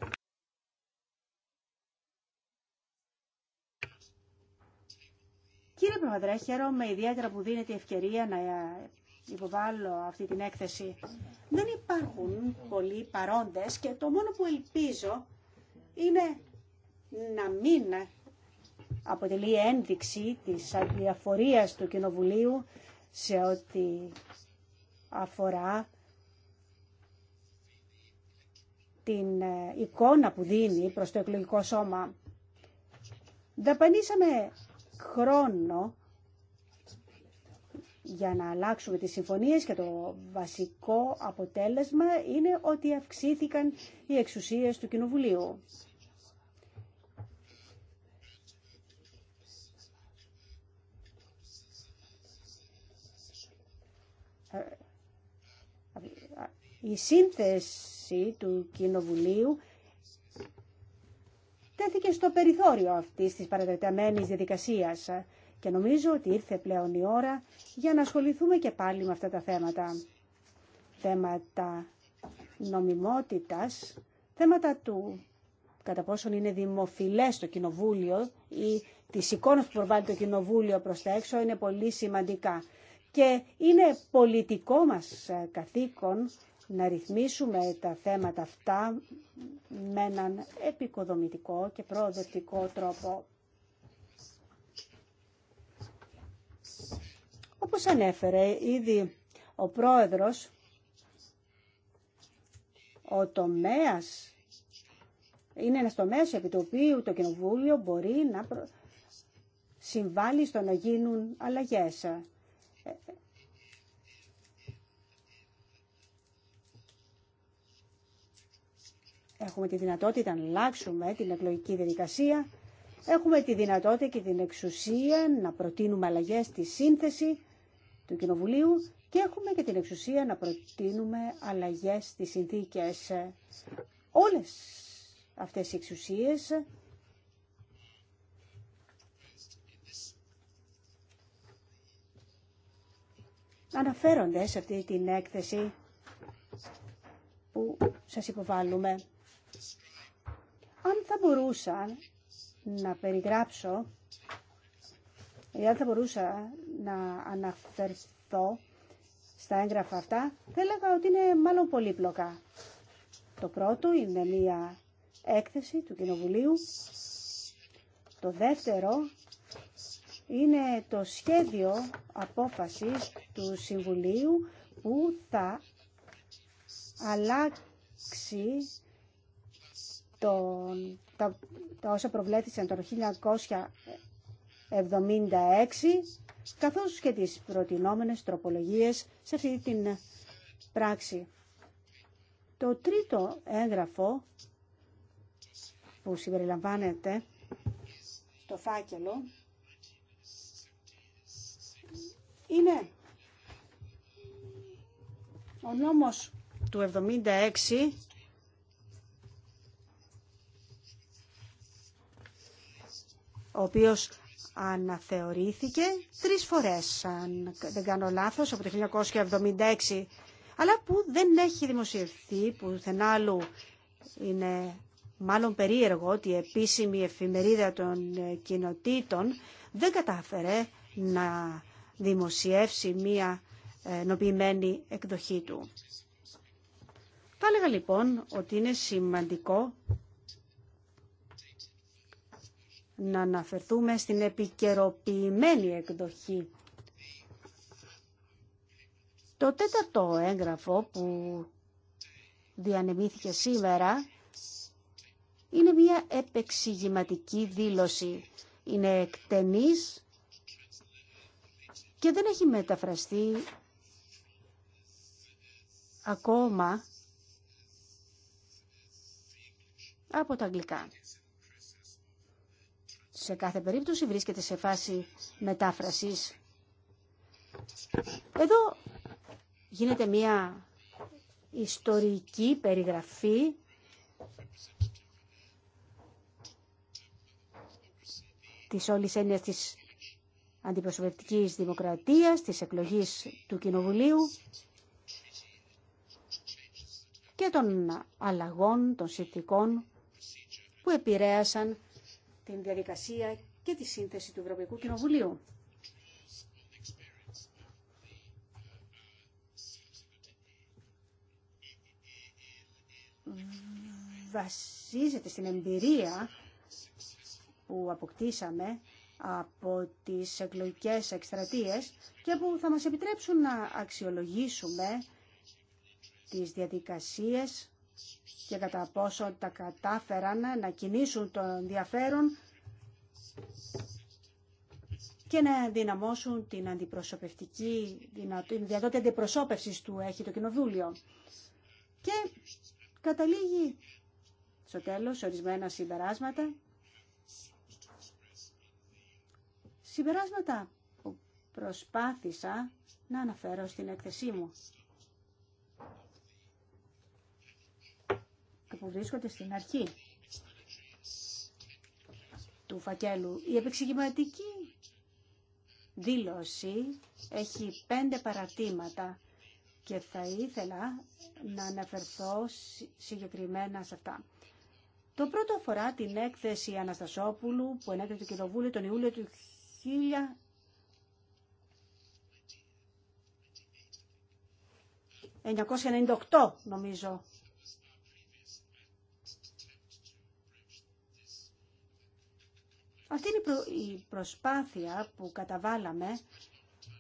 Κύριε Πρόεδρε, χαίρομαι ιδιαίτερα που δίνετε ευκαιρία να υποβάλω αυτή την έκθεση. Δεν υπάρχουν πολλοί παρόντες και το μόνο που ελπίζω είναι να μην αποτελεί ένδειξη της αδιαφορίας του Κοινοβουλίου σε ό,τι αφορά την ε, εικόνα που δίνει προς το εκλογικό σώμα. Δαπανίσαμε χρόνο για να αλλάξουμε τις συμφωνίες και το βασικό αποτέλεσμα είναι ότι αυξήθηκαν οι εξουσίες του Κοινοβουλίου. Η σύνθεση του Κοινοβουλίου τέθηκε στο περιθώριο αυτής της παρατεταμένης διαδικασίας και νομίζω ότι ήρθε πλέον η ώρα για να ασχοληθούμε και πάλι με αυτά τα θέματα. Θέματα νομιμότητας, θέματα του κατά πόσον είναι δημοφιλές το κοινοβούλιο ή τις εικόνες που προβάλλει το κοινοβούλιο προς τα έξω είναι πολύ σημαντικά. Και είναι πολιτικό μας καθήκον να ρυθμίσουμε τα θέματα αυτά με έναν επικοδομητικό και προοδευτικό τρόπο. Όπως ανέφερε ήδη ο πρόεδρος, ο τομέας είναι ένας τομέας επί το οποίου το Κοινοβούλιο μπορεί να συμβάλλει στο να γίνουν αλλαγές. Ε, Έχουμε τη δυνατότητα να αλλάξουμε την εκλογική διαδικασία. Έχουμε τη δυνατότητα και την εξουσία να προτείνουμε αλλαγές στη σύνθεση του Κοινοβουλίου και έχουμε και την εξουσία να προτείνουμε αλλαγές στις συνθήκες. Όλες αυτές οι εξουσίες αναφέρονται σε αυτή την έκθεση που σας υποβάλλουμε. Αν θα μπορούσα να περιγράψω, ή αν θα μπορούσα να αναφερθώ στα έγγραφα αυτά, θα έλεγα ότι είναι μάλλον πολύπλοκα. Το πρώτο είναι μία έκθεση του Κοινοβουλίου. Το δεύτερο είναι το σχέδιο απόφασης του Συμβουλίου που θα αλλάξει το τα, τα όσα προβλέθησαν το 1976 καθώς και τις προτινόμενες τροπολογίες σε αυτή την πράξη. Το τρίτο έγγραφο που συμπεριλαμβάνεται το φάκελο είναι ο νόμος του 76 ο οποίος αναθεωρήθηκε τρεις φορές, αν δεν κάνω λάθος, από το 1976, αλλά που δεν έχει δημοσιευθεί που άλλου. Είναι μάλλον περίεργο ότι η επίσημη εφημερίδα των κοινοτήτων δεν κατάφερε να δημοσιεύσει μία ε, νοποιημένη εκδοχή του. Θα έλεγα λοιπόν ότι είναι σημαντικό να αναφερθούμε στην επικαιροποιημένη εκδοχή. Το τέταρτο έγγραφο που διανεμήθηκε σήμερα είναι μια επεξηγηματική δήλωση. Είναι εκτενής και δεν έχει μεταφραστεί ακόμα από τα αγγλικά σε κάθε περίπτωση βρίσκεται σε φάση μετάφρασης. Εδώ γίνεται μια ιστορική περιγραφή της όλης έννοιας της αντιπροσωπευτικής δημοκρατίας, της εκλογής του Κοινοβουλίου και των αλλαγών, των συνθηκών που επηρέασαν την διαδικασία και τη σύνθεση του Ευρωπαϊκού Κοινοβουλίου. Βασίζεται στην εμπειρία που αποκτήσαμε από τις εκλογικές εκστρατείες και που θα μας επιτρέψουν να αξιολογήσουμε τις διαδικασίες και κατά πόσο τα κατάφεραν να κινήσουν τον ενδιαφέρον και να δυναμώσουν την αντιπροσωπευτική την δυνατότητα αντιπροσώπευσης του έχει το Κοινοβούλιο. Και καταλήγει στο τέλος ορισμένα συμπεράσματα. Συμπεράσματα που προσπάθησα να αναφέρω στην έκθεσή μου. που βρίσκονται στην αρχή του φακέλου. Η επεξηγηματική δήλωση έχει πέντε παρατήματα και θα ήθελα να αναφερθώ συγκεκριμένα σε αυτά. Το πρώτο αφορά την έκθεση Αναστασόπουλου που ενέκρινε το Κοινοβούλιο τον Ιούλιο του 1998 νομίζω Αυτή είναι η προσπάθεια που καταβάλαμε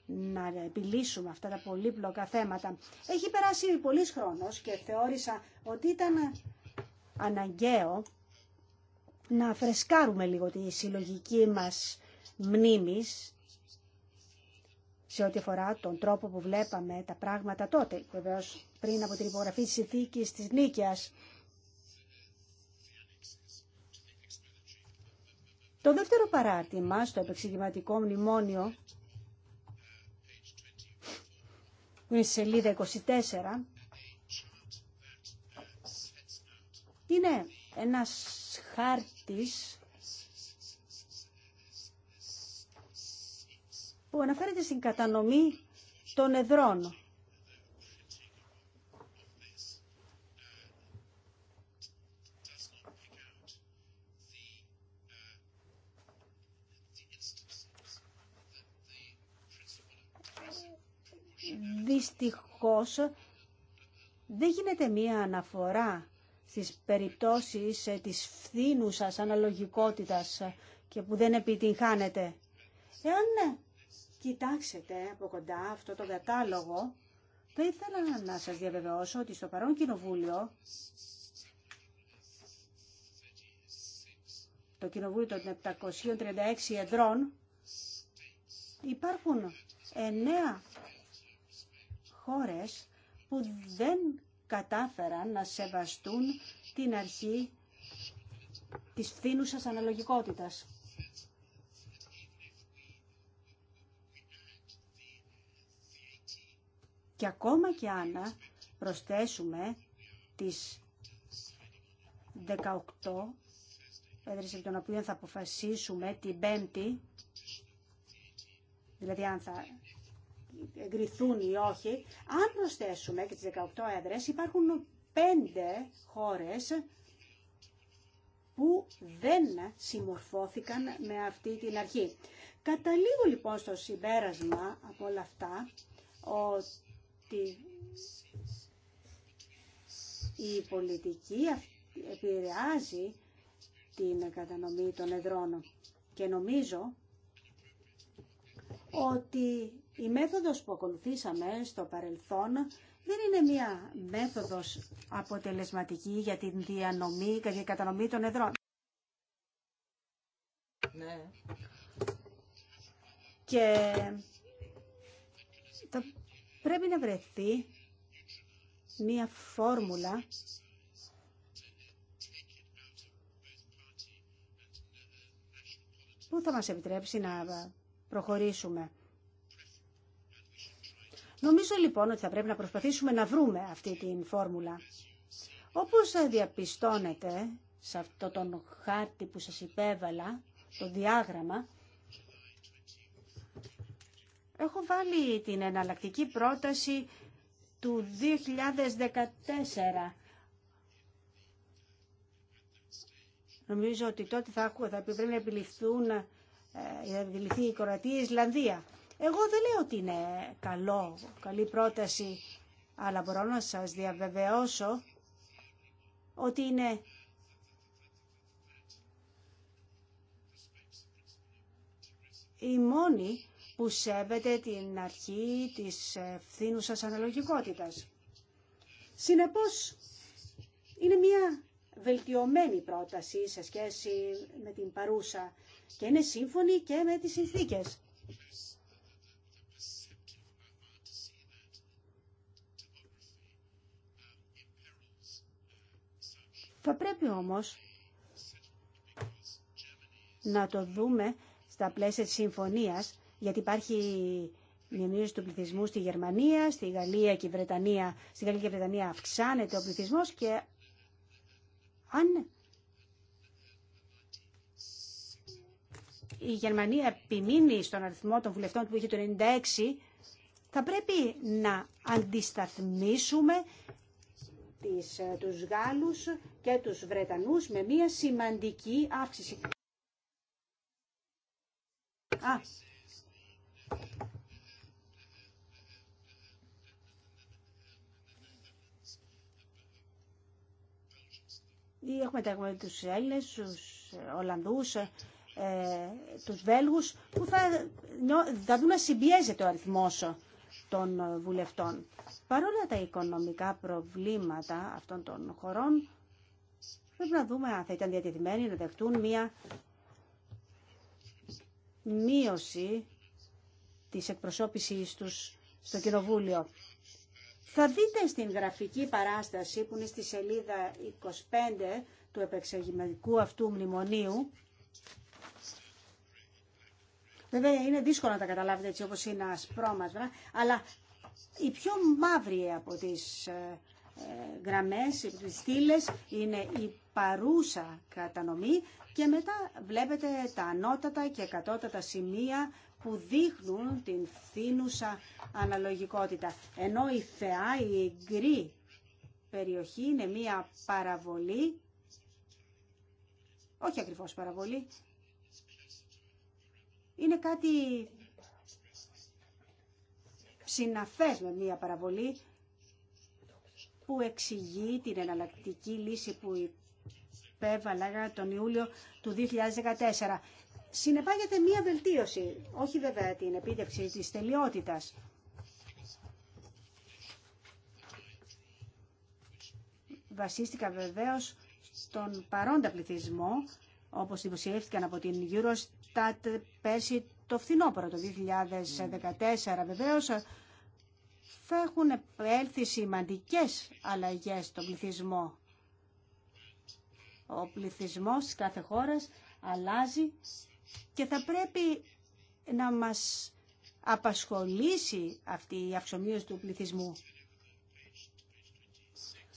να επιλύσουμε αυτά τα πολύπλοκα θέματα. Έχει περάσει πολύς χρόνος και θεώρησα ότι ήταν αναγκαίο να φρεσκάρουμε λίγο τη συλλογική μας μνήμης σε ό,τι αφορά τον τρόπο που βλέπαμε τα πράγματα τότε. Βεβαίως πριν από την υπογραφή της συνθήκης της Νίκαιας Το δεύτερο παράρτημα στο επεξηγηματικό μνημόνιο, που είναι σελίδα 24, είναι ένας χάρτης που αναφέρεται στην κατανομή των εδρών. δυστυχώς δεν γίνεται μία αναφορά στις περιπτώσεις ε, της φθήνουσας αναλογικότητας ε, και που δεν επιτυγχάνεται. Εάν ε, κοιτάξετε από κοντά αυτό το κατάλογο, θα ήθελα να σας διαβεβαιώσω ότι στο παρόν κοινοβούλιο, το κοινοβούλιο των 736 εδρών, υπάρχουν εννέα χώρες που δεν κατάφεραν να σεβαστούν την αρχή της φθήνουσας αναλογικότητας. Και ακόμα και αν προσθέσουμε τις 18 έδρες από τον οποίο θα αποφασίσουμε την πέμπτη, δηλαδή αν θα εγκριθούν ή όχι, αν προσθέσουμε και τις 18 έδρες, υπάρχουν 5 χώρες που δεν συμμορφώθηκαν με αυτή την αρχή. Καταλήγω λοιπόν στο συμπέρασμα από όλα αυτά ότι η πολιτική επηρεάζει την κατανομή των εδρών και νομίζω ότι η μέθοδος που ακολουθήσαμε στο παρελθόν δεν είναι μια μέθοδος αποτελεσματική για την διανομή και την κατανομή των εδρών. Ναι. Και πρέπει να βρεθεί μια φόρμουλα που θα μας επιτρέψει να προχωρήσουμε Νομίζω λοιπόν ότι θα πρέπει να προσπαθήσουμε να βρούμε αυτή την φόρμουλα. Όπως διαπιστώνετε σε αυτό τον χάρτη που σας υπέβαλα, το διάγραμμα, έχω βάλει την εναλλακτική πρόταση του 2014. Νομίζω ότι τότε θα, θα πρέπει να επιληφθούν, ε, επιληφθεί η κορατή Ισλανδία. Εγώ δεν λέω ότι είναι καλό, καλή πρόταση, αλλά μπορώ να σας διαβεβαιώσω ότι είναι η μόνη που σέβεται την αρχή της φθήνουσας αναλογικότητας. Συνεπώς, είναι μια βελτιωμένη πρόταση σε σχέση με την παρούσα και είναι σύμφωνη και με τις συνθήκες. Θα πρέπει όμως να το δούμε στα πλαίσια της συμφωνίας, γιατί υπάρχει η μείωση του πληθυσμού στη Γερμανία, στη Γαλλία και η Βρετανία. Στη Γαλλία και η Βρετανία αυξάνεται ο πληθυσμός και αν η Γερμανία επιμείνει στον αριθμό των βουλευτών που είχε το 96, θα πρέπει να αντισταθμίσουμε τις, ε, τους Γάλλους και τους Βρετανούς με μια σημαντική αύξηση. Α. Έχουμε, έχουμε τους Έλληνες, τους Ολλανδούς, ε, ε τους Βέλγους που θα, θα δούμε συμπιέζεται ο αριθμός των βουλευτών. Παρόλα τα οικονομικά προβλήματα αυτών των χωρών, πρέπει να δούμε αν θα ήταν διατεθειμένοι να δεχτούν μία μείωση της εκπροσώπησής τους στο Κοινοβούλιο. Θα δείτε στην γραφική παράσταση που είναι στη σελίδα 25 του επεξεργηματικού αυτού μνημονίου Βέβαια είναι δύσκολο να τα καταλάβετε έτσι όπως είναι ασπρόμαυρα, αλλά η πιο μαύρη από τις ε, ε, γραμμές, τις στήλες είναι η παρούσα κατανομή και μετά βλέπετε τα ανώτατα και εκατότατα σημεία που δείχνουν την φθήνουσα αναλογικότητα. Ενώ η θεά, η γκρι περιοχή είναι μία παραβολή, όχι ακριβώς παραβολή, είναι κάτι συναφές με μια παραβολή που εξηγεί την εναλλακτική λύση που υπέβαλα τον Ιούλιο του 2014. Συνεπάγεται μία βελτίωση, όχι βέβαια την επίτευξη της τελειότητας. Βασίστηκα βεβαίως στον παρόντα πληθυσμό όπως δημοσιεύτηκαν από την Eurostat πέρσι το φθινόπωρο το 2014. Βεβαίως θα έχουν έρθει σημαντικές αλλαγές στον πληθυσμό. Ο πληθυσμός της κάθε χώρας αλλάζει και θα πρέπει να μας απασχολήσει αυτή η αυξομοίωση του πληθυσμού.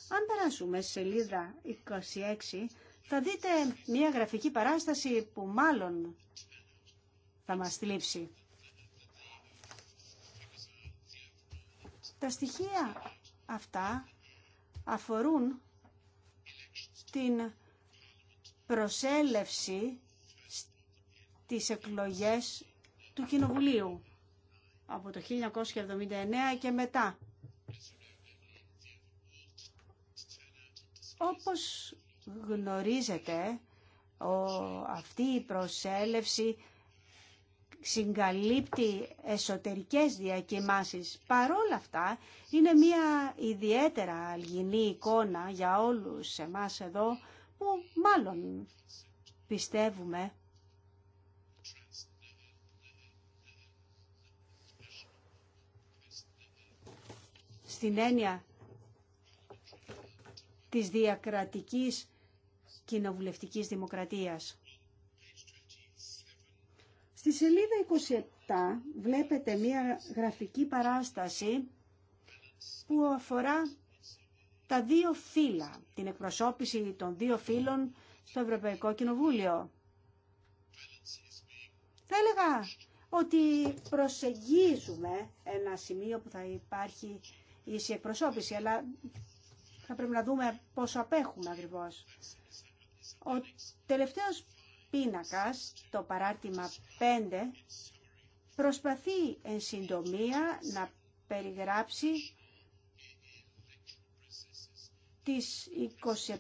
Αν περάσουμε σε σελίδα 26, θα δείτε μια γραφική παράσταση που μάλλον θα μας θλίψει. Τα στοιχεία αυτά αφορούν την προσέλευση στις εκλογές του Κοινοβουλίου από το 1979 και μετά. Όπως γνωρίζετε αυτή η προσέλευση συγκαλύπτει εσωτερικές διακοιμάσεις. Παρόλα αυτά, είναι μια ιδιαίτερα αλγινή εικόνα για όλους εμάς εδώ, που μάλλον πιστεύουμε στην έννοια της διακρατικής κοινοβουλευτικής δημοκρατίας. Στη σελίδα 27 βλέπετε μία γραφική παράσταση που αφορά τα δύο φύλλα, την εκπροσώπηση των δύο φύλων στο Ευρωπαϊκό Κοινοβούλιο. Θα έλεγα ότι προσεγγίζουμε ένα σημείο που θα υπάρχει ίση εκπροσώπηση, αλλά θα πρέπει να δούμε πόσο απέχουμε ακριβώς. Ο τελευταίος πίνακας, το παράρτημα 5, προσπαθεί εν συντομία να περιγράψει τις 27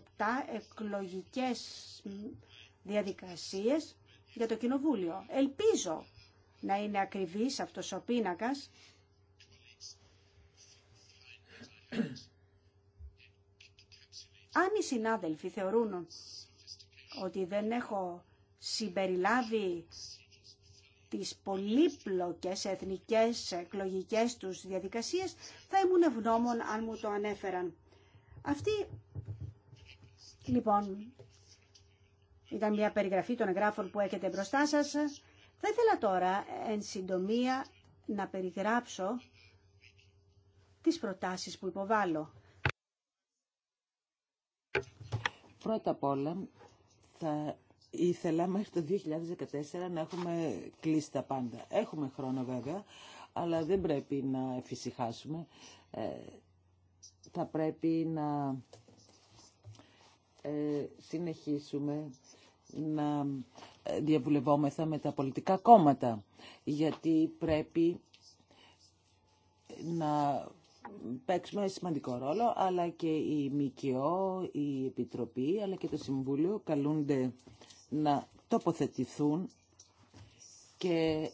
εκλογικές διαδικασίες για το Κοινοβούλιο. Ελπίζω να είναι ακριβής αυτός ο πίνακας. Αν οι συνάδελφοι θεωρούν ότι δεν έχω συμπεριλάβει τις πολύπλοκες εθνικές εκλογικές τους διαδικασίες, θα ήμουν ευγνώμων αν μου το ανέφεραν. Αυτή, λοιπόν, ήταν μια περιγραφή των εγγράφων που έχετε μπροστά σας. Θα ήθελα τώρα, εν συντομία, να περιγράψω τις προτάσεις που υποβάλλω. Πρώτα απ' όλα, θα ήθελα μέχρι το 2014 να έχουμε κλείσει τα πάντα. Έχουμε χρόνο βέβαια, αλλά δεν πρέπει να εφησυχάσουμε. Ε, θα πρέπει να ε, συνεχίσουμε να ε, διαβουλευόμεθα με τα πολιτικά κόμματα, γιατί πρέπει να παίξουμε ένα σημαντικό ρόλο, αλλά και η ΜΚΟ, η Επιτροπή, αλλά και το Συμβούλιο καλούνται να τοποθετηθούν και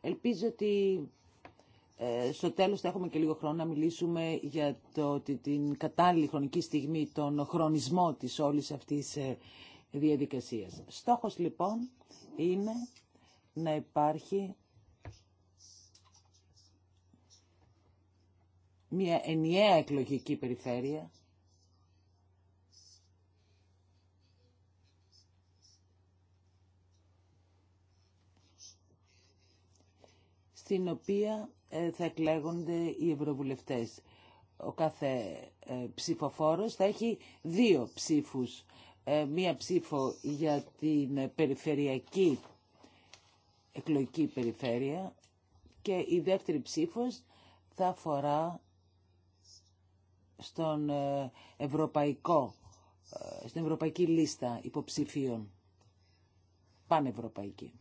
ελπίζω ότι ε, στο τέλος θα έχουμε και λίγο χρόνο να μιλήσουμε για το την κατάλληλη χρονική στιγμή, τον χρονισμό της όλης αυτής ε, διαδικασίας. Στόχος λοιπόν είναι να υπάρχει μια ενιαία εκλογική περιφέρεια στην οποία ε, θα εκλέγονται οι ευρωβουλευτές. Ο κάθε ε, ψηφοφόρος θα έχει δύο ψήφους. Ε, μία ψήφο για την περιφερειακή εκλογική περιφέρεια και η δεύτερη ψήφος θα αφορά στον ε, ευρωπαϊκό, ε, στην ευρωπαϊκή λίστα υποψηφίων πανευρωπαϊκή.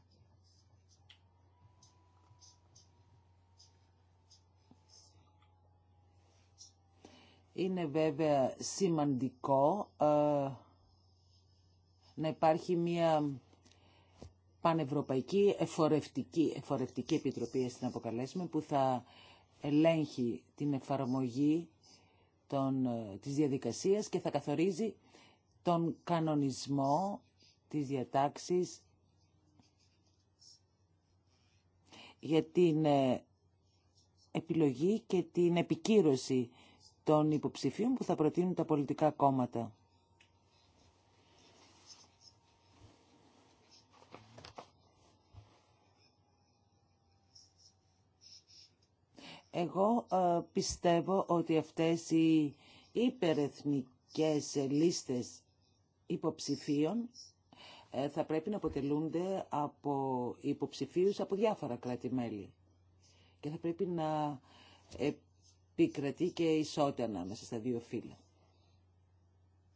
Είναι βέβαια σημαντικό ε, να υπάρχει μια πανευρωπαϊκή εφορευτική, εφορευτική επιτροπή, στην αποκαλέσουμε, που θα ελέγχει την εφαρμογή των, ε, της διαδικασίας και θα καθορίζει τον κανονισμό της διατάξης για την ε, επιλογή και την επικύρωση των υποψηφίων που θα προτείνουν τα πολιτικά κόμματα. Εγώ ε, πιστεύω ότι αυτές οι υπερεθνικές λίστες υποψηφίων ε, θα πρέπει να αποτελούνται από υποψηφίους από διάφορα κράτη-μέλη. Και θα πρέπει να επικρατεί και ισότητα ανάμεσα στα δύο φύλλα.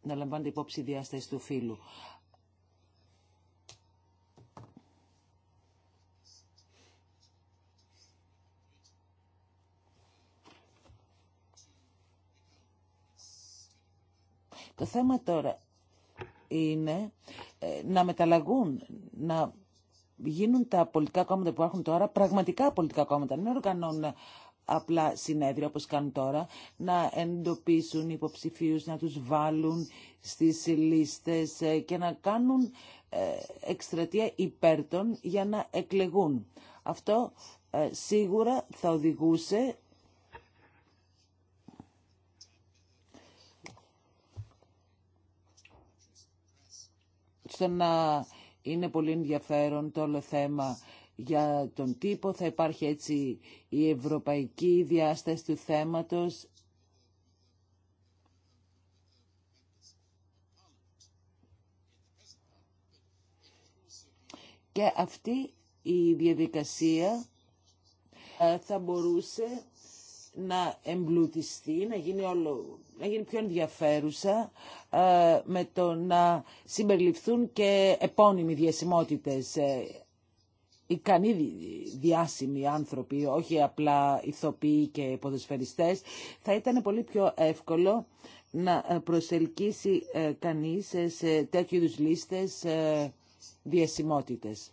Να λαμβάνεται υπόψη η διάσταση του φύλου. Το θέμα τώρα είναι ε, να μεταλλαγούν, να γίνουν τα πολιτικά κόμματα που έχουν τώρα πραγματικά πολιτικά κόμματα. Δεν οργανώνουν απλά συνέδρια όπως κάνουν τώρα, να εντοπίσουν υποψηφίους, να τους βάλουν στις λίστες ε, και να κάνουν ε, εκστρατεία υπέρ των για να εκλεγούν. Αυτό σίγουρα θα οδηγούσε ώστε να είναι πολύ ενδιαφέρον το όλο θέμα για τον τύπο. Θα υπάρχει έτσι η ευρωπαϊκή διάσταση του θέματος. Και αυτή η διαδικασία ε, θα μπορούσε να εμπλουτιστεί, να γίνει, όλο, να γίνει πιο ενδιαφέρουσα ε, με το να συμπεριληφθούν και επώνυμοι διασημότητες ε, ικανοί διάσημοι άνθρωποι, όχι απλά ηθοποιοί και ποδοσφαιριστές, θα ήταν πολύ πιο εύκολο να ε, προσελκύσει κανείς σε τέτοιου είδους λίστες διασημότητες.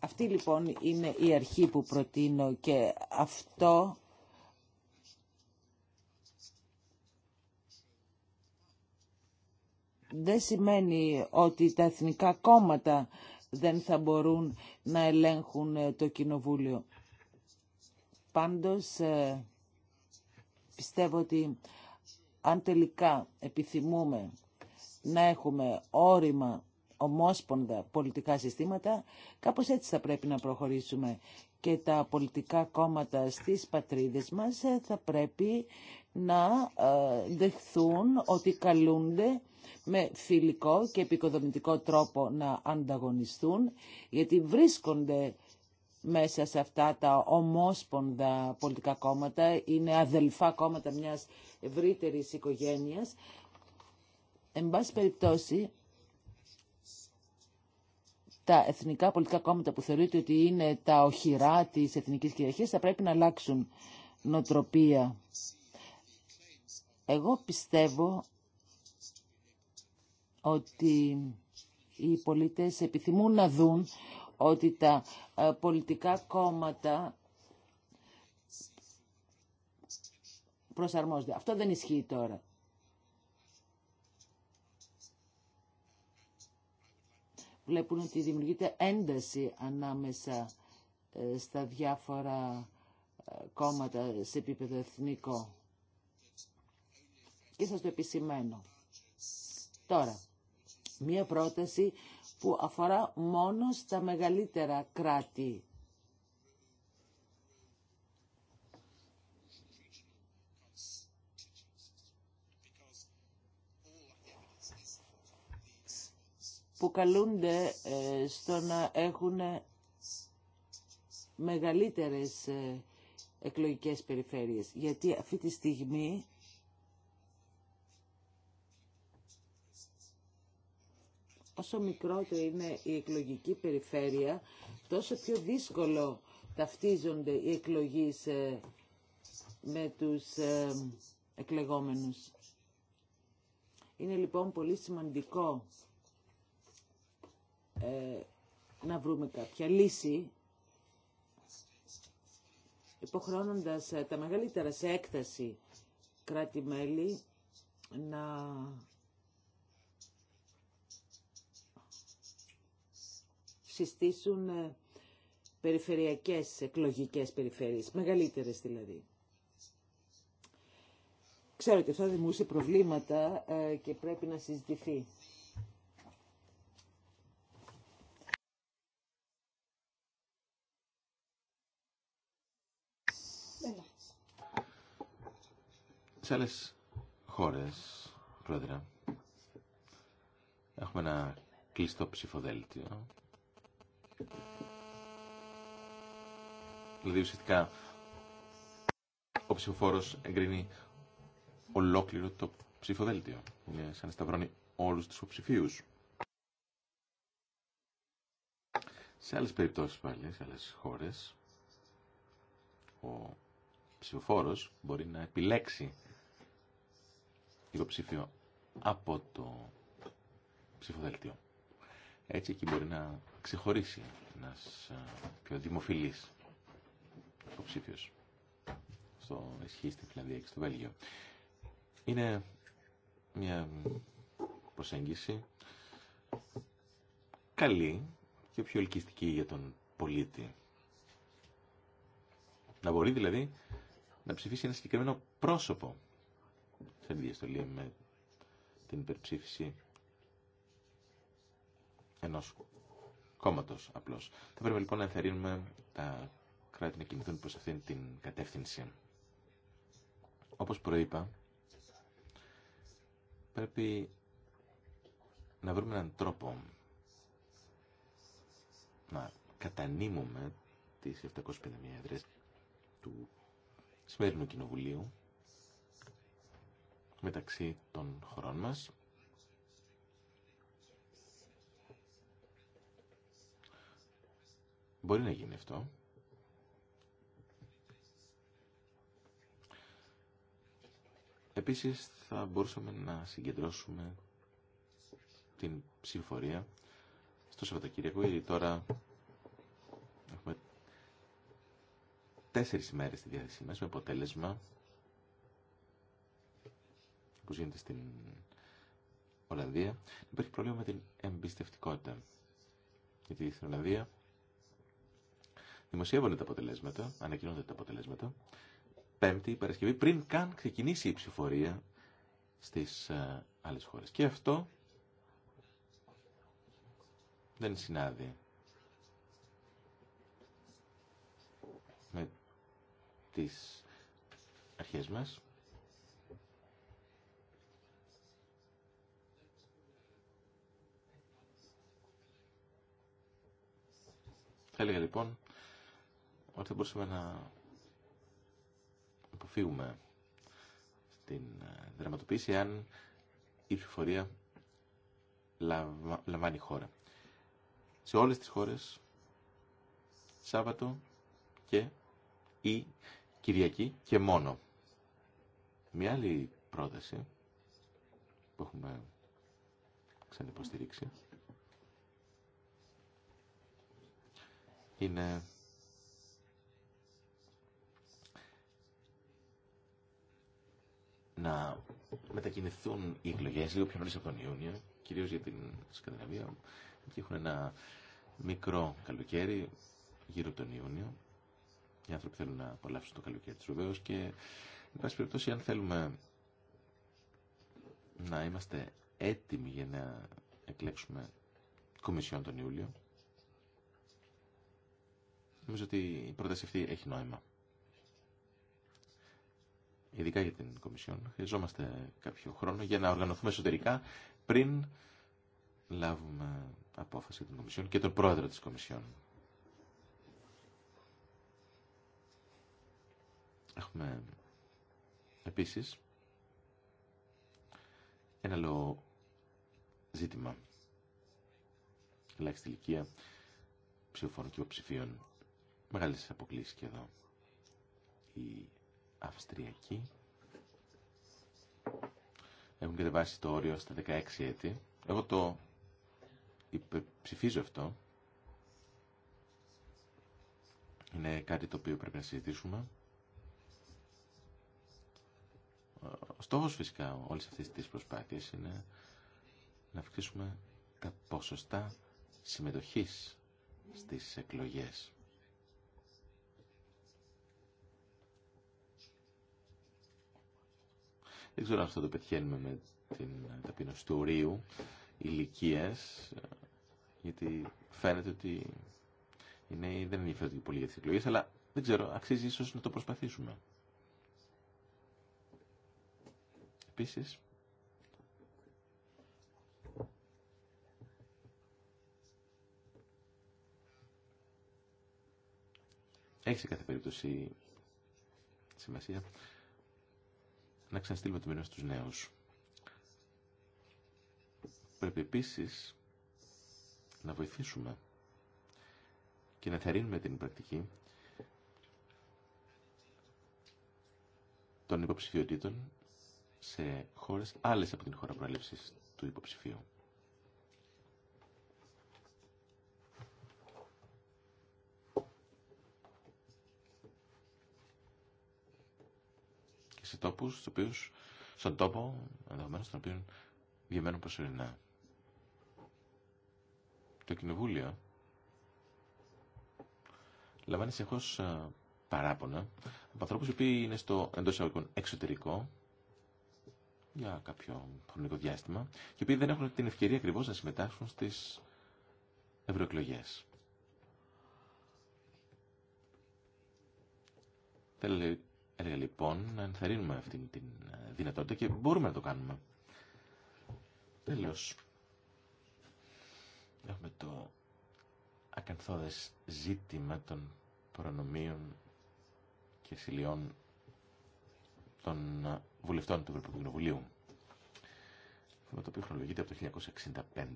Αυτή λοιπόν είναι η αρχή που προτείνω και αυτό δεν σημαίνει ότι τα εθνικά κόμματα δεν θα μπορούν να ελέγχουν ε, το κοινοβούλιο. Πάντως, ε, πιστεύω ότι αν τελικά επιθυμούμε να έχουμε όρημα ομόσπονδα πολιτικά συστήματα, κάπως έτσι θα πρέπει να προχωρήσουμε. Και τα πολιτικά κόμματα στις πατρίδες μας ε, θα πρέπει να δεχθούν ότι καλούνται με φιλικό και επικοδομητικό τρόπο να ανταγωνιστούν, γιατί βρίσκονται μέσα σε αυτά τα ομόσπονδα πολιτικά κόμματα, είναι αδελφά κόμματα μιας ευρύτερης οικογένειας. Εν πάση περιπτώσει, τα εθνικά πολιτικά κόμματα που θεωρείται ότι είναι τα οχυρά της εθνικής κυριαρχίας θα πρέπει να αλλάξουν νοτροπία. Εγώ πιστεύω ότι οι πολίτες επιθυμούν να δουν ότι τα ε, πολιτικά κόμματα προσαρμόζονται. Αυτό δεν ισχύει τώρα. Βλέπουν ότι δημιουργείται ένταση ανάμεσα ε, στα διάφορα ε, κόμματα σε επίπεδο εθνικό. Και σας το επισημαίνω. Τώρα, Μία πρόταση που αφορά μόνο στα μεγαλύτερα κράτη. που καλούνται ε, στο να έχουν μεγαλύτερες ε, εκλογικές περιφέρειες. Γιατί αυτή τη στιγμή όσο μικρότερη είναι η εκλογική περιφέρεια, τόσο πιο δύσκολο ταυτίζονται οι εκλογείς ε, με τους ε, εκλεγόμενους. Είναι λοιπόν πολύ σημαντικό ε, να βρούμε κάποια λύση, υποχρώνοντας τα μεγαλύτερα σε έκταση κράτη-μέλη να συστήσουν ε, περιφερειακές εκλογικές περιφέρειες, μεγαλύτερες δηλαδή. Ξέρω ότι αυτό δημιούργησε προβλήματα ε, και πρέπει να συζητηθεί. Σε άλλε χώρε, πρόεδρε, έχουμε ένα κλειστό ψηφοδέλτιο Δηλαδή ουσιαστικά ο ψηφοφόρο εγκρίνει ολόκληρο το ψηφοδέλτιο. Είναι σαν να σταυρώνει όλους τους υποψηφίου. Σε άλλε περιπτώσει πάλι, σε άλλες χώρες, ο ψηφοφόρο μπορεί να επιλέξει υποψήφιο από το ψηφοδέλτιο. Έτσι εκεί μπορεί να ξεχωρίσει ένας ε, πιο δημοφιλής υποψήφιο. στο ισχύ στη Φιλανδία και στο Βέλγιο. Είναι μια προσέγγιση καλή και πιο ελκυστική για τον πολίτη. Να μπορεί δηλαδή να ψηφίσει ένα συγκεκριμένο πρόσωπο σε διαστολή με την υπερψήφιση ενός απλώς. Θα πρέπει λοιπόν να ενθαρρύνουμε τα κράτη να κινηθούν προς αυτήν την κατεύθυνση. Όπως προείπα, πρέπει να βρούμε έναν τρόπο να κατανείμουμε τις 751 έδρες του σημερινού κοινοβουλίου μεταξύ των χωρών μας Μπορεί να γίνει αυτό. Επίσης θα μπορούσαμε να συγκεντρώσουμε την ψηφοφορία στο Σαββατοκύριακο, γιατί τώρα έχουμε τέσσερις ημέρες στη διάθεσή μας, με αποτέλεσμα που γίνεται στην Ολλανδία, υπάρχει πρόβλημα με την εμπιστευτικότητα. Γιατί στην Ολλανδία δημοσιεύονται τα αποτελέσματα, ανακοινώνται τα αποτελέσματα, Πέμπτη, Παρασκευή, πριν καν ξεκινήσει η ψηφορία στις ε, άλλε χώρε. Και αυτό δεν συνάδει με τις αρχές μας. Θα έλεγα λοιπόν ότι θα μπορούσαμε να αποφύγουμε την ε, δραματοποίηση αν η ψηφορία λαμβάνει χώρα. Σε όλες τις χώρες, Σάββατο και ή Κυριακή και μόνο. Μια άλλη πρόταση που έχουμε ξανυποστηρίξει είναι να μετακινηθούν οι εκλογέ λίγο πιο νωρί από τον Ιούνιο, κυρίω για την Σκανδιναβία, και έχουν ένα μικρό καλοκαίρι γύρω από τον Ιούνιο. Οι άνθρωποι θέλουν να απολαύσουν το καλοκαίρι του βεβαίω και, εν πάση περιπτώσει, αν θέλουμε να είμαστε έτοιμοι για να εκλέξουμε κομισιόν τον Ιούλιο, νομίζω ότι η πρόταση αυτή έχει νόημα ειδικά για την Κομισιόν, χρειαζόμαστε κάποιο χρόνο για να οργανωθούμε εσωτερικά πριν λάβουμε απόφαση την Κομισιόν και τον πρόεδρο της Κομισιόν. Έχουμε επίσης ένα λόγο ζήτημα. Ελάχιστη ηλικία ψηφοφόρων και υποψηφίων. μεγάλης αποκλήσεις και εδώ. Η Αυστριακή. έχουν κατεβάσει το όριο στα 16 έτη. Εγώ το ψηφίζω αυτό. Είναι κάτι το οποίο πρέπει να συζητήσουμε. Ο στόχος φυσικά όλες αυτές τις προσπάθειες είναι να αυξήσουμε τα ποσοστά συμμετοχής στις εκλογές. Δεν ξέρω αν αυτό το πετυχαίνουμε με την ταπείνωση του ορίου ηλικία, γιατί φαίνεται ότι οι νέοι δεν ενδιαφέρονται πολύ για τι εκλογέ, αλλά δεν ξέρω, αξίζει ίσω να το προσπαθήσουμε. Επίση, έχει σε κάθε περίπτωση σημασία να ξαναστείλουμε το μήνυμα στους νέους. Πρέπει επίσης να βοηθήσουμε και να θερύνουμε την πρακτική των υποψηφιωτήτων σε χώρες άλλες από την χώρα προέλευσης του υποψηφίου. σε τόπους οποίους, στον τόπο ενδεχομένω στον οποίο διαμένουν προσωρινά. Το Κοινοβούλιο λαμβάνει συνεχώ ε, παράπονα από ανθρώπου οι οποίοι είναι στο εντό εισαγωγικών εξωτερικό για κάποιο χρονικό διάστημα και οι οποίοι δεν έχουν την ευκαιρία ακριβώ να συμμετάσχουν στις ευρωεκλογέ. Θέλει έλεγα λοιπόν να ενθαρρύνουμε αυτή τη ε, δυνατότητα και μπορούμε να το κάνουμε. Τέλος. Έχουμε το ακαθόδες ζήτημα των προνομίων και συλλιών των ε, βουλευτών του Ευρωπαϊκού Κοινοβουλίου. το οποίο χρονολογείται από το 1965.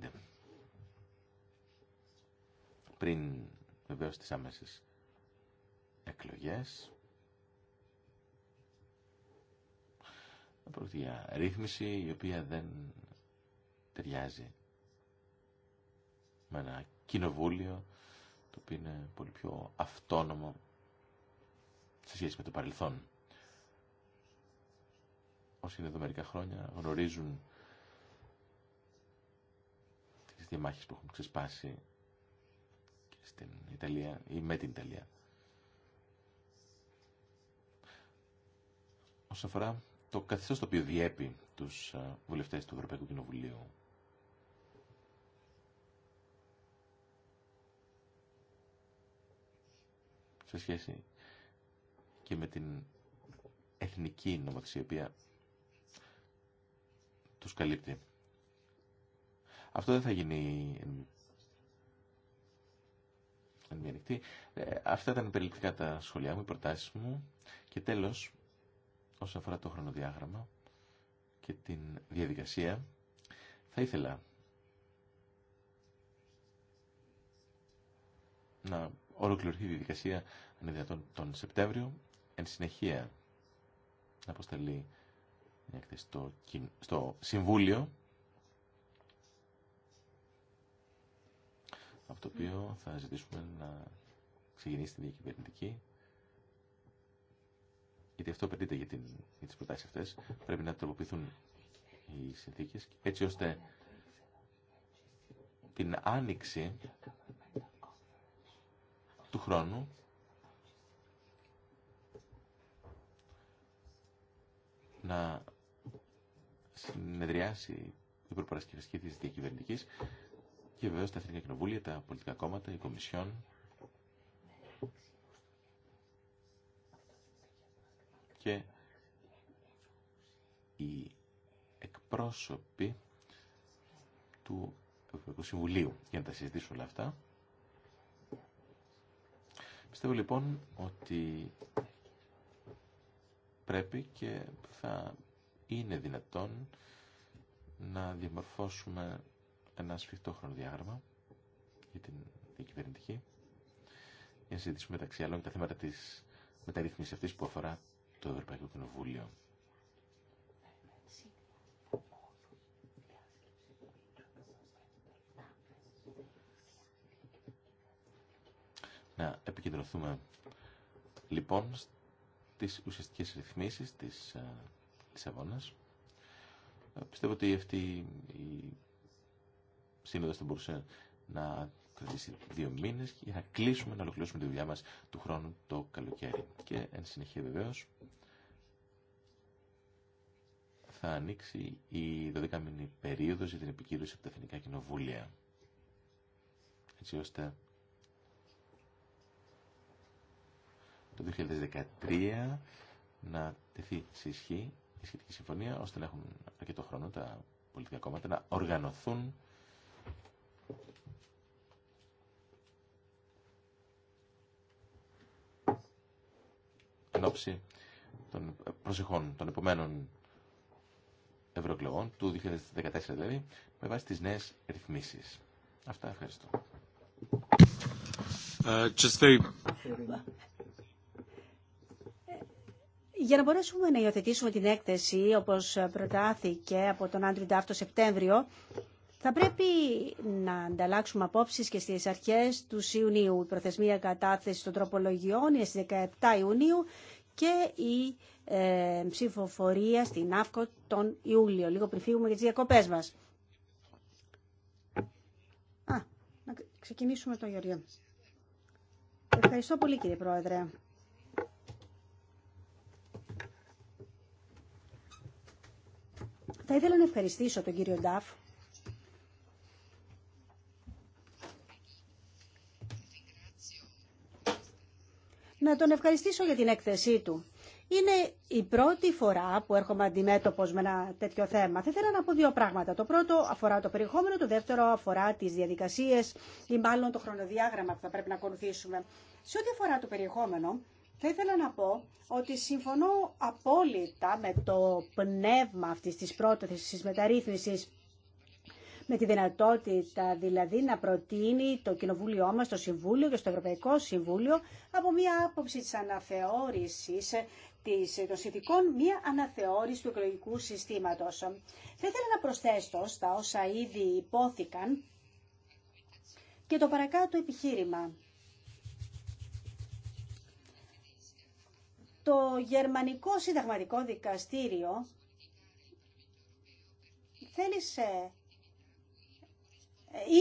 Πριν βεβαίως τις άμεσες εκλογές πρώτη για ρύθμιση η οποία δεν ταιριάζει με ένα κοινοβούλιο το οποίο είναι πολύ πιο αυτόνομο σε σχέση με το παρελθόν. Όσοι είναι εδώ μερικά χρόνια γνωρίζουν τις διαμάχες που έχουν ξεσπάσει και στην Ιταλία ή με την Ιταλία. Όσον αφορά το καθεστώς το οποίο διέπει τους ε, βουλευτές του Ευρωπαϊκού Κοινοβουλίου. Σε σχέση και με την εθνική νομοθεσία, η οποία τους καλύπτει. Αυτό δεν θα γίνει εν ε, αυτά ήταν περιληπτικά τα σχολιά μου, οι προτάσεις μου. Και τέλος, όσον αφορά το χρονοδιάγραμμα και την διαδικασία, θα ήθελα να ολοκληρωθεί η διαδικασία αν δυνατόν τον Σεπτέμβριο, εν συνεχεία να αποστελεί μια στο, στο Συμβούλιο, από το οποίο θα ζητήσουμε να ξεκινήσει τη διακυβερνητική γιατί αυτό απαιτείται για, την, για τις προτάσεις αυτές, πρέπει να τροποποιηθούν οι συνθήκες, έτσι ώστε την άνοιξη του χρόνου να συνεδριάσει η προπαρασκευαστική της διακυβερνητική και βεβαίω τα εθνικά κοινοβούλια, τα πολιτικά κόμματα, η κομισιόν και οι εκπρόσωποι του Ευρωπαϊκού Συμβουλίου για να τα συζητήσουν όλα αυτά. Πιστεύω λοιπόν ότι πρέπει και θα είναι δυνατόν να διαμορφώσουμε ένα σφιχτό χρονοδιάγραμμα για την διακυβερνητική για να συζητήσουμε μεταξύ άλλων τα θέματα της μεταρρύθμισης αυτής που αφορά το Ευρωπαϊκό Κοινοβούλιο. Να επικεντρωθούμε λοιπόν στις ουσιαστικές ρυθμίσεις της ε, Λισαβόνας. Ε, πιστεύω ότι αυτή η σύνοδος θα μπορούσε να κρατήσει δύο μήνε και θα κλείσουμε, να ολοκληρώσουμε τη δουλειά μα του χρόνου το καλοκαίρι. Και εν συνεχεία βεβαίω θα ανοίξει η 12 μήνη περίοδο για την επικύρωση από τα Εθνικά Κοινοβούλια. Έτσι ώστε το 2013 να τεθεί σε ισχύ η σχετική συμφωνία, ώστε να έχουν αρκετό χρόνο τα πολιτικά κόμματα να οργανωθούν εν ώψη των προσεχών, των επομένων ευρωεκλογών του 2014 δηλαδή, με βάση τις νέες ρυθμίσεις. Αυτά ευχαριστώ. Ε, just very... Για να μπορέσουμε να υιοθετήσουμε την έκθεση όπως προτάθηκε από τον Άντριου Ντάφ το Σεπτέμβριο, θα πρέπει να ανταλλάξουμε απόψεις και στις αρχές του Ιουνίου. Η προθεσμία κατάθεση των τροπολογιών είναι στις 17 Ιουνίου και η ε, ψηφοφορία στην ΑΦΚΟ τον Ιούλιο, λίγο πριν φύγουμε για τις διακοπές μας. Α, να ξεκινήσουμε τον Γεωργιό. Ευχαριστώ πολύ κύριε Πρόεδρε. Θα ήθελα να ευχαριστήσω τον κύριο Νταφ να τον ευχαριστήσω για την έκθεσή του. Είναι η πρώτη φορά που έρχομαι αντιμέτωπο με ένα τέτοιο θέμα. Θα ήθελα να πω δύο πράγματα. Το πρώτο αφορά το περιεχόμενο, το δεύτερο αφορά τι διαδικασίε ή μάλλον το χρονοδιάγραμμα που θα πρέπει να ακολουθήσουμε. Σε ό,τι αφορά το περιεχόμενο, θα ήθελα να πω ότι συμφωνώ απόλυτα με το πνεύμα αυτής της πρόταση, της μεταρρύθμισης με τη δυνατότητα δηλαδή να προτείνει το Κοινοβούλιο μας, το Συμβούλιο και στο Ευρωπαϊκό Συμβούλιο από μια άποψη της αναθεώρησης της, των συνθηκών μία αναθεώρηση του εκλογικού συστήματος. Θα ήθελα να προσθέσω στα όσα ήδη υπόθηκαν και το παρακάτω επιχείρημα. Το Γερμανικό Συνταγματικό Δικαστήριο θέλησε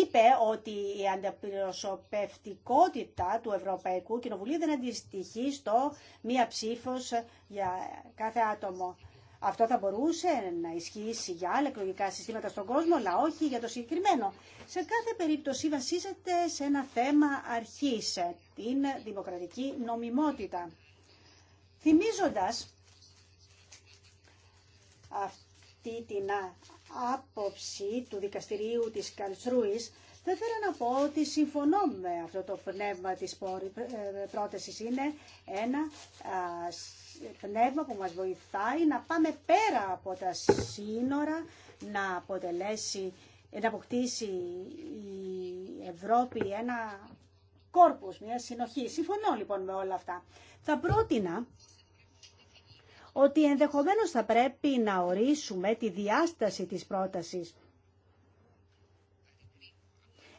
είπε ότι η αντιπροσωπευτικότητα του Ευρωπαϊκού Κοινοβουλίου δεν αντιστοιχεί στο μία ψήφος για κάθε άτομο. Αυτό θα μπορούσε να ισχύσει για άλλα εκλογικά συστήματα στον κόσμο, αλλά όχι για το συγκεκριμένο. Σε κάθε περίπτωση βασίζεται σε ένα θέμα αρχής, την δημοκρατική νομιμότητα. Θυμίζοντας αυτή την άποψη του δικαστηρίου της Καλτσρούης, θα ήθελα να πω ότι συμφωνώ με αυτό το πνεύμα της ε, πρότασης. Είναι ένα πνεύμα που μας βοηθάει να πάμε πέρα από τα σύνορα, να αποτελέσει, να αποκτήσει η Ευρώπη ένα κόρπους, μια συνοχή. Συμφωνώ λοιπόν με όλα αυτά. Θα πρότεινα ότι ενδεχομένως θα πρέπει να ορίσουμε τη διάσταση της πρότασης.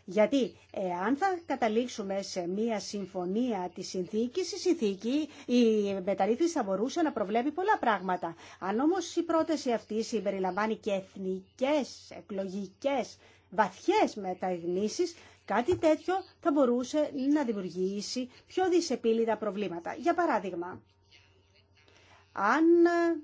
Γιατί εάν θα καταλήξουμε σε μία συμφωνία τη συνθήκης, η συνθήκη, η μεταρρύθμιση θα μπορούσε να προβλέπει πολλά πράγματα. Αν όμως η πρόταση αυτή συμπεριλαμβάνει και εθνικές, εκλογικές, βαθιές μεταγνήσεις, κάτι τέτοιο θα μπορούσε να δημιουργήσει πιο δυσεπίλητα προβλήματα. Για παράδειγμα, αν ε,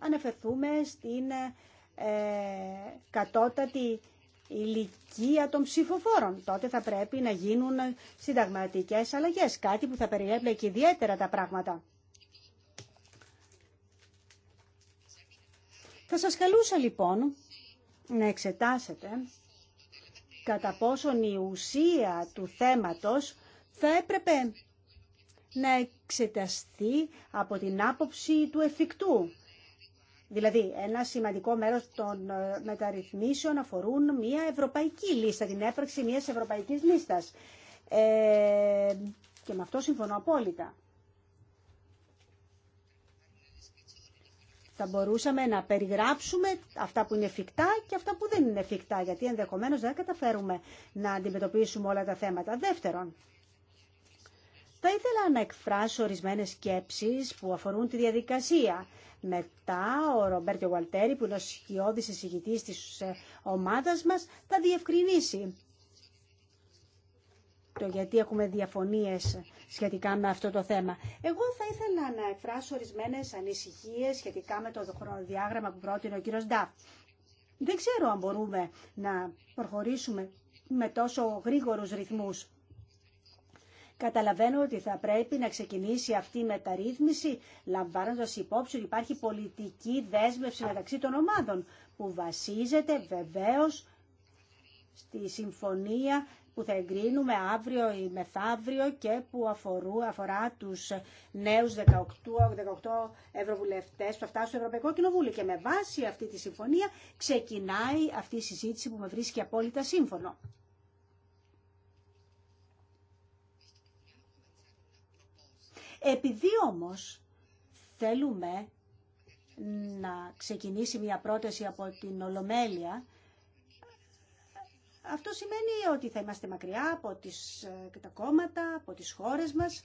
αναφερθούμε στην ε, ε, κατώτατη ηλικία των ψηφοφόρων. Τότε θα πρέπει να γίνουν συνταγματικές αλλαγές, κάτι που θα περιέπλεκε ιδιαίτερα τα πράγματα. Θα σας καλούσα λοιπόν να εξετάσετε κατά πόσον η ουσία του θέματος θα έπρεπε να εξεταστεί από την άποψη του εφικτού. Δηλαδή, ένα σημαντικό μέρος των ε, μεταρρυθμίσεων αφορούν μια ευρωπαϊκή λίστα, την έπραξη μιας ευρωπαϊκής λίστας. Ε, και με αυτό συμφωνώ απόλυτα. θα μπορούσαμε να περιγράψουμε αυτά που είναι εφικτά και αυτά που δεν είναι εφικτά, γιατί ενδεχομένως δεν καταφέρουμε να αντιμετωπίσουμε όλα τα θέματα. Δεύτερον, θα ήθελα να εκφράσω ορισμένες σκέψεις που αφορούν τη διαδικασία. Μετά ο Ρομπέρτιο Γουαλτέρη που είναι ο σχιώδης εισηγητής της ε, ομάδας μας θα διευκρινίσει το γιατί έχουμε διαφωνίες σχετικά με αυτό το θέμα. Εγώ θα ήθελα να εκφράσω ορισμένες ανησυχίες σχετικά με το χρονοδιάγραμμα που πρότεινε ο κύριος Νταφ. Δεν ξέρω αν μπορούμε να προχωρήσουμε με τόσο γρήγορους ρυθμούς. Καταλαβαίνω ότι θα πρέπει να ξεκινήσει αυτή η μεταρρύθμιση, λαμβάνοντα υπόψη ότι υπάρχει πολιτική δέσμευση μεταξύ των ομάδων, που βασίζεται βεβαίω στη συμφωνία που θα εγκρίνουμε αύριο ή μεθαύριο και που αφορού, αφορά τους νέους 18, 18 ευρωβουλευτές που θα φτάσουν στο Ευρωπαϊκό Κοινοβούλιο. Και με βάση αυτή τη συμφωνία ξεκινάει αυτή η συζήτηση που με βρίσκει απόλυτα σύμφωνο. Επειδή όμως θέλουμε να ξεκινήσει μια πρόταση από την Ολομέλεια, αυτό σημαίνει ότι θα είμαστε μακριά από τις, ε, τα κόμματα, από τις χώρες μας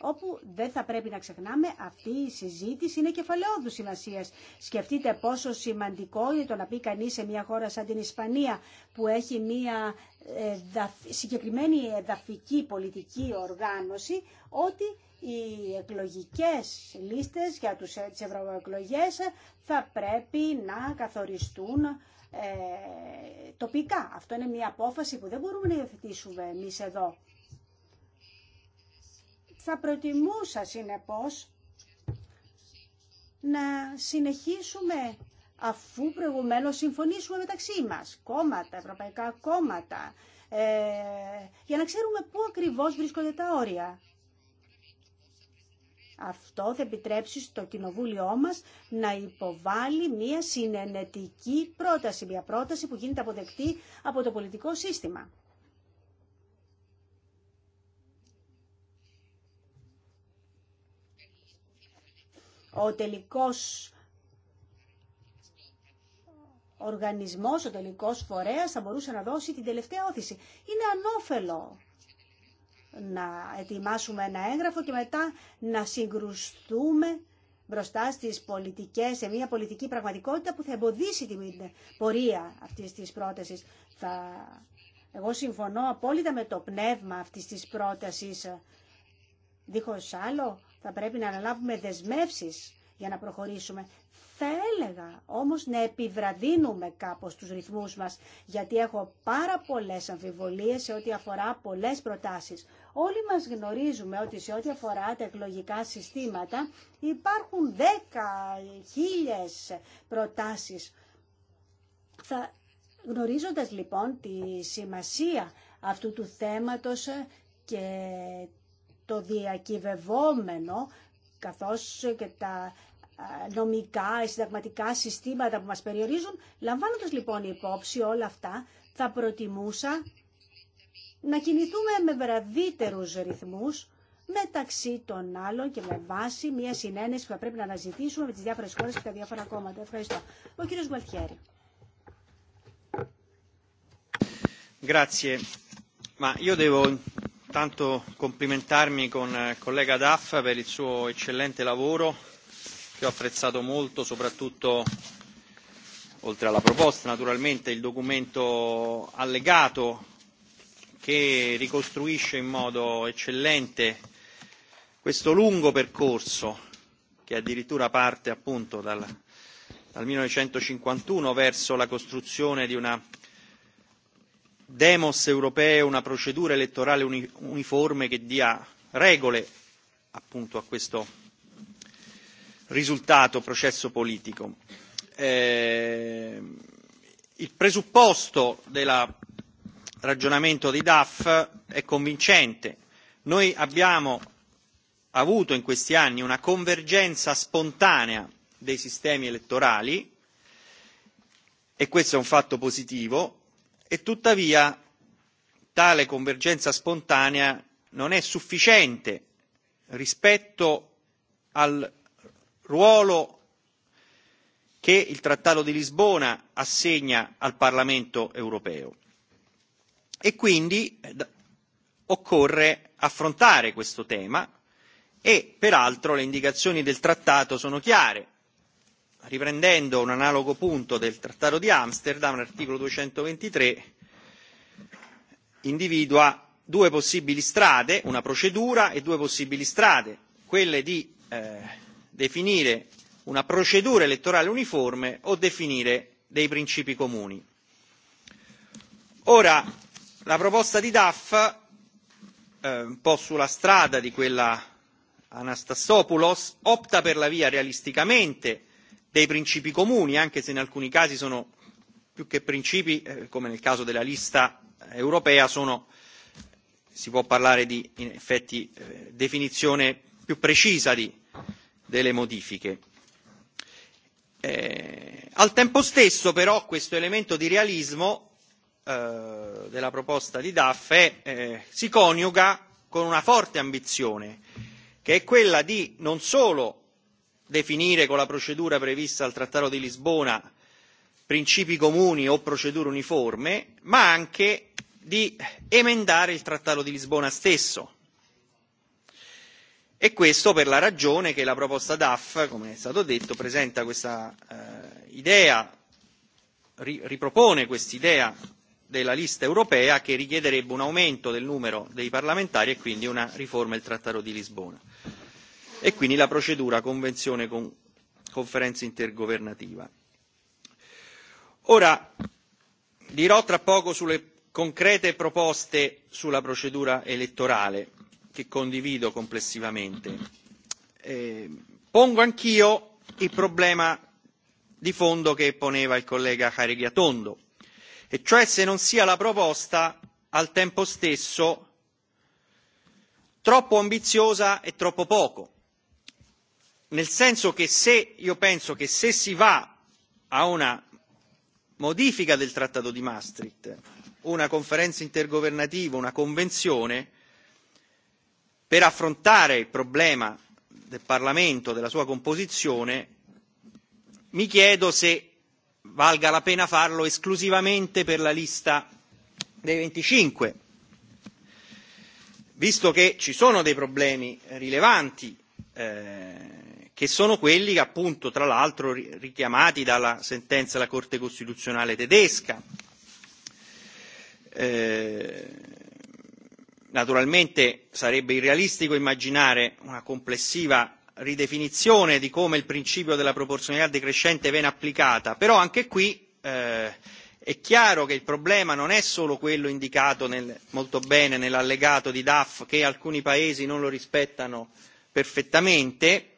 όπου δεν θα πρέπει να ξεχνάμε αυτή η συζήτηση είναι κεφαλαιόδου σημασία. Σκεφτείτε πόσο σημαντικό είναι το να πει κανεί σε μια χώρα σαν την Ισπανία που έχει μια ε, συγκεκριμένη εδαφική πολιτική οργάνωση ότι οι εκλογικές λίστες για τους, ε, τις θα πρέπει να καθοριστούν ε, τοπικά. Αυτό είναι μια απόφαση που δεν μπορούμε να υιοθετήσουμε εμείς εδώ. Θα προτιμούσα συνεπώς να συνεχίσουμε αφού προηγουμένως συμφωνήσουμε μεταξύ μας, κόμματα, ευρωπαϊκά κόμματα, ε, για να ξέρουμε πού ακριβώς βρίσκονται τα όρια. Αυτό θα επιτρέψει στο κοινοβούλιο μας να υποβάλει μια συνενετική πρόταση, μια πρόταση που γίνεται αποδεκτή από το πολιτικό σύστημα. ο τελικός οργανισμός, ο τελικός φορέας θα μπορούσε να δώσει την τελευταία όθηση. Είναι ανώφελο να ετοιμάσουμε ένα έγγραφο και μετά να συγκρουστούμε μπροστά στις πολιτικές, σε μια πολιτική πραγματικότητα που θα εμποδίσει την πορεία αυτής της πρότασης. Θα... Εγώ συμφωνώ απόλυτα με το πνεύμα αυτής της πρότασης. Δίχως άλλο, θα πρέπει να αναλάβουμε δεσμεύσεις για να προχωρήσουμε. Θα έλεγα όμως να επιβραδύνουμε κάπως τους ρυθμούς μας, γιατί έχω πάρα πολλές αμφιβολίες σε ό,τι αφορά πολλές προτάσεις. Όλοι μας γνωρίζουμε ότι σε ό,τι αφορά τα εκλογικά συστήματα υπάρχουν δέκα χίλιες προτάσεις. Θα, γνωρίζοντας λοιπόν τη σημασία αυτού του θέματος και το διακυβευόμενο καθώς και τα νομικά, συνταγματικά συστήματα που μας περιορίζουν. Λαμβάνοντας λοιπόν υπόψη όλα αυτά, θα προτιμούσα να κινηθούμε με βραδύτερους ρυθμούς μεταξύ των άλλων και με βάση μια συνένεση που θα πρέπει να αναζητήσουμε με τις διάφορες χώρες και τα διάφορα κόμματα. Ευχαριστώ. Ο κύριος Γουαλτιέρη. Grazie. Ma io devo tanto complimentarmi con il collega Daff per il suo eccellente lavoro che ho apprezzato molto, soprattutto oltre alla proposta naturalmente il documento allegato che ricostruisce in modo eccellente questo lungo percorso che addirittura parte appunto dal 1951 verso la costruzione di una demos europeo, una procedura elettorale uniforme che dia regole appunto a questo risultato processo politico. Il presupposto del ragionamento di DAF è convincente. Noi abbiamo avuto in questi anni una convergenza spontanea dei sistemi elettorali e questo è un fatto positivo e tuttavia tale convergenza spontanea non è sufficiente rispetto al ruolo che il Trattato di Lisbona assegna al Parlamento europeo e quindi occorre affrontare questo tema e peraltro le indicazioni del Trattato sono chiare riprendendo un analogo punto del Trattato di Amsterdam, l'articolo 223 individua due possibili strade, una procedura e due possibili strade, quelle di definire una procedura elettorale uniforme o definire dei principi comuni. Ora, la proposta di DAF, un po' sulla strada di quella Anastasopoulos, opta per la via realisticamente dei principi comuni, anche se in alcuni casi sono più che principi, come nel caso della lista europea, sono, si può parlare di, in effetti, definizione più precisa di, delle modifiche. Al tempo stesso, però, questo elemento di realismo della proposta di DAF si coniuga con una forte ambizione, che è quella di non solo definire con la procedura prevista dal Trattato di Lisbona principi comuni o procedure uniforme, ma anche di emendare il Trattato di Lisbona stesso. E questo per la ragione che la proposta DAF, come è stato detto, presenta questa idea, ripropone quest'idea della lista europea che richiederebbe un aumento del numero dei parlamentari e quindi una riforma del Trattato di Lisbona e quindi la procedura convenzione con conferenza intergovernativa. Ora dirò tra poco sulle concrete proposte sulla procedura elettorale che condivido complessivamente. Pongo anch'io il problema di fondo che poneva il collega Careghiatondo, e cioè se non sia la proposta al tempo stesso troppo ambiziosa e troppo poco nel senso che se io penso che se si va a una modifica del trattato di maastricht una conferenza intergovernativa una convenzione per affrontare il problema del parlamento della sua composizione mi chiedo se valga la pena farlo esclusivamente per la lista dei 25 visto che ci sono dei problemi rilevanti che sono quelli appunto tra l'altro richiamati dalla sentenza della Corte Costituzionale tedesca. Naturalmente sarebbe irrealistico immaginare una complessiva ridefinizione di come il principio della proporzionalità decrescente viene applicata, però anche qui è chiaro che il problema non è solo quello indicato molto bene nell'allegato di DAF che alcuni Paesi non lo rispettano perfettamente,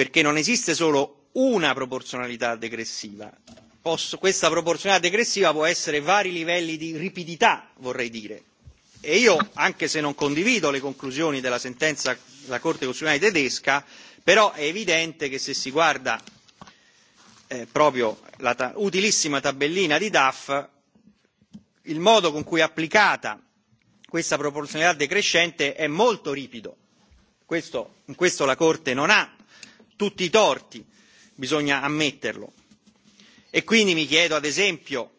perché non esiste solo una proporzionalità degressiva questa proporzionalità degressiva può essere vari livelli di ripidità vorrei dire e io anche se non condivido le conclusioni della sentenza della corte costituzionale tedesca però è evidente che se si guarda proprio la utilissima tabellina di daf il modo con cui è applicata questa proporzionalità decrescente è molto ripido in questo la corte non ha tutti i torti bisogna ammetterlo e quindi mi chiedo ad esempio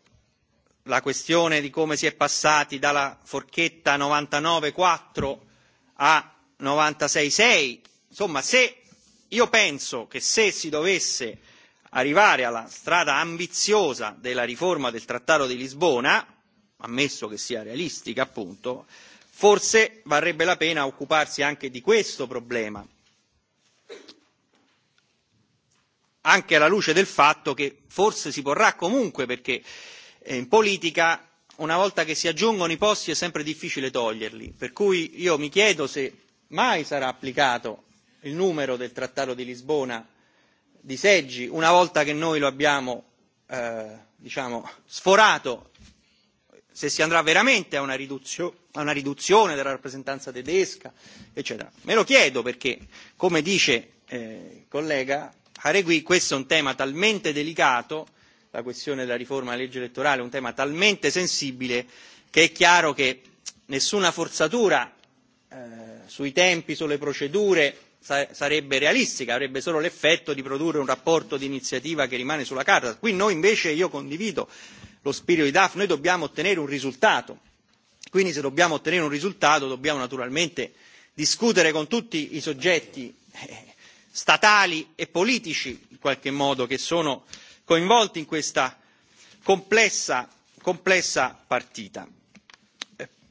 la questione di come si è passati dalla forchetta 99,4 a 96,6 insomma se io penso che se si dovesse arrivare alla strada ambiziosa della riforma del trattato di Lisbona ammesso che sia realistica appunto forse varrebbe la pena occuparsi anche di questo problema anche alla luce del fatto che forse si porrà comunque perché in politica una volta che si aggiungono i posti è sempre difficile toglierli per cui io mi chiedo se mai sarà applicato il numero del trattato di lisbona di seggi una volta che noi lo abbiamo diciamo sforato se si andrà veramente a una riduzione della rappresentanza tedesca eccetera. me lo chiedo perché come dice il collega fare qui questo è un tema talmente delicato, la questione della riforma della legge elettorale è un tema talmente sensibile che è chiaro che nessuna forzatura sui tempi, sulle procedure sarebbe realistica, avrebbe solo l'effetto di produrre un rapporto di iniziativa che rimane sulla carta. Qui noi invece, io condivido lo spirito di DAF, noi dobbiamo ottenere un risultato. Quindi se dobbiamo ottenere un risultato dobbiamo naturalmente discutere con tutti i soggetti statali e politici in qualche modo che sono coinvolti in questa complessa partita.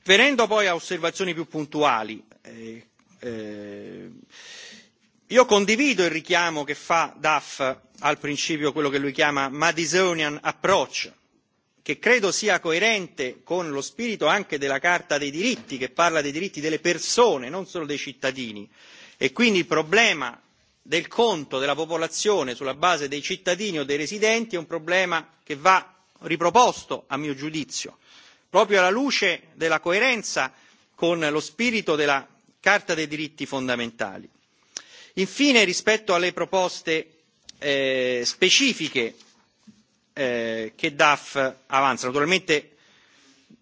venendo poi a osservazioni più puntuali io condivido il richiamo che fa DAF al principio quello che lui chiama madisonian approach che credo sia coerente con lo spirito anche della carta dei diritti che parla dei diritti delle persone non solo dei cittadini e quindi il problema del conto della popolazione sulla base dei cittadini o dei residenti è un problema che va riproposto a mio giudizio proprio alla luce della coerenza con lo spirito della carta dei diritti fondamentali. infine rispetto alle proposte specifiche che daf avanza naturalmente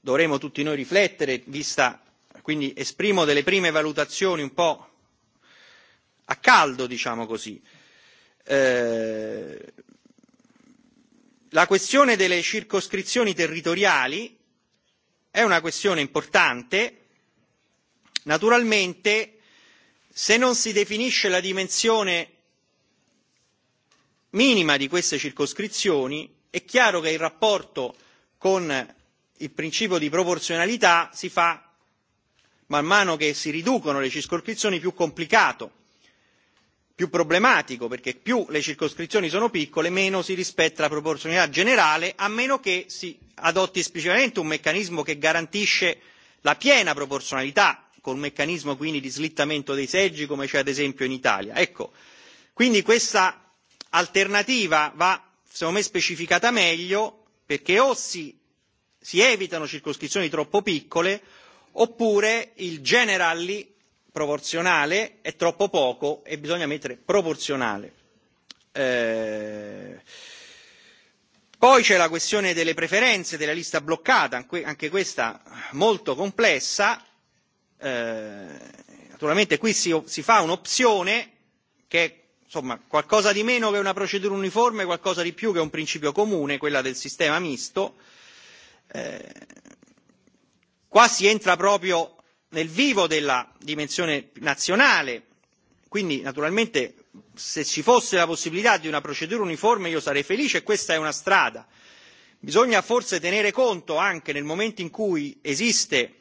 dovremo tutti noi riflettere vista quindi esprimo delle prime valutazioni un po' a caldo diciamo così. La questione delle circoscrizioni territoriali è una questione importante. Naturalmente se non si definisce la dimensione minima di queste circoscrizioni è chiaro che il rapporto con il principio di proporzionalità si fa man mano che si riducono le circoscrizioni più complicato più problematico perché più le circoscrizioni sono piccole meno si rispetta la proporzionalità generale a meno che si adotti esplicitamente un meccanismo che garantisce la piena proporzionalità con un meccanismo quindi di slittamento dei seggi come c'è ad esempio in Italia. Ecco, quindi questa alternativa va secondo me specificata meglio perché o si evitano circoscrizioni troppo piccole oppure il generally proporzionale è troppo poco e bisogna mettere proporzionale. Poi c'è la questione delle preferenze, della lista bloccata, anche questa molto complessa. Naturalmente qui si fa un'opzione che è insomma qualcosa di meno che una procedura uniforme, qualcosa di più che un principio comune, quella del sistema misto. Qua si entra proprio nel vivo della dimensione nazionale quindi naturalmente se ci fosse la possibilità di una procedura uniforme io sarei felice e questa è una strada. bisogna forse tenere conto anche nel momento in cui esiste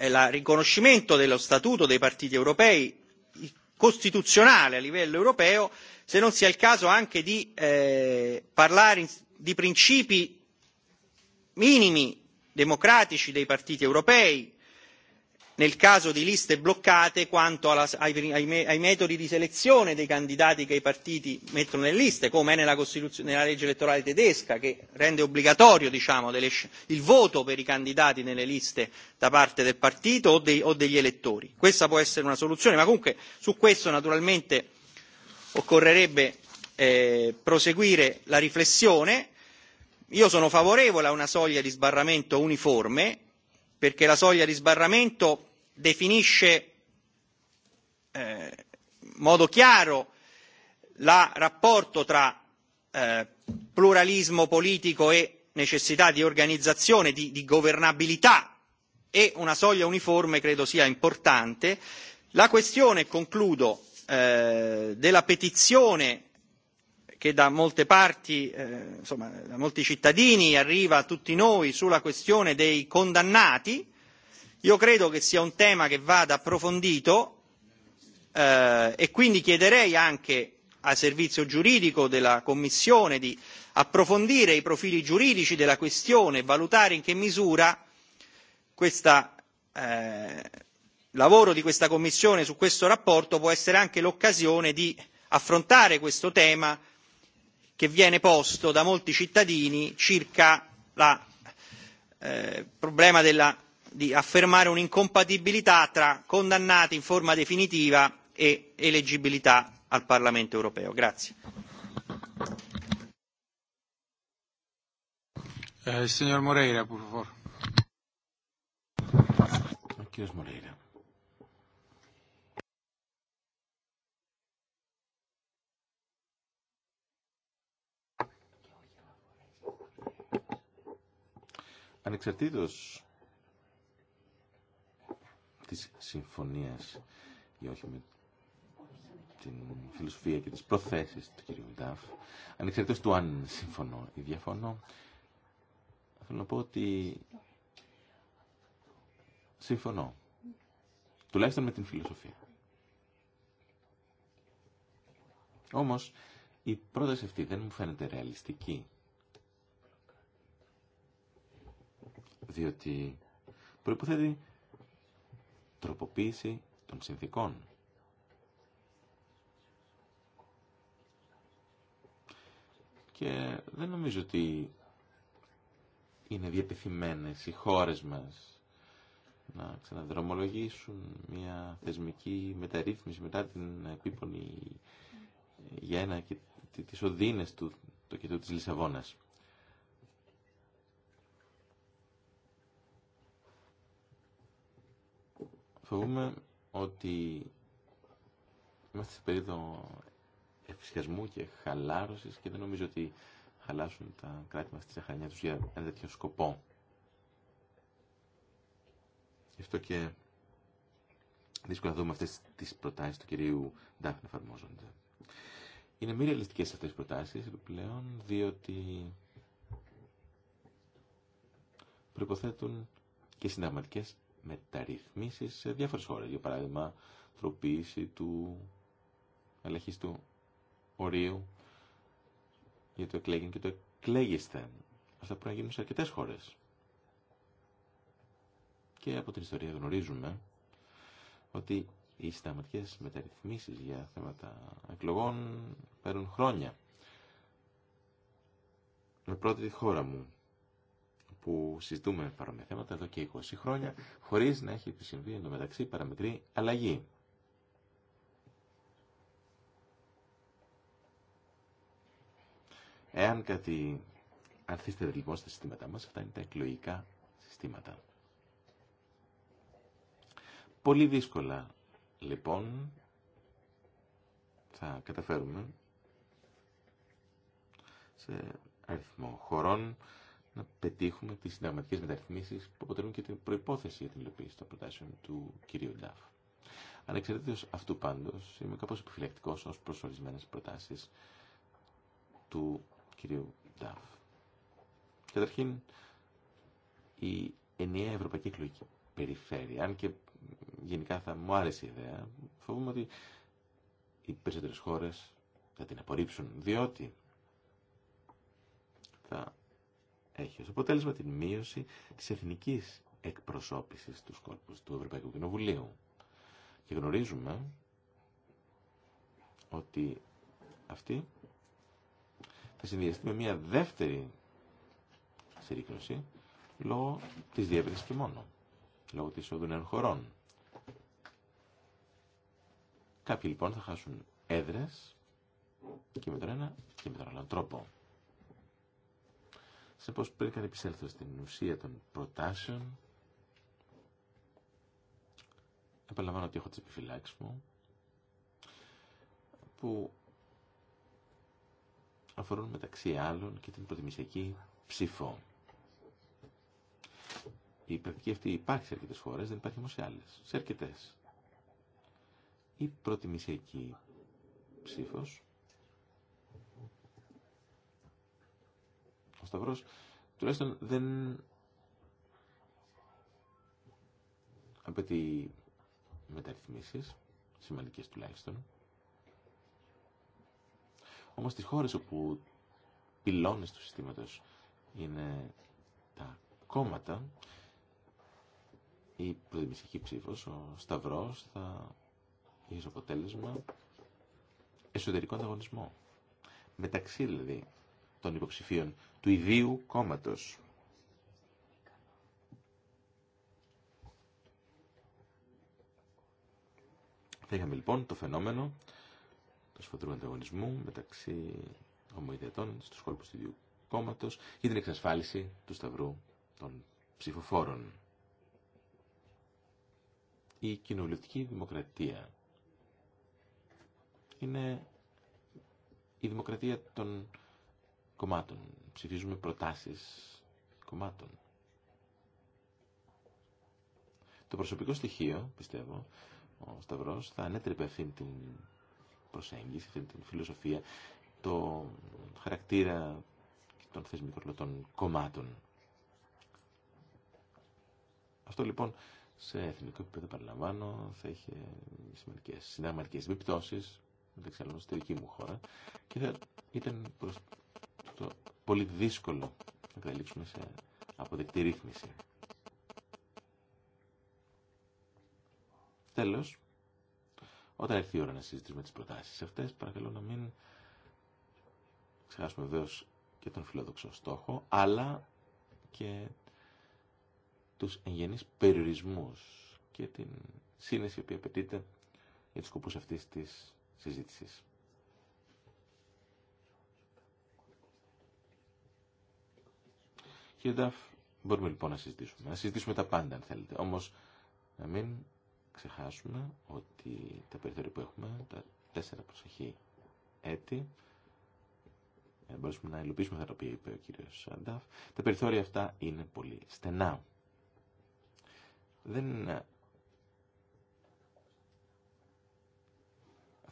il riconoscimento dello statuto dei partiti europei costituzionale a livello europeo se non sia il caso anche di parlare di principi minimi democratici dei partiti europei nel caso di liste bloccate quanto ai metodi di selezione dei candidati che i partiti mettono nelle liste come è nella legge elettorale tedesca che rende obbligatorio il voto per i candidati nelle liste da parte del partito o degli elettori. questa può essere una soluzione ma comunque su questo naturalmente occorrerebbe proseguire la riflessione. io sono favorevole a una soglia di sbarramento uniforme perché la soglia di sbarramento definisce in modo chiaro il rapporto tra pluralismo politico e necessità di organizzazione di governabilità e una soglia uniforme credo sia importante. la questione concludo della petizione che da molte parti da molti cittadini arriva a tutti noi sulla questione dei condannati Io credo che sia un tema che vada approfondito e quindi chiederei anche al servizio giuridico della Commissione di approfondire i profili giuridici della questione e valutare in che misura questo lavoro di questa Commissione su questa relazione può essere anche l'occasione di affrontare questo tema che viene posto da molti cittadini circa il problema della di affermare un'incompatibilità tra condannati in forma definitiva e eleggibilità al Parlamento europeo. Signor Moreira, της συμφωνίας ή όχι με την φιλοσοφία και τις προθέσεις του κ. Νταφ, ανεξαρτήτως του αν συμφωνώ ή διαφωνώ, θέλω να πω ότι συμφωνώ. Τουλάχιστον με την φιλοσοφία. Όμως, η πρόταση αυτή δεν μου φαίνεται ρεαλιστική. Διότι προϋποθέτει τροποποίηση των συνθήκων. Και δεν νομίζω ότι είναι διατεθειμένες οι χώρες μας να ξαναδρομολογήσουν μια θεσμική μεταρρύθμιση μετά την επίπονη για και τις οδύνες του το κοιτού της Λισαβόνας. θεωρούμε ότι είμαστε σε περίοδο εφησιασμού και χαλάρωσης και δεν νομίζω ότι χαλάσουν τα κράτη μας τη ζαχαρινιά τους για ένα τέτοιο σκοπό. Γι' αυτό και δύσκολα δούμε αυτές τις προτάσεις του κυρίου Ντάφ να εφαρμόζονται. Είναι μη ρεαλιστικές αυτές οι προτάσεις επιπλέον διότι προϋποθέτουν και συνταγματικές μεταρρυθμίσεις σε διάφορες χώρες. Για παράδειγμα, τροποίηση του ελαχίστου ορίου για το εκλέγεν και το εκλέγεστε. Αυτά πρέπει να γίνουν σε αρκετές χώρες. Και από την ιστορία γνωρίζουμε ότι οι συνταγματικές μεταρρυθμίσεις για θέματα εκλογών παίρνουν χρόνια. Με πρώτη τη χώρα μου που συζητούμε παρόμοια θέματα εδώ και 20 χρόνια, χωρίς να έχει επισυμβεί εντωμεταξύ παραμικρή αλλαγή. Εάν κάτι ανθίστε λοιπόν στα συστήματά μας, αυτά είναι τα εκλογικά συστήματα. Πολύ δύσκολα λοιπόν θα καταφέρουμε σε αριθμό χωρών να πετύχουμε τις συνταγματικές μεταρρυθμίσεις που αποτελούν και την προϋπόθεση για την υλοποίηση των προτάσεων του κυρίου Νταφ. Ανεξαρτήτως αυτού πάντως, είμαι κάπως επιφυλακτικός ως προς ορισμένες προτάσεις του κυρίου Νταφ. Καταρχήν, η ενιαία ευρωπαϊκή εκλογική περιφέρεια, αν και γενικά θα μου άρεσε η ιδέα, φοβούμαι ότι οι περισσότερες χώρες θα την απορρίψουν, διότι θα έχει ως αποτέλεσμα την μείωση της εθνικής εκπροσώπησης του σκόλπους του Ευρωπαϊκού Κοινοβουλίου. Και γνωρίζουμε ότι αυτή θα συνδυαστεί με μια δεύτερη συρρήκνωση λόγω της διεύρυνσης και μόνο, λόγω της εισόδου νέων χωρών. Κάποιοι λοιπόν θα χάσουν έδρες και με τον ένα και με τον άλλο τρόπο. Σε πώς πρέπει να επισέλθω στην ουσία των προτάσεων. Επαλαμβάνω ότι έχω τις επιφυλάξεις μου που αφορούν μεταξύ άλλων και την προτιμησιακή ψηφό. Η πρακτική αυτή υπάρχει σε αρκετέ φορέ δεν υπάρχει όμω σε άλλε. Σε αρκετέ. Η προτιμησιακή ψήφο Σταυρό, τουλάχιστον δεν απαιτεί μεταρρυθμίσεις, σημαντικέ τουλάχιστον. Όμως στις χώρες όπου πυλώνε του συστήματος είναι τα κόμματα, η προδημιστική ψήφο, ο σταυρό θα έχει αποτέλεσμα εσωτερικό ανταγωνισμό. Μεταξύ δηλαδή των υποψηφίων του ιδίου κόμματος. Θα είχαμε λοιπόν το φαινόμενο του σφοδρού ανταγωνισμού μεταξύ ομοειδετών στους κόλπους του ίδιου κόμματος για την εξασφάλιση του σταυρού των ψηφοφόρων. Η κοινοβουλευτική δημοκρατία είναι η δημοκρατία των κομμάτων. Ψηφίζουμε προτάσεις κομμάτων. Το προσωπικό στοιχείο, πιστεύω, ο Σταυρός θα ανέτρεπε αυτήν την προσέγγιση, αυτήν την φιλοσοφία, το χαρακτήρα των θεσμικών κομμάτων. Αυτό λοιπόν σε εθνικό επίπεδο παραλαμβάνω θα είχε σημαντικέ συνταγματικέ δεν μεταξύ άλλων στη δική μου χώρα και θα ήταν προς πολύ δύσκολο να καλύψουμε σε αποδεκτή ρύθμιση. Τέλος, όταν έρθει η ώρα να συζητήσουμε τις προτάσεις αυτές, παρακαλώ να μην ξεχάσουμε βεβαίω και τον φιλόδοξο στόχο, αλλά και τους εγγενείς περιορισμούς και την σύνεση που απαιτείται για τους σκοπούς αυτής της συζήτησης. Κύριε Νταφ, μπορούμε λοιπόν να συζητήσουμε. Να συζητήσουμε τα πάντα αν θέλετε. Όμως να μην ξεχάσουμε ότι τα περιθώρια που έχουμε, τα τέσσερα προσεχή έτη, να ε, μπορέσουμε να υλοποιήσουμε τα οποία είπε ο κύριος Νταφ, τα περιθώρια αυτά είναι πολύ στενά. Δεν ε,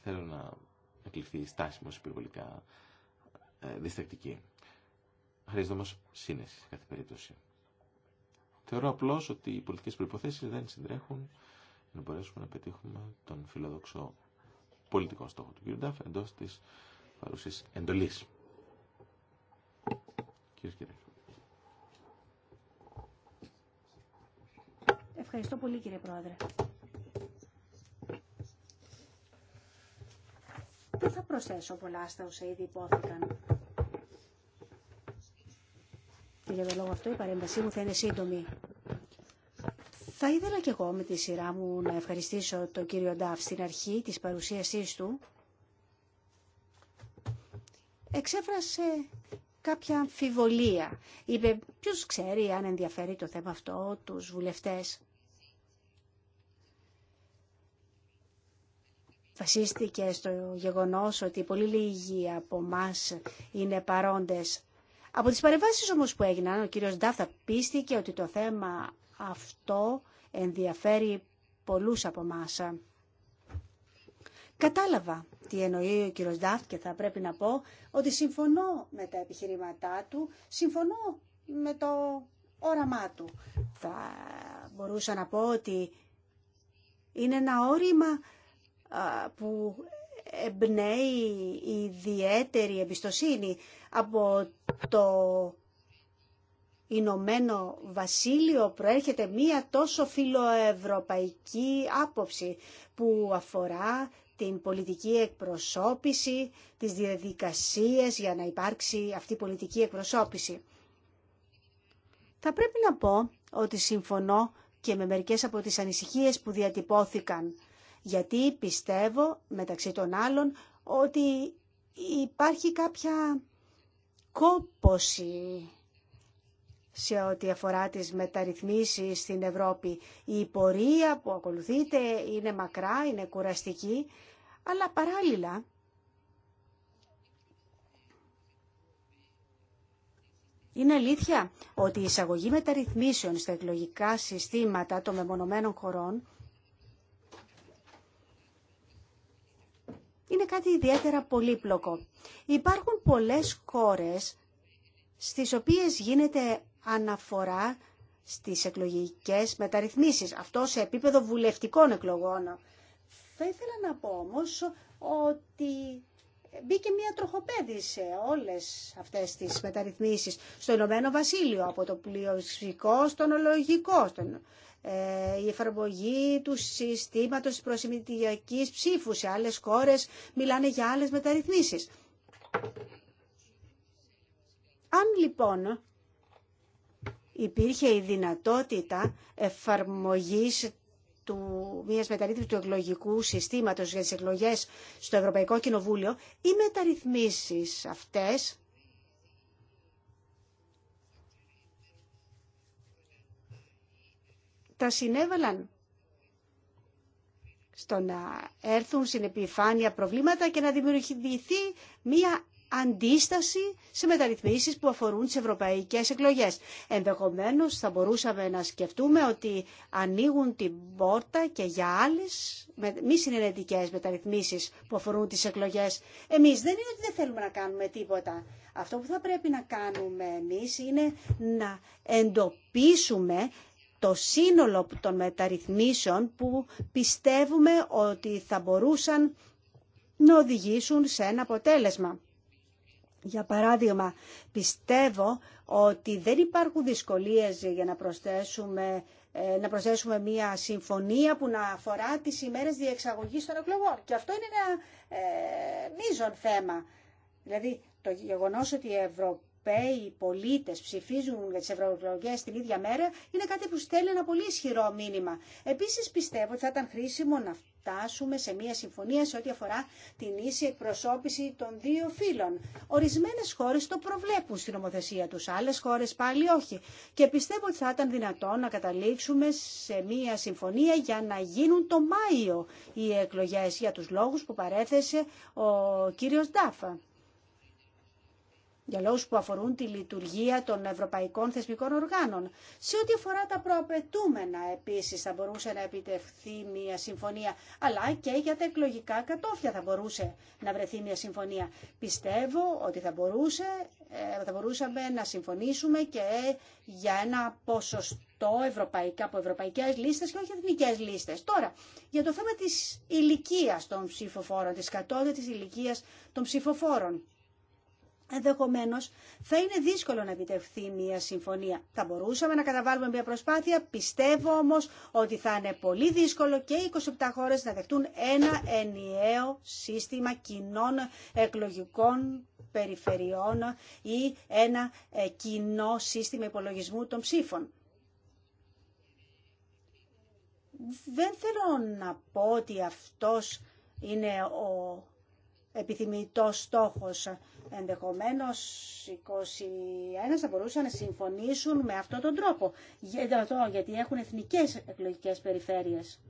θέλω να εκλειφθεί στάσιμος υπερβολικά ε, διστακτική. Χρειάζεται όμω σύνεση σε κάθε περίπτωση. Θεωρώ απλώ ότι οι πολιτικέ προποθέσει δεν συντρέχουν να μπορέσουμε να πετύχουμε τον φιλοδόξο πολιτικό στόχο του κ. Νταφ εντό τη παρουσία εντολή. Κύριε Ευχαριστώ πολύ κύριε Πρόεδρε. Δεν θα προσθέσω πολλά στα όσα ήδη υπόθηκαν. Και για τον λόγο αυτό η παρέμβασή μου θα είναι σύντομη. Θα ήθελα και εγώ με τη σειρά μου να ευχαριστήσω τον κύριο Νταφ στην αρχή της παρουσίασής του. Εξέφρασε κάποια αμφιβολία. Είπε ποιος ξέρει αν ενδιαφέρει το θέμα αυτό τους βουλευτές. Βασίστηκε στο γεγονός ότι πολύ λίγοι από μας είναι παρόντες από τις παρεμβάσεις όμως που έγιναν, ο κύριος Ντάφτα πίστηκε ότι το θέμα αυτό ενδιαφέρει πολλούς από εμά. Κατάλαβα τι εννοεί ο κύριος Ντάφτ και θα πρέπει να πω ότι συμφωνώ με τα επιχειρήματά του, συμφωνώ με το όραμά του. Θα μπορούσα να πω ότι είναι ένα όριμα που εμπνέει ιδιαίτερη εμπιστοσύνη από το Ηνωμένο Βασίλειο προέρχεται μία τόσο φιλοευρωπαϊκή άποψη που αφορά την πολιτική εκπροσώπηση, τις διαδικασίες για να υπάρξει αυτή η πολιτική εκπροσώπηση. Θα πρέπει να πω ότι συμφωνώ και με μερικές από τις ανησυχίες που διατυπώθηκαν γιατί πιστεύω μεταξύ των άλλων ότι υπάρχει κάποια κόπωση σε ό,τι αφορά τις μεταρρυθμίσεις στην Ευρώπη. Η πορεία που ακολουθείται είναι μακρά, είναι κουραστική, αλλά παράλληλα Είναι αλήθεια ότι η εισαγωγή μεταρρυθμίσεων στα εκλογικά συστήματα των μεμονωμένων χωρών είναι κάτι ιδιαίτερα πολύπλοκο. Υπάρχουν πολλές κόρες στις οποίες γίνεται αναφορά στις εκλογικές μεταρρυθμίσεις. Αυτό σε επίπεδο βουλευτικών εκλογών. Θα ήθελα να πω όμως ότι μπήκε μια τροχοπέδη σε όλες αυτές τις μεταρρυθμίσεις. Στο Ηνωμένο Βασίλειο, από το πλειοψηφικό στον ολογικό, ε, η εφαρμογή του συστήματος της προσημητιακής ψήφου σε άλλες χώρες μιλάνε για άλλες μεταρρυθμίσεις. Αν λοιπόν υπήρχε η δυνατότητα εφαρμογής του, μιας μεταρρύθμισης του εκλογικού συστήματος για τις εκλογές στο Ευρωπαϊκό Κοινοβούλιο, οι μεταρρυθμίσεις αυτές τα συνέβαλαν στο να έρθουν στην επιφάνεια προβλήματα και να δημιουργηθεί μία αντίσταση σε μεταρρυθμίσεις που αφορούν τις ευρωπαϊκές εκλογές. Ενδεχομένως θα μπορούσαμε να σκεφτούμε ότι ανοίγουν την πόρτα και για άλλες μη συνενετικές μεταρρυθμίσεις που αφορούν τις εκλογές. Εμείς δεν είναι ότι δεν θέλουμε να κάνουμε τίποτα. Αυτό που θα πρέπει να κάνουμε εμείς είναι να εντοπίσουμε το σύνολο των μεταρρυθμίσεων που πιστεύουμε ότι θα μπορούσαν να οδηγήσουν σε ένα αποτέλεσμα. Για παράδειγμα, πιστεύω ότι δεν υπάρχουν δυσκολίες για να προσθέσουμε, ε, να προσθέσουμε μια συμφωνία που να αφορά τις ημέρες διεξαγωγής των εκλογών. Και αυτό είναι ένα ε, μείζον θέμα. Δηλαδή, το γεγονός ότι η Ευρώπη Ευρωπαίοι πολίτε ψηφίζουν για τι ευρωεκλογέ την ίδια μέρα είναι κάτι που στέλνει ένα πολύ ισχυρό μήνυμα. Επίση, πιστεύω ότι θα ήταν χρήσιμο να φτάσουμε σε μια συμφωνία σε ό,τι αφορά την ίση εκπροσώπηση των δύο φύλων. Ορισμένε χώρε το προβλέπουν στην ομοθεσία του, άλλε χώρε πάλι όχι. Και πιστεύω ότι θα ήταν δυνατό να καταλήξουμε σε μια συμφωνία για να γίνουν το Μάιο οι εκλογέ για του λόγου που παρέθεσε ο κύριο Ντάφα για λόγους που αφορούν τη λειτουργία των ευρωπαϊκών θεσμικών οργάνων. Σε ό,τι αφορά τα προαπαιτούμενα επίσης θα μπορούσε να επιτευχθεί μια συμφωνία, αλλά και για τα εκλογικά κατόφια θα μπορούσε να βρεθεί μια συμφωνία. Πιστεύω ότι θα, μπορούσε, ε, θα μπορούσαμε να συμφωνήσουμε και για ένα ποσοστό ευρωπαϊκά, από ευρωπαϊκές λίστες και όχι εθνικές λίστες. Τώρα, για το θέμα της ηλικίας των ψηφοφόρων, της κατώτητης ηλικίας των ψηφοφόρων. Ενδεχομένω θα είναι δύσκολο να επιτευχθεί μια συμφωνία. Θα μπορούσαμε να καταβάλουμε μια προσπάθεια. Πιστεύω όμω ότι θα είναι πολύ δύσκολο και οι 27 χώρε να δεχτούν ένα ενιαίο σύστημα κοινών εκλογικών περιφερειών ή ένα ε, κοινό σύστημα υπολογισμού των ψήφων. Δεν θέλω να πω ότι αυτός είναι ο επιθυμητός στόχος Ενδεχομένως 21 θα μπορούσαν να συμφωνήσουν με αυτόν τον τρόπο, γιατί έχουν εθνικές εκλογικές περιφέρειες.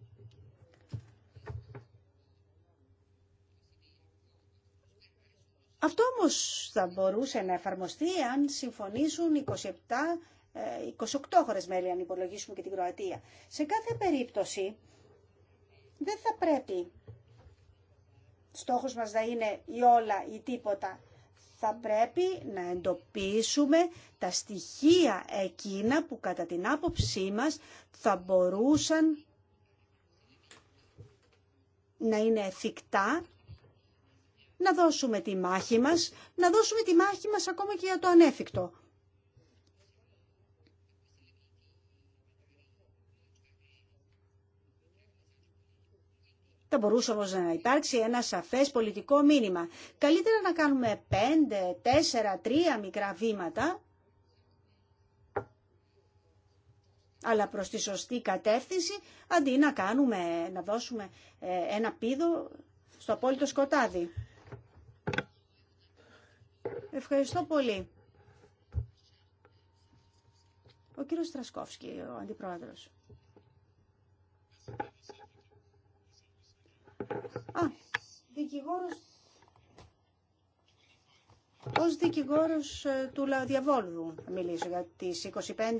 Αυτό όμως θα μπορούσε να εφαρμοστεί αν συμφωνήσουν 27 28 χώρες μέλη αν υπολογίσουμε και την Κροατία. Σε κάθε περίπτωση δεν θα πρέπει στόχος μας να είναι ή όλα ή τίποτα θα πρέπει να εντοπίσουμε τα στοιχεία εκείνα που κατά την άποψή μας θα μπορούσαν να είναι εφικτά, να δώσουμε τη μάχη μας, να δώσουμε τη μάχη μας ακόμα και για το ανέφικτο. Θα μπορούσε όμως να υπάρξει ένα σαφές πολιτικό μήνυμα. Καλύτερα να κάνουμε πέντε, τέσσερα, τρία μικρά βήματα, αλλά προς τη σωστή κατεύθυνση, αντί να κάνουμε, να δώσουμε ε, ένα πίδο στο απόλυτο σκοτάδι. Ευχαριστώ πολύ. Ο κύριος Στρασκόφσκι, ο αντιπρόεδρος. Α, δικηγόρος... Ως δικηγόρος ε, του Λαδιαβόλου θα μιλήσω για τις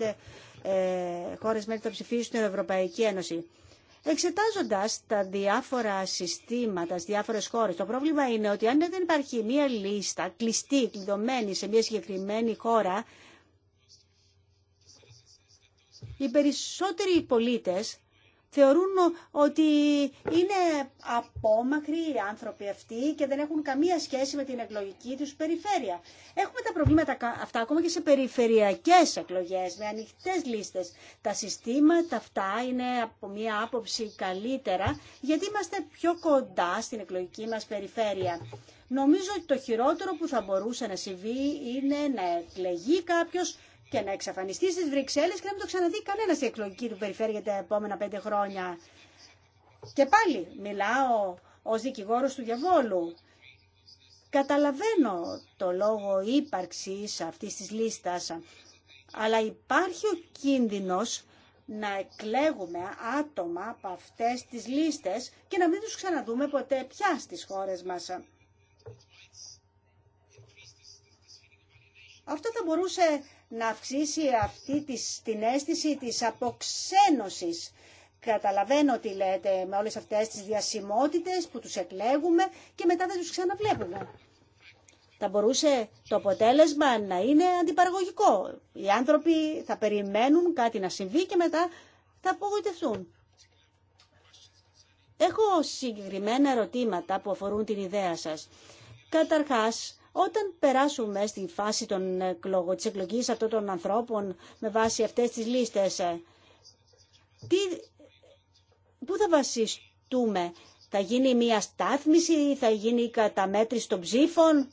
25 ε, χώρες μέλη των ψηφίσεων στην Ευρωπαϊκή Ένωση. Εξετάζοντας τα διάφορα συστήματα στις διάφορες χώρες, το πρόβλημα είναι ότι αν δεν υπάρχει μία λίστα κλειστή, κλειδωμένη σε μία συγκεκριμένη χώρα, οι περισσότεροι πολίτες θεωρούν ότι είναι απόμακροι οι άνθρωποι αυτοί και δεν έχουν καμία σχέση με την εκλογική τους περιφέρεια. Έχουμε τα προβλήματα αυτά ακόμα και σε περιφερειακές εκλογές, με ανοιχτές λίστες. Τα συστήματα αυτά είναι από μία άποψη καλύτερα, γιατί είμαστε πιο κοντά στην εκλογική μας περιφέρεια. Νομίζω ότι το χειρότερο που θα μπορούσε να συμβεί είναι να εκλεγεί κάποιος και να εξαφανιστεί στις Βρυξέλλες και να μην το ξαναδεί κανένα η εκλογική του περιφέρεια τα επόμενα πέντε χρόνια. Και πάλι μιλάω ως δικηγόρος του διαβόλου. Καταλαβαίνω το λόγο ύπαρξης αυτής της λίστας, αλλά υπάρχει ο κίνδυνος να εκλέγουμε άτομα από αυτές τις λίστες και να μην τους ξαναδούμε ποτέ πια στις χώρες μας. Αυτό θα μπορούσε να αυξήσει αυτή την αίσθηση της αποξένωσης. Καταλαβαίνω τι λέτε με όλες αυτές τις διασημότητες που τους εκλέγουμε και μετά δεν τους ξαναβλέπουμε. Θα μπορούσε το αποτέλεσμα να είναι αντιπαραγωγικό. Οι άνθρωποι θα περιμένουν κάτι να συμβεί και μετά θα απογοητευτούν. Έχω συγκεκριμένα ερωτήματα που αφορούν την ιδέα σας. Καταρχάς, όταν περάσουμε στη φάση των εκλογ, της εκλογής αυτών των ανθρώπων με βάση αυτές τις λίστες, ε, τι, πού θα βασιστούμε, θα γίνει μια στάθμιση, θα γίνει καταμέτρηση των ψήφων,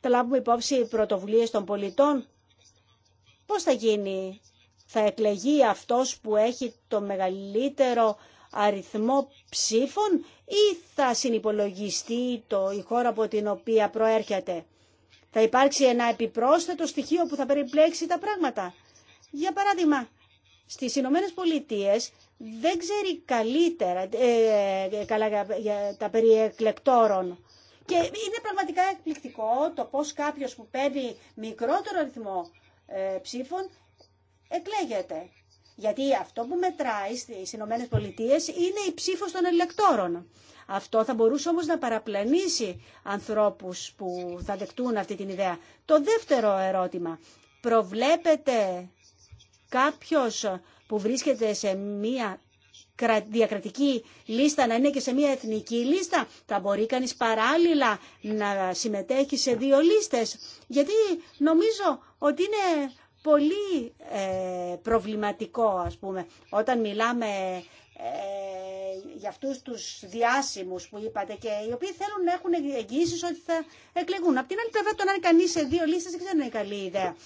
θα λάβουμε υπόψη πρωτοβουλίες των πολιτών. Πώς θα γίνει, θα εκλεγεί αυτός που έχει η το μεγαλύτερο αριθμό ψήφων ή θα συνυπολογιστεί το, η χώρα από την οποία προέρχεται. Θα υπάρξει ένα επιπρόσθετο στοιχείο που θα περιπλέξει τα πράγματα. Για παράδειγμα, στις Ηνωμένε Πολιτείε δεν ξέρει καλύτερα ε, ε, τα περί εκλεκτόρων. Και είναι πραγματικά εκπληκτικό το πώς κάποιος που παίρνει μικρότερο αριθμό ε, ψήφων εκλέγεται. Γιατί αυτό που μετράει στις Ηνωμένες Πολιτείες είναι η ψήφος των ελεκτόρων. Αυτό θα μπορούσε όμως να παραπλανήσει ανθρώπους που θα δεκτούν αυτή την ιδέα. Το δεύτερο ερώτημα. Προβλέπετε κάποιος που βρίσκεται σε μία διακρατική λίστα να είναι και σε μια εθνική λίστα. Θα μπορεί κανείς παράλληλα να συμμετέχει σε δύο λίστες. Γιατί νομίζω ότι είναι πολύ ε, προβληματικό, ας πούμε, όταν μιλάμε ε, για αυτούς τους διάσημους που είπατε και οι οποίοι θέλουν να έχουν εγγύησει ότι θα εκλεγούν. Απ' την άλλη πλευρά, το να είναι κανείς σε δύο λίστες δεν ξέρω είναι καλή ιδέα.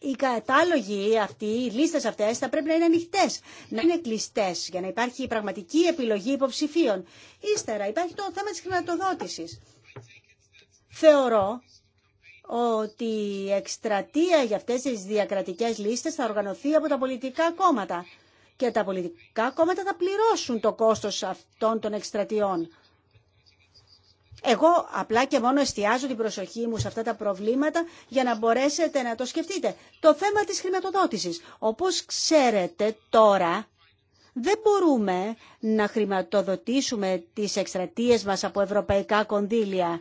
Οι κατάλογοι αυτοί, οι λίστες αυτές θα πρέπει να είναι ανοιχτέ, να είναι κλειστέ για να υπάρχει πραγματική επιλογή υποψηφίων. Ύστερα υπάρχει το θέμα της χρηματοδότησης. Θεωρώ ότι η εκστρατεία για αυτές τις διακρατικές λίστες θα οργανωθεί από τα πολιτικά κόμματα και τα πολιτικά κόμματα θα πληρώσουν το κόστος αυτών των εκστρατιών. Εγώ απλά και μόνο εστιάζω την προσοχή μου σε αυτά τα προβλήματα για να μπορέσετε να το σκεφτείτε. Το θέμα της χρηματοδότησης. Όπως ξέρετε τώρα δεν μπορούμε να χρηματοδοτήσουμε τις εκστρατείες μας από ευρωπαϊκά κονδύλια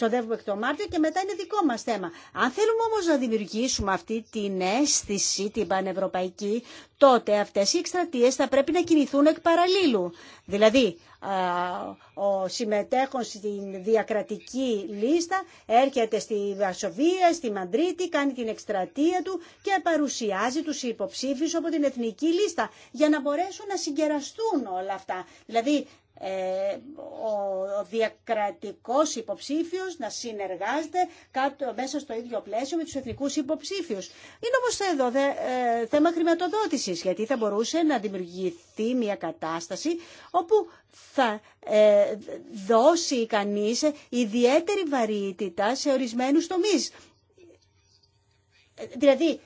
εκ το Μάρτιο και μετά είναι δικό μας θέμα. Αν θέλουμε όμως να δημιουργήσουμε αυτή την αίσθηση, την πανευρωπαϊκή, τότε αυτές οι εκστρατείε θα πρέπει να κινηθούν εκ παραλίλου. Δηλαδή, ο συμμετέχων στην διακρατική λίστα έρχεται στη Βασοβία, στη Μαντρίτη, κάνει την εκστρατεία του και παρουσιάζει τους υποψήφιους από την εθνική λίστα για να μπορέσουν να συγκεραστούν όλα αυτά. Δηλαδή ε, ο διακρατικός υποψήφιος να συνεργάζεται κάτω, μέσα στο ίδιο πλαίσιο με τους εθνικούς υποψήφιους. Είναι όμως εδώ ε, θέμα χρηματοδότησης, γιατί θα μπορούσε να δημιουργηθεί μια κατάσταση όπου θα ε, δώσει κανείς ιδιαίτερη βαρύτητα σε ορισμένους τομείς. Δηλαδή,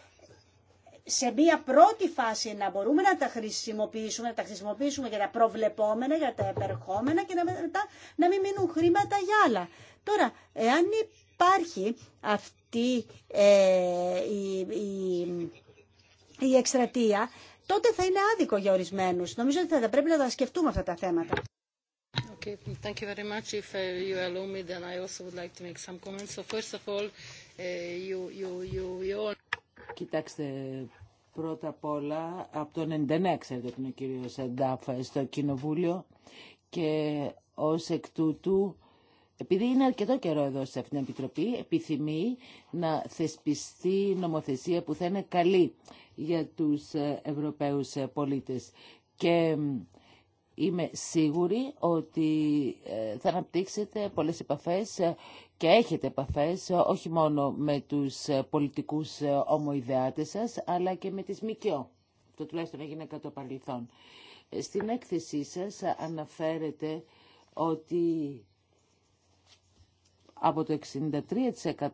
σε μία πρώτη φάση να μπορούμε να τα χρησιμοποιήσουμε, να τα χρησιμοποιήσουμε για τα προβλεπόμενα, για τα επερχόμενα και να, μετά να μην μείνουν χρήματα για άλλα. Τώρα, εάν υπάρχει αυτή ε, η, η, η τότε θα είναι άδικο για ορισμένους. Νομίζω ότι θα πρέπει να τα σκεφτούμε αυτά τα θέματα. Okay, thank you very much. If uh, you allow me, then I also would like to make some comments. So first of all, uh, you, you, you, you... Κοιτάξτε, Πρώτα απ' όλα, από το 99 ξέρετε ότι είναι ο κύριος Αντάφα στο Κοινοβούλιο και ως εκ τούτου, επειδή είναι αρκετό καιρό εδώ σε αυτήν την Επιτροπή, επιθυμεί να θεσπιστεί νομοθεσία που θα είναι καλή για τους ε, Ευρωπαίους ε, πολίτες. Και είμαι σίγουρη ότι ε, θα αναπτύξετε πολλές επαφές και έχετε επαφές όχι μόνο με τους ε, πολιτικούς ε, ομοειδεάτες σας, αλλά και με τις ΜΚΟ. Το τουλάχιστον έγινε κατά το παρελθόν. Ε, στην έκθεσή σας αναφέρετε ότι από το 63%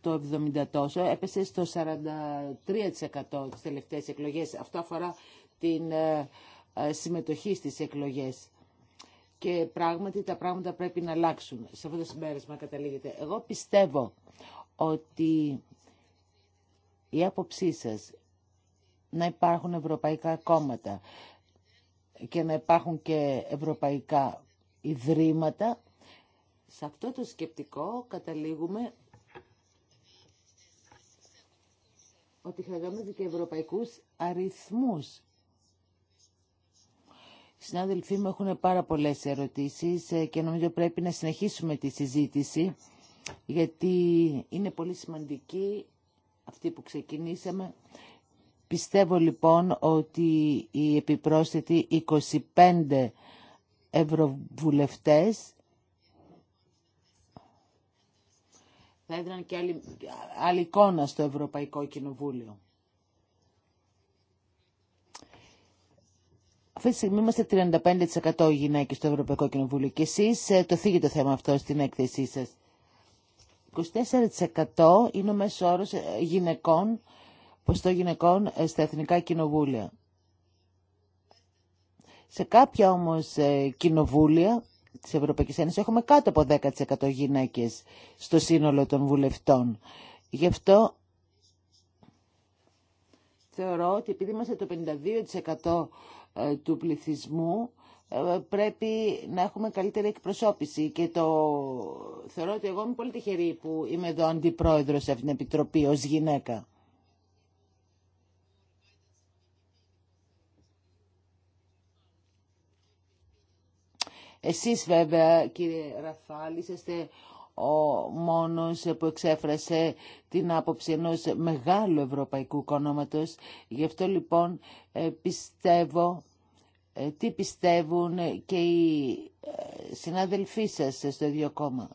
το 70 τόσο έπεσε στο 43% τις τελευταίες εκλογές. Αυτό αφορά την συμμετοχή στις εκλογές και πράγματι τα πράγματα πρέπει να αλλάξουν. Σε αυτό το συμπέρασμα καταλήγεται. Εγώ πιστεύω ότι η άποψή σας να υπάρχουν ευρωπαϊκά κόμματα και να υπάρχουν και ευρωπαϊκά ιδρύματα, σε αυτό το σκεπτικό καταλήγουμε ότι χρειαζόμαστε και ευρωπαϊκούς αριθμούς συνάδελφοί μου έχουν πάρα πολλές ερωτήσεις ε, και νομίζω πρέπει να συνεχίσουμε τη συζήτηση γιατί είναι πολύ σημαντική αυτή που ξεκινήσαμε. Πιστεύω λοιπόν ότι οι επιπρόσθετοι 25 ευρωβουλευτές θα έδραν και άλλη, άλλη εικόνα στο Ευρωπαϊκό Κοινοβούλιο. Αυτή τη στιγμή είμαστε 35% γυναίκες στο Ευρωπαϊκό Κοινοβούλιο και εσείς ε, το θίγετε το θέμα αυτό στην έκθεσή σας. 24% είναι ο μέσο όρο ε, γυναικών, ποστό γυναικών ε, στα εθνικά κοινοβούλια. Σε κάποια όμως κοινοβούλια τη Ευρωπαϊκή Ένωση, έχουμε κάτω από 10% γυναίκες στο σύνολο των βουλευτών. Γι' αυτό θεωρώ ότι επειδή είμαστε το 52% ε, του πληθυσμού ε, πρέπει να έχουμε καλύτερη εκπροσώπηση και το θεωρώ ότι εγώ είμαι πολύ τυχερή που είμαι εδώ αντιπρόεδρος σε αυτήν την επιτροπή ως γυναίκα. Εσείς βέβαια κύριε Ραφάλ είστε ο μόνος που εξέφρασε την άποψη ενός μεγάλου ευρωπαϊκού οικονόματος. Γι' αυτό λοιπόν ε, πιστεύω ε, τι πιστεύουν ε, και οι ε, συναδελφοί σας στο ίδιο κόμμα.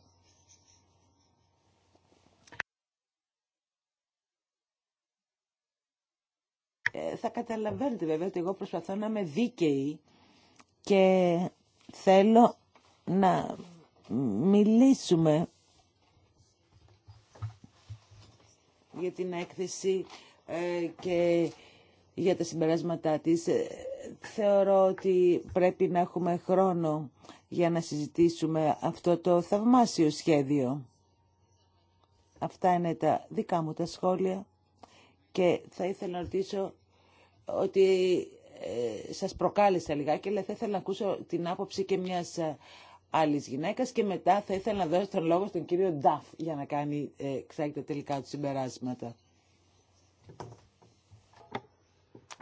θα καταλαβαίνετε βέβαια ότι εγώ προσπαθώ να είμαι δίκαιη και θέλω να μιλήσουμε για την έκθεση και για τα συμπεράσματά της. Ε, θεωρώ ότι πρέπει να έχουμε χρόνο για να συζητήσουμε αυτό το θαυμάσιο σχέδιο. Αυτά είναι τα δικά μου τα σχόλια και θα ήθελα να ρωτήσω ότι ε, σας προκάλεσα λιγάκι, αλλά θα ήθελα να ακούσω την άποψη και μιας ε, άλλης γυναίκας και μετά θα ήθελα να δώσω τον λόγο στον κύριο Νταφ για να κάνει ε, τα τελικά του συμπεράσματα.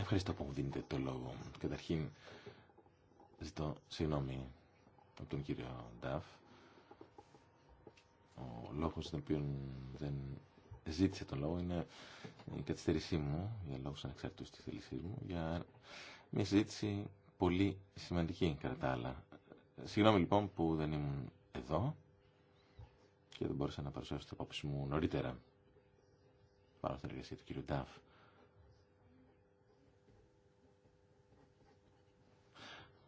Ευχαριστώ που μου δίνετε το λόγο. Καταρχήν, ζητώ συγγνώμη από τον κύριο Νταφ. Ο λόγος τον οποίο δεν ζήτησε τον λόγο είναι η καθυστέρησή μου, για λόγους ανεξαρτήτως της θέλησή μου, για μια συζήτηση πολύ σημαντική κατά τα άλλα. Συγγνώμη λοιπόν που δεν ήμουν εδώ και δεν μπόρεσα να παρουσιάσω το απόψη μου νωρίτερα πάνω στην εργασία του κύριου Νταφ.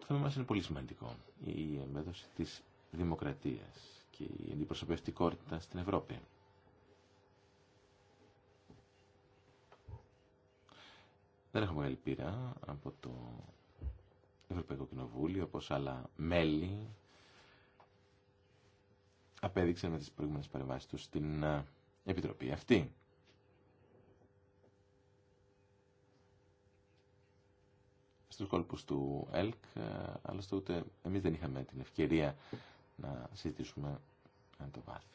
Το θέμα μας είναι πολύ σημαντικό. Η εμπέδωση της δημοκρατίας και η αντιπροσωπευτικότητα στην Ευρώπη. Δεν έχω μεγάλη από το Ευρωπαϊκό Κοινοβούλιο, όπως άλλα μέλη απέδειξαν με τις προηγούμενες παρεμβάσεις τους στην ε, Επιτροπή αυτή. στους κόλπους του ΕΛΚ, ε, άλλωστε ούτε εμείς δεν είχαμε την ευκαιρία να συζητήσουμε αν το βάθη.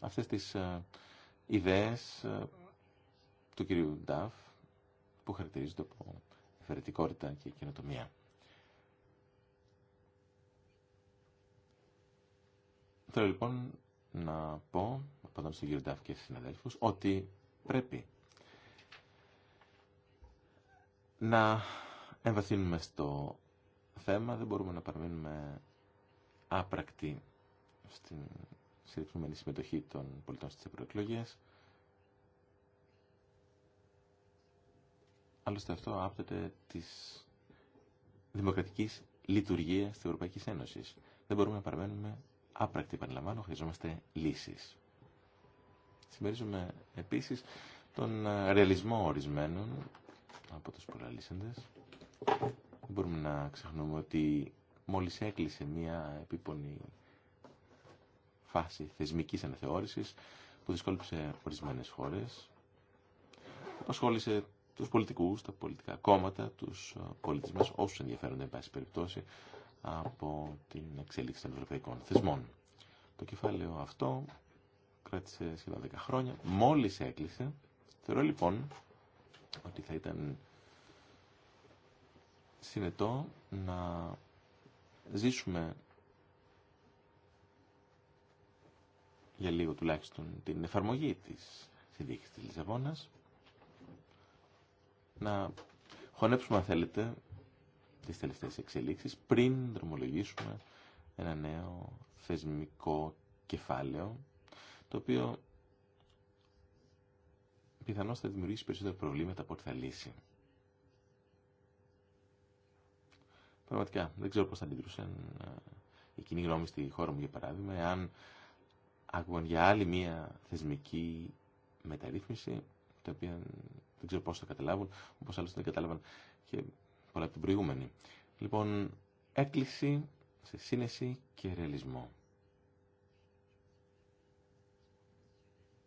Αυτές τις ε, ιδέες ε, του κυρίου Νταφ που χαρακτηρίζονται από εφαιρετικότητα και καινοτομία. Θέλω λοιπόν να πω, απαντώντας στον κύριο Νταφ και στους συναδέλφους, ότι πρέπει να εμβαθύνουμε στο θέμα. Δεν μπορούμε να παραμείνουμε άπρακτοι στην συρρυκνωμένη συμμετοχή των πολιτών στις ευρωεκλογέ. Άλλωστε αυτό άπτεται της δημοκρατικής λειτουργίας της Ευρωπαϊκής Ένωσης. Δεν μπορούμε να παραμένουμε άπρακτοι, επαναλαμβάνω, χρειαζόμαστε λύσεις. Συμμερίζουμε επίσης τον ε, ρεαλισμό ορισμένων από τους πολλαλήσαντες. μπορούμε να ξεχνούμε ότι μόλις έκλεισε μια επίπονη φάση θεσμικής αναθεώρησης που δυσκόλυψε ορισμένες χώρες. ασχόλησε τους πολιτικούς, τα πολιτικά κόμματα, τους ε, πολιτισμούς, μας, όσους ενδιαφέρονται, εν πάση περιπτώσει, από την εξέλιξη των ευρωπαϊκών θεσμών. Το κεφάλαιο αυτό κράτησε σχεδόν 10 χρόνια, μόλις έκλεισε. Θεωρώ λοιπόν ότι θα ήταν συνετό να ζήσουμε για λίγο τουλάχιστον την εφαρμογή της συνδίκης της Λισαβόνας να χωνέψουμε αν θέλετε τις τελευταίες εξελίξεις πριν δρομολογήσουμε ένα νέο θεσμικό κεφάλαιο το οποίο πιθανώ θα δημιουργήσει περισσότερα προβλήματα από ό,τι θα λύσει. Πραγματικά, δεν ξέρω πώς θα αντιδρούσαν η ε, κοινή γνώμη στη χώρα μου, για παράδειγμα, εάν άκουγαν για άλλη μία θεσμική μεταρρύθμιση, τα οποία δεν ξέρω πώς θα καταλάβουν, όπως άλλωστε δεν κατάλαβαν και πολλά από την προηγούμενη. Λοιπόν, έκκληση σε σύνεση και ρεαλισμό.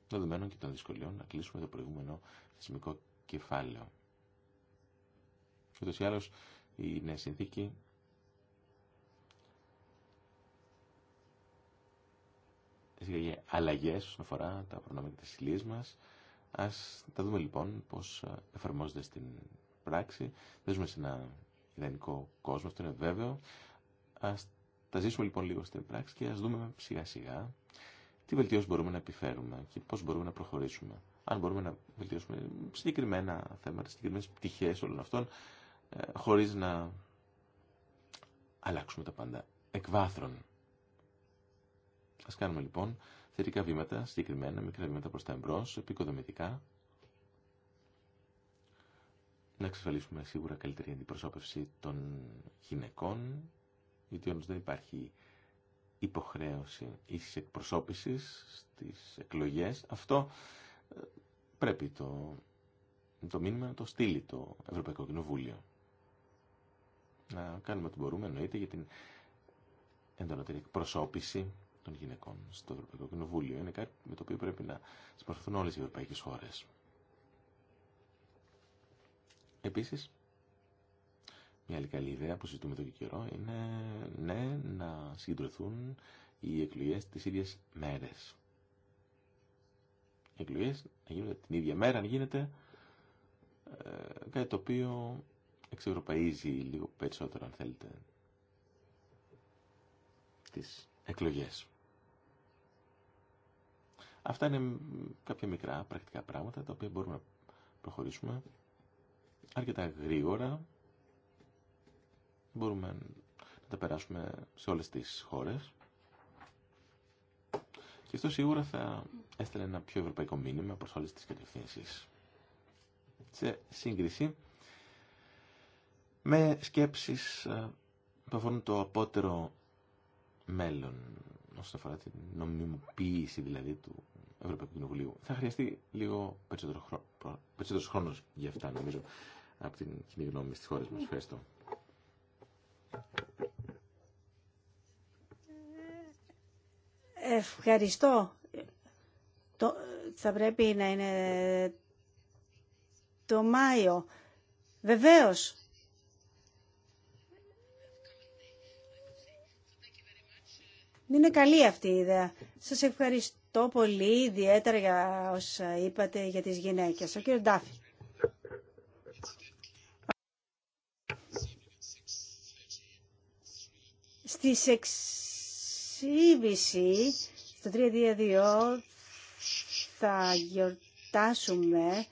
δεδομένων και των δυσκολιών να κλείσουμε το προηγούμενο θεσμικό κεφάλαιο. Ούτως ή άλλως η νέα συνθήκη για αλλαγές όσον αφορά τα προνόμια και τις μας. Ας τα δούμε λοιπόν πώς εφαρμόζονται στην πράξη. Δεν ζούμε σε ένα ιδανικό κόσμο, αυτό είναι βέβαιο. Ας τα ζήσουμε λοιπόν λίγο στην πράξη και ας δούμε σιγά σιγά τι βελτιώσει μπορούμε να επιφέρουμε και πώ μπορούμε να προχωρήσουμε. Αν μπορούμε να βελτιώσουμε συγκεκριμένα θέματα, συγκεκριμένε πτυχέ όλων αυτών, ε, χωρί να αλλάξουμε τα πάντα εκβάθρων. Α κάνουμε λοιπόν θετικά βήματα, συγκεκριμένα μικρά βήματα προ τα εμπρό, επικοδομητικά. Να εξασφαλίσουμε σίγουρα καλύτερη αντιπροσώπευση των γυναικών, γιατί όντω δεν υπάρχει υποχρέωση ίσης εκπροσώπησης στις εκλογές. Αυτό ε, πρέπει το, το μήνυμα να το στείλει το Ευρωπαϊκό Κοινοβούλιο. Να κάνουμε ό,τι μπορούμε εννοείται για την εντονότερη εκπροσώπηση των γυναικών στο Ευρωπαϊκό Κοινοβούλιο. Είναι κάτι με το οποίο πρέπει να συμπαρθούν όλες οι ευρωπαϊκές χώρες. Επίσης, μια άλλη καλή ιδέα που συζητούμε εδώ και καιρό είναι ναι, να συγκεντρωθούν οι εκλογές τις ίδιες μέρες. Οι εκλογές να γίνονται την ίδια μέρα, αν γίνεται, ε, κάτι το οποίο εξευρωπαίζει λίγο περισσότερο, αν θέλετε, τις εκλογές. Αυτά είναι κάποια μικρά πρακτικά πράγματα τα οποία μπορούμε να προχωρήσουμε αρκετά γρήγορα μπορούμε να τα περάσουμε σε όλες τις χώρες. Και αυτό σίγουρα θα έστελνε ένα πιο ευρωπαϊκό μήνυμα προς όλες τις κατευθύνσεις. Σε σύγκριση με σκέψεις ε, που αφορούν το απότερο μέλλον όσον αφορά την νομιμοποίηση δηλαδή του Ευρωπαϊκού Κοινοβουλίου. Θα χρειαστεί λίγο περισσότερο, χρόνο, χρόνος για αυτά νομίζω από την κοινή γνώμη στις χώρες μας. Ευχαριστώ. Ευχαριστώ. Το, θα πρέπει να είναι το Μάιο. Βεβαίως. Είναι καλή αυτή η ιδέα. Σας ευχαριστώ πολύ, ιδιαίτερα για όσα είπατε για τις γυναίκες. Ο κύριος Ντάφη. Στις CBC στο 322 θα γιορτάσουμε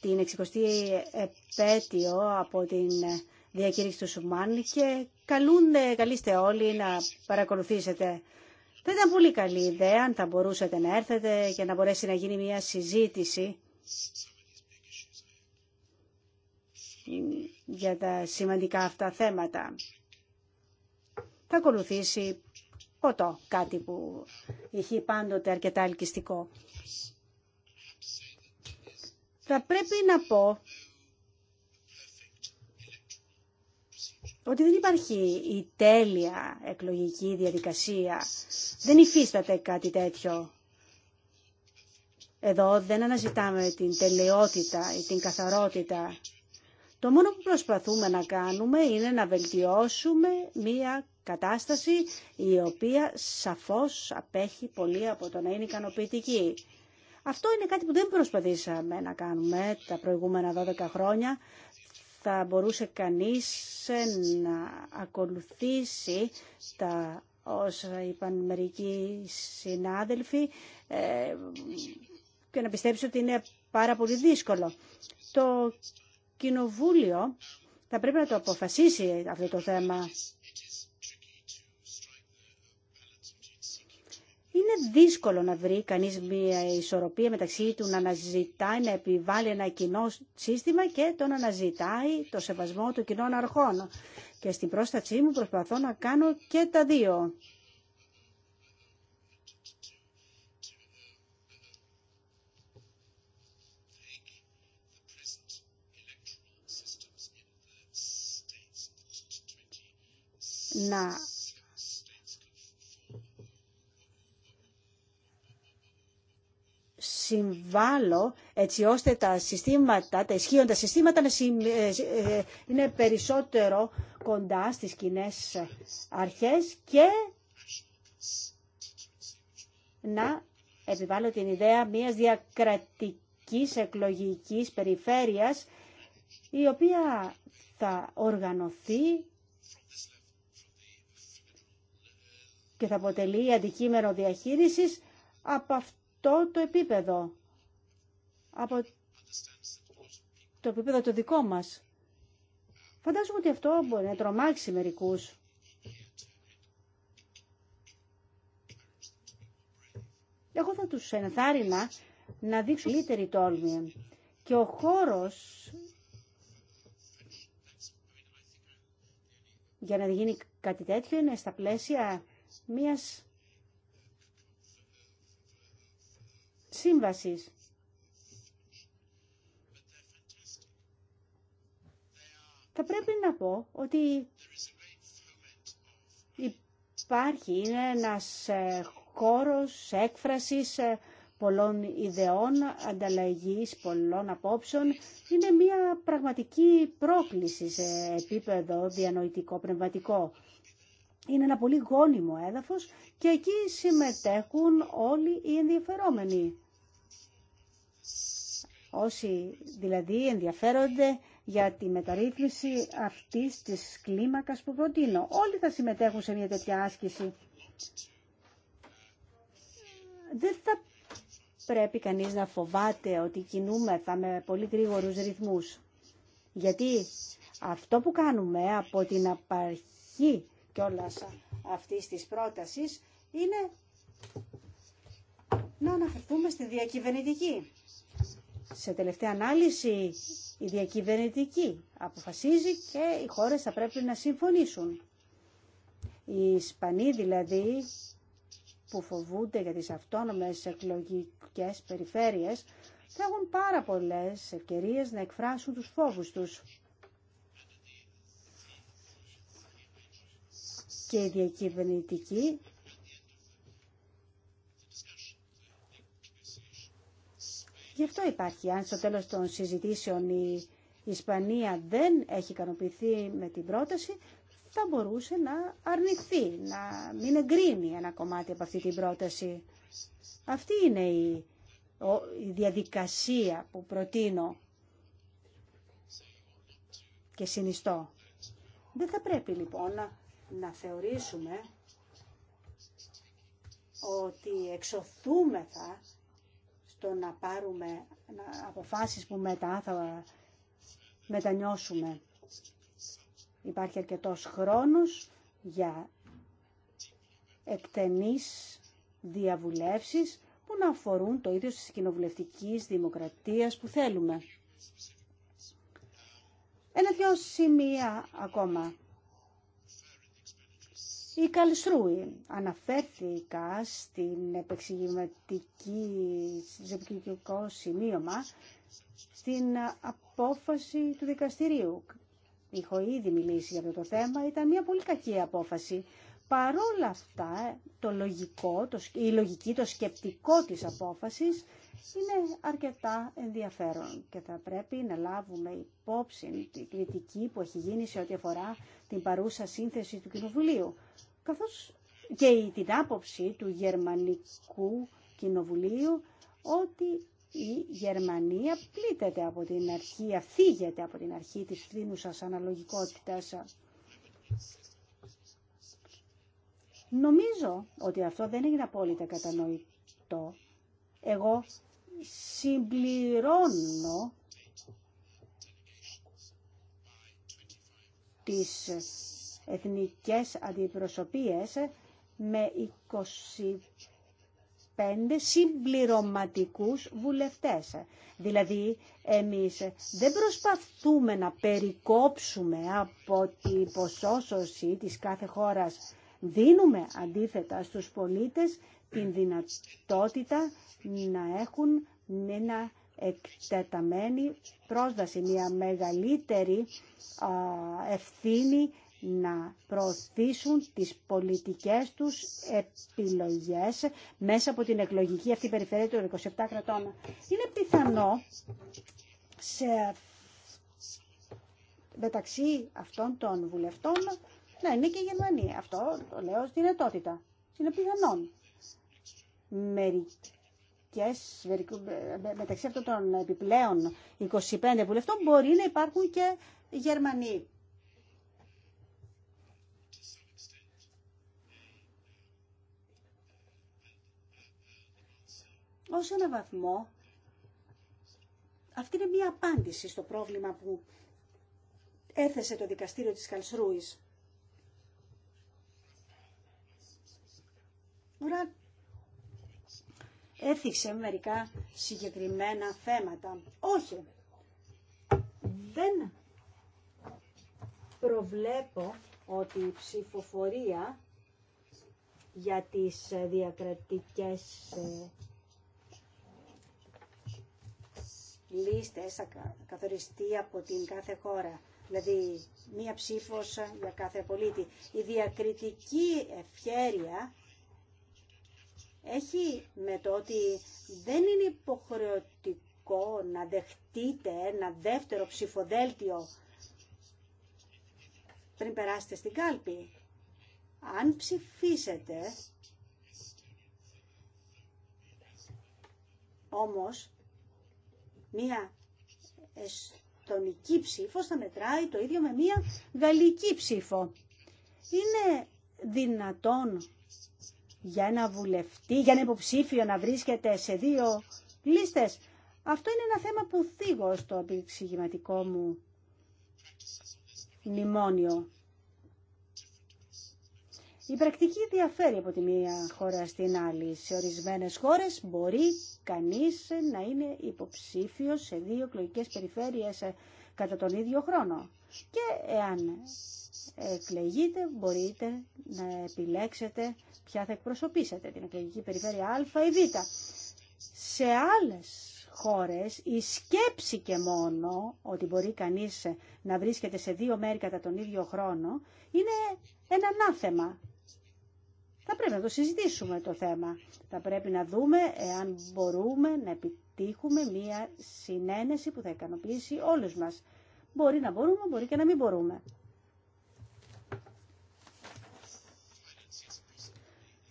την 60η επέτειο από την διακήρυξη του Σουμάν και καλούνται, καλείστε όλοι να παρακολουθήσετε. Θα ήταν πολύ καλή ιδέα αν θα μπορούσατε να έρθετε και να μπορέσει να γίνει μια συζήτηση για τα σημαντικά αυτά θέματα. Θα ακολουθήσει ποτό, κάτι που είχε πάντοτε αρκετά ελκυστικό. Θα πρέπει να πω ότι δεν υπάρχει η τέλεια εκλογική διαδικασία. Δεν υφίσταται κάτι τέτοιο. Εδώ δεν αναζητάμε την τελειότητα ή την καθαρότητα. Το μόνο που προσπαθούμε να κάνουμε είναι να βελτιώσουμε μία κατάσταση η οποία σαφώς απέχει πολύ από το να είναι ικανοποιητική. Αυτό είναι κάτι που δεν προσπαθήσαμε να κάνουμε τα προηγούμενα 12 χρόνια. Θα μπορούσε κανείς να ακολουθήσει τα όσα είπαν μερικοί συνάδελφοι ε, και να πιστέψει ότι είναι πάρα πολύ δύσκολο. Το Κοινοβούλιο θα πρέπει να το αποφασίσει αυτό το θέμα. Είναι δύσκολο να βρει κανείς μια ισορροπία μεταξύ του να αναζητάει, να επιβάλλει ένα κοινό σύστημα και το να αναζητάει το σεβασμό του κοινών αρχών. Και στην πρόσταση μου προσπαθώ να κάνω και τα δύο. να συμβάλλω έτσι ώστε τα συστήματα, τα ισχύοντα συστήματα να ε, ε, είναι περισσότερο κοντά στις κοινέ αρχές και να επιβάλλω την ιδέα μιας διακρατικής εκλογικής περιφέρειας η οποία θα οργανωθεί και θα αποτελεί αντικείμενο διαχείρισης από αυτό το επίπεδο. Από το επίπεδο το δικό μας. Φαντάζομαι ότι αυτό μπορεί να τρομάξει μερικούς. Εγώ θα τους ενθάρρυνα να δείξουν λύτερη τόλμη. Και ο χώρος για να γίνει κάτι τέτοιο είναι στα πλαίσια μιας σύμβαση. Θα πρέπει να πω ότι υπάρχει, είναι ένας ε, χώρος έκφρασης ε, πολλών ιδεών, ανταλλαγής πολλών απόψεων, είναι μια πραγματική πρόκληση σε επίπεδο διανοητικό, πνευματικό. Είναι ένα πολύ γόνιμο έδαφος και εκεί συμμετέχουν όλοι οι ενδιαφερόμενοι. Όσοι δηλαδή ενδιαφέρονται για τη μεταρρύθμιση αυτής της κλίμακας που προτείνω. Όλοι θα συμμετέχουν σε μια τέτοια άσκηση. Δεν θα πρέπει κανείς να φοβάται ότι κινούμεθα με πολύ γρήγορους ρυθμούς. Γιατί αυτό που κάνουμε από την απαρχή κιόλας αυτής της πρότασης είναι να αναφερθούμε στη διακυβερνητική σε τελευταία ανάλυση η διακυβερνητική αποφασίζει και οι χώρες θα πρέπει να συμφωνήσουν. Οι Ισπανοί δηλαδή που φοβούνται για τις αυτόνομες εκλογικές περιφέρειες θα έχουν πάρα πολλές ευκαιρίες να εκφράσουν τους φόβους τους. Και η διακυβερνητική Γι' αυτό υπάρχει. Αν στο τέλος των συζητήσεων η Ισπανία δεν έχει ικανοποιηθεί με την πρόταση, θα μπορούσε να αρνηθεί, να μην εγκρίνει ένα κομμάτι από αυτή την πρόταση. Αυτή είναι η, διαδικασία που προτείνω και συνιστώ. Δεν θα πρέπει λοιπόν να, να θεωρήσουμε ότι εξωθούμεθα το να πάρουμε αποφάσεις που μετά θα μετανιώσουμε. Υπάρχει αρκετός χρόνος για εκτενείς διαβουλεύσεις που να αφορούν το ίδιο της κοινοβουλευτική δημοκρατίας που θέλουμε. Ένα-δυο σημεία ακόμα. Η Καλιστρούη αναφέρθηκα στην επεξηγηματική, ζευγικό σημείωμα στην απόφαση του δικαστηρίου. Είχα ήδη μιλήσει για αυτό το θέμα, ήταν μια πολύ κακή απόφαση. Παρόλα αυτά, το λογικό, το, η λογική, το σκεπτικό της απόφασης είναι αρκετά ενδιαφέρον και θα πρέπει να λάβουμε υπόψη την κριτική που έχει γίνει σε ό,τι αφορά την παρούσα σύνθεση του Κοινοβουλίου καθώς και την άποψη του Γερμανικού Κοινοβουλίου ότι η Γερμανία πλήττεται από την αρχή, αφήγεται από την αρχή της φθήνουσας αναλογικότητας. Νομίζω ότι αυτό δεν είναι απόλυτα κατανοητό. Εγώ συμπληρώνω τις εθνικές αντιπροσωπείες με 25 συμπληρωματικούς βουλευτές. Δηλαδή, εμείς δεν προσπαθούμε να περικόψουμε από την ποσόσωση της κάθε χώρας. Δίνουμε αντίθετα στους πολίτες την δυνατότητα να έχουν μια εκτεταμένη πρόσβαση, μια μεγαλύτερη ευθύνη να προωθήσουν τις πολιτικές τους επιλογές μέσα από την εκλογική αυτή περιφέρεια των 27 κρατών. Είναι πιθανό σε μεταξύ αυτών των βουλευτών να είναι και Γερμανοί. Αυτό το λέω στην ετότητα. Είναι πιθανόν. Μερικές, μεταξύ αυτών των επιπλέον 25 βουλευτών μπορεί να υπάρχουν και Γερμανοί. ως ένα βαθμό αυτή είναι μία απάντηση στο πρόβλημα που έθεσε το δικαστήριο της Καλσρούης. Ωραία, έθιξε μερικά συγκεκριμένα θέματα. Όχι, δεν προβλέπω ότι η ψηφοφορία για τις διακρατικές ε, λίστες καθοριστεί από την κάθε χώρα, δηλαδή μία ψήφος για κάθε πολίτη. Η διακριτική ευχέρεια έχει με το ότι δεν είναι υποχρεωτικό να δεχτείτε ένα δεύτερο ψηφοδέλτιο πριν περάσετε στην κάλπη. Αν ψηφίσετε, όμως, Μία εστονική ψήφος θα μετράει το ίδιο με μία γαλλική ψήφο. Είναι δυνατόν για ένα βουλευτή, για ένα υποψήφιο να βρίσκεται σε δύο λίστες. Αυτό είναι ένα θέμα που θίγω στο επεξηγηματικό μου μνημόνιο. Η πρακτική διαφέρει από τη μία χώρα στην άλλη. Σε ορισμένες χώρες μπορεί κανείς να είναι υποψήφιος σε δύο εκλογικέ περιφέρειες ε, κατά τον ίδιο χρόνο. Και εάν εκλεγείτε μπορείτε να επιλέξετε ποια θα εκπροσωπήσετε, την εκλογική περιφέρεια Α ή Β. Σε άλλες χώρες η σκέψη και μόνο ότι μπορεί κανείς να βρίσκεται σε δύο μέρη κατά τον ίδιο χρόνο είναι ένα ανάθεμα. Θα πρέπει να το συζητήσουμε το θέμα. Θα πρέπει να δούμε εάν μπορούμε να επιτύχουμε μία συνένεση που θα ικανοποιήσει όλους μας. Μπορεί να μπορούμε, μπορεί και να μην μπορούμε.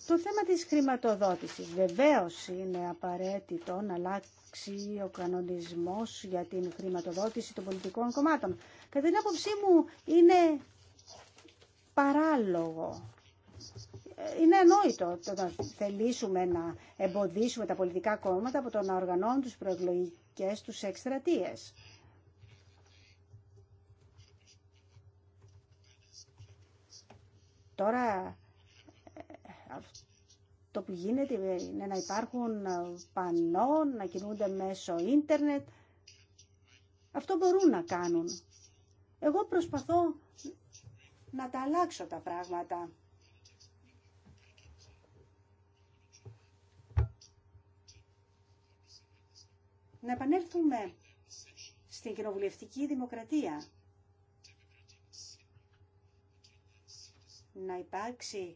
Το θέμα της χρηματοδότησης. Βεβαίως είναι απαραίτητο να αλλάξει ο κανονισμός για την χρηματοδότηση των πολιτικών κομμάτων. Κατά την άποψή μου είναι παράλογο είναι ανόητο το να θελήσουμε να εμποδίσουμε τα πολιτικά κόμματα από το να οργανώνουν τις προεκλογικές τους εκστρατείες. Τώρα ε, το που γίνεται είναι να υπάρχουν πανό, να κινούνται μέσω ίντερνετ. Αυτό μπορούν να κάνουν. Εγώ προσπαθώ να τα αλλάξω τα πράγματα. να επανέλθουμε στην κοινοβουλευτική δημοκρατία. Να υπάρξει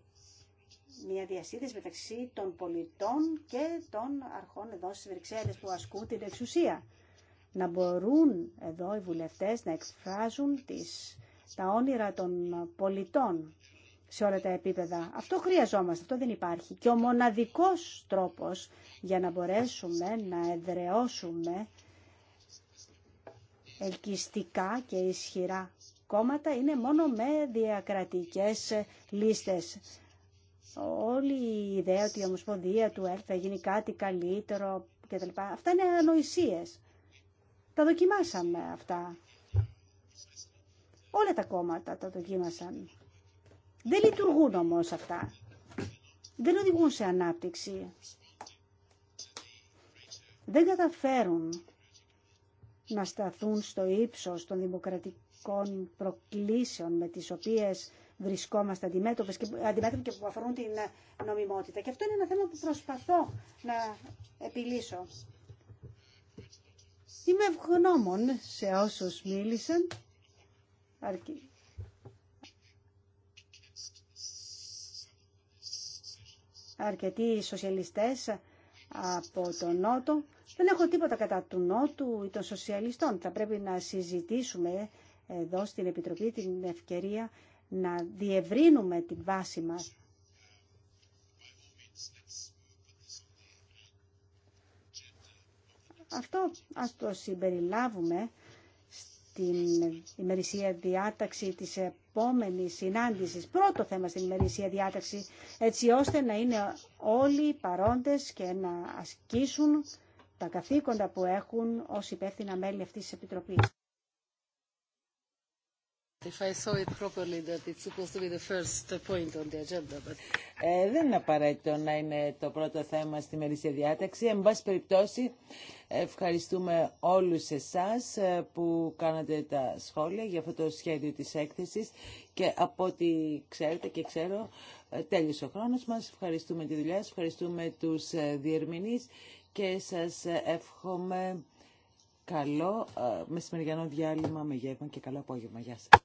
μια διασύνδεση μεταξύ των πολιτών και των αρχών εδώ στις Βρυξέλλες που ασκούν την εξουσία. Να μπορούν εδώ οι βουλευτές να εκφράζουν τις, τα όνειρα των πολιτών σε όλα τα επίπεδα. Αυτό χρειαζόμαστε, αυτό δεν υπάρχει. Και ο μοναδικός τρόπος για να μπορέσουμε να εδραιώσουμε ελκυστικά και ισχυρά κόμματα είναι μόνο με διακρατικές λίστες. Όλη η ιδέα ότι η Ομοσπονδία του ΕΡΤ θα γίνει κάτι καλύτερο κτλ. Αυτά είναι ανοησίες. Τα δοκιμάσαμε αυτά. Όλα τα κόμματα τα δοκίμασαν. Δεν λειτουργούν όμως αυτά. Δεν οδηγούν σε ανάπτυξη. Δεν καταφέρουν να σταθούν στο ύψος των δημοκρατικών προκλήσεων με τις οποίες βρισκόμαστε αντιμέτωπες και, αντιμέτωπες και που αφορούν την νομιμότητα. Και αυτό είναι ένα θέμα που προσπαθώ να επιλύσω. Είμαι ευγνώμων σε όσους μίλησαν, αρκεί αρκετοί σοσιαλιστές από τον Νότο. Δεν έχω τίποτα κατά του Νότου ή των σοσιαλιστών. Θα πρέπει να συζητήσουμε εδώ στην Επιτροπή την ευκαιρία να διευρύνουμε την βάση μας. Αυτό ας το συμπεριλάβουμε την ημερησία διάταξη της επόμενης συνάντησης, πρώτο θέμα στην ημερησία διάταξη, έτσι ώστε να είναι όλοι παρόντες και να ασκήσουν τα καθήκοντα που έχουν ως υπεύθυνα μέλη αυτής της Επιτροπής. Δεν είναι απαραίτητο να είναι το πρώτο θέμα στη μερίσια διάταξη. Εν πάση περιπτώσει, ευχαριστούμε όλους εσάς ε, που κάνατε τα σχόλια για αυτό το σχέδιο της έκθεσης και από ό,τι ξέρετε και ξέρω, ε, τέλειωσε ο χρόνος μας. Ευχαριστούμε τη δουλειά σας, ευχαριστούμε τους ε, διερμηνείς και σας εύχομαι καλό μεσημεριανό διάλειμμα με γεύμα και καλό απόγευμα. Γεια σας.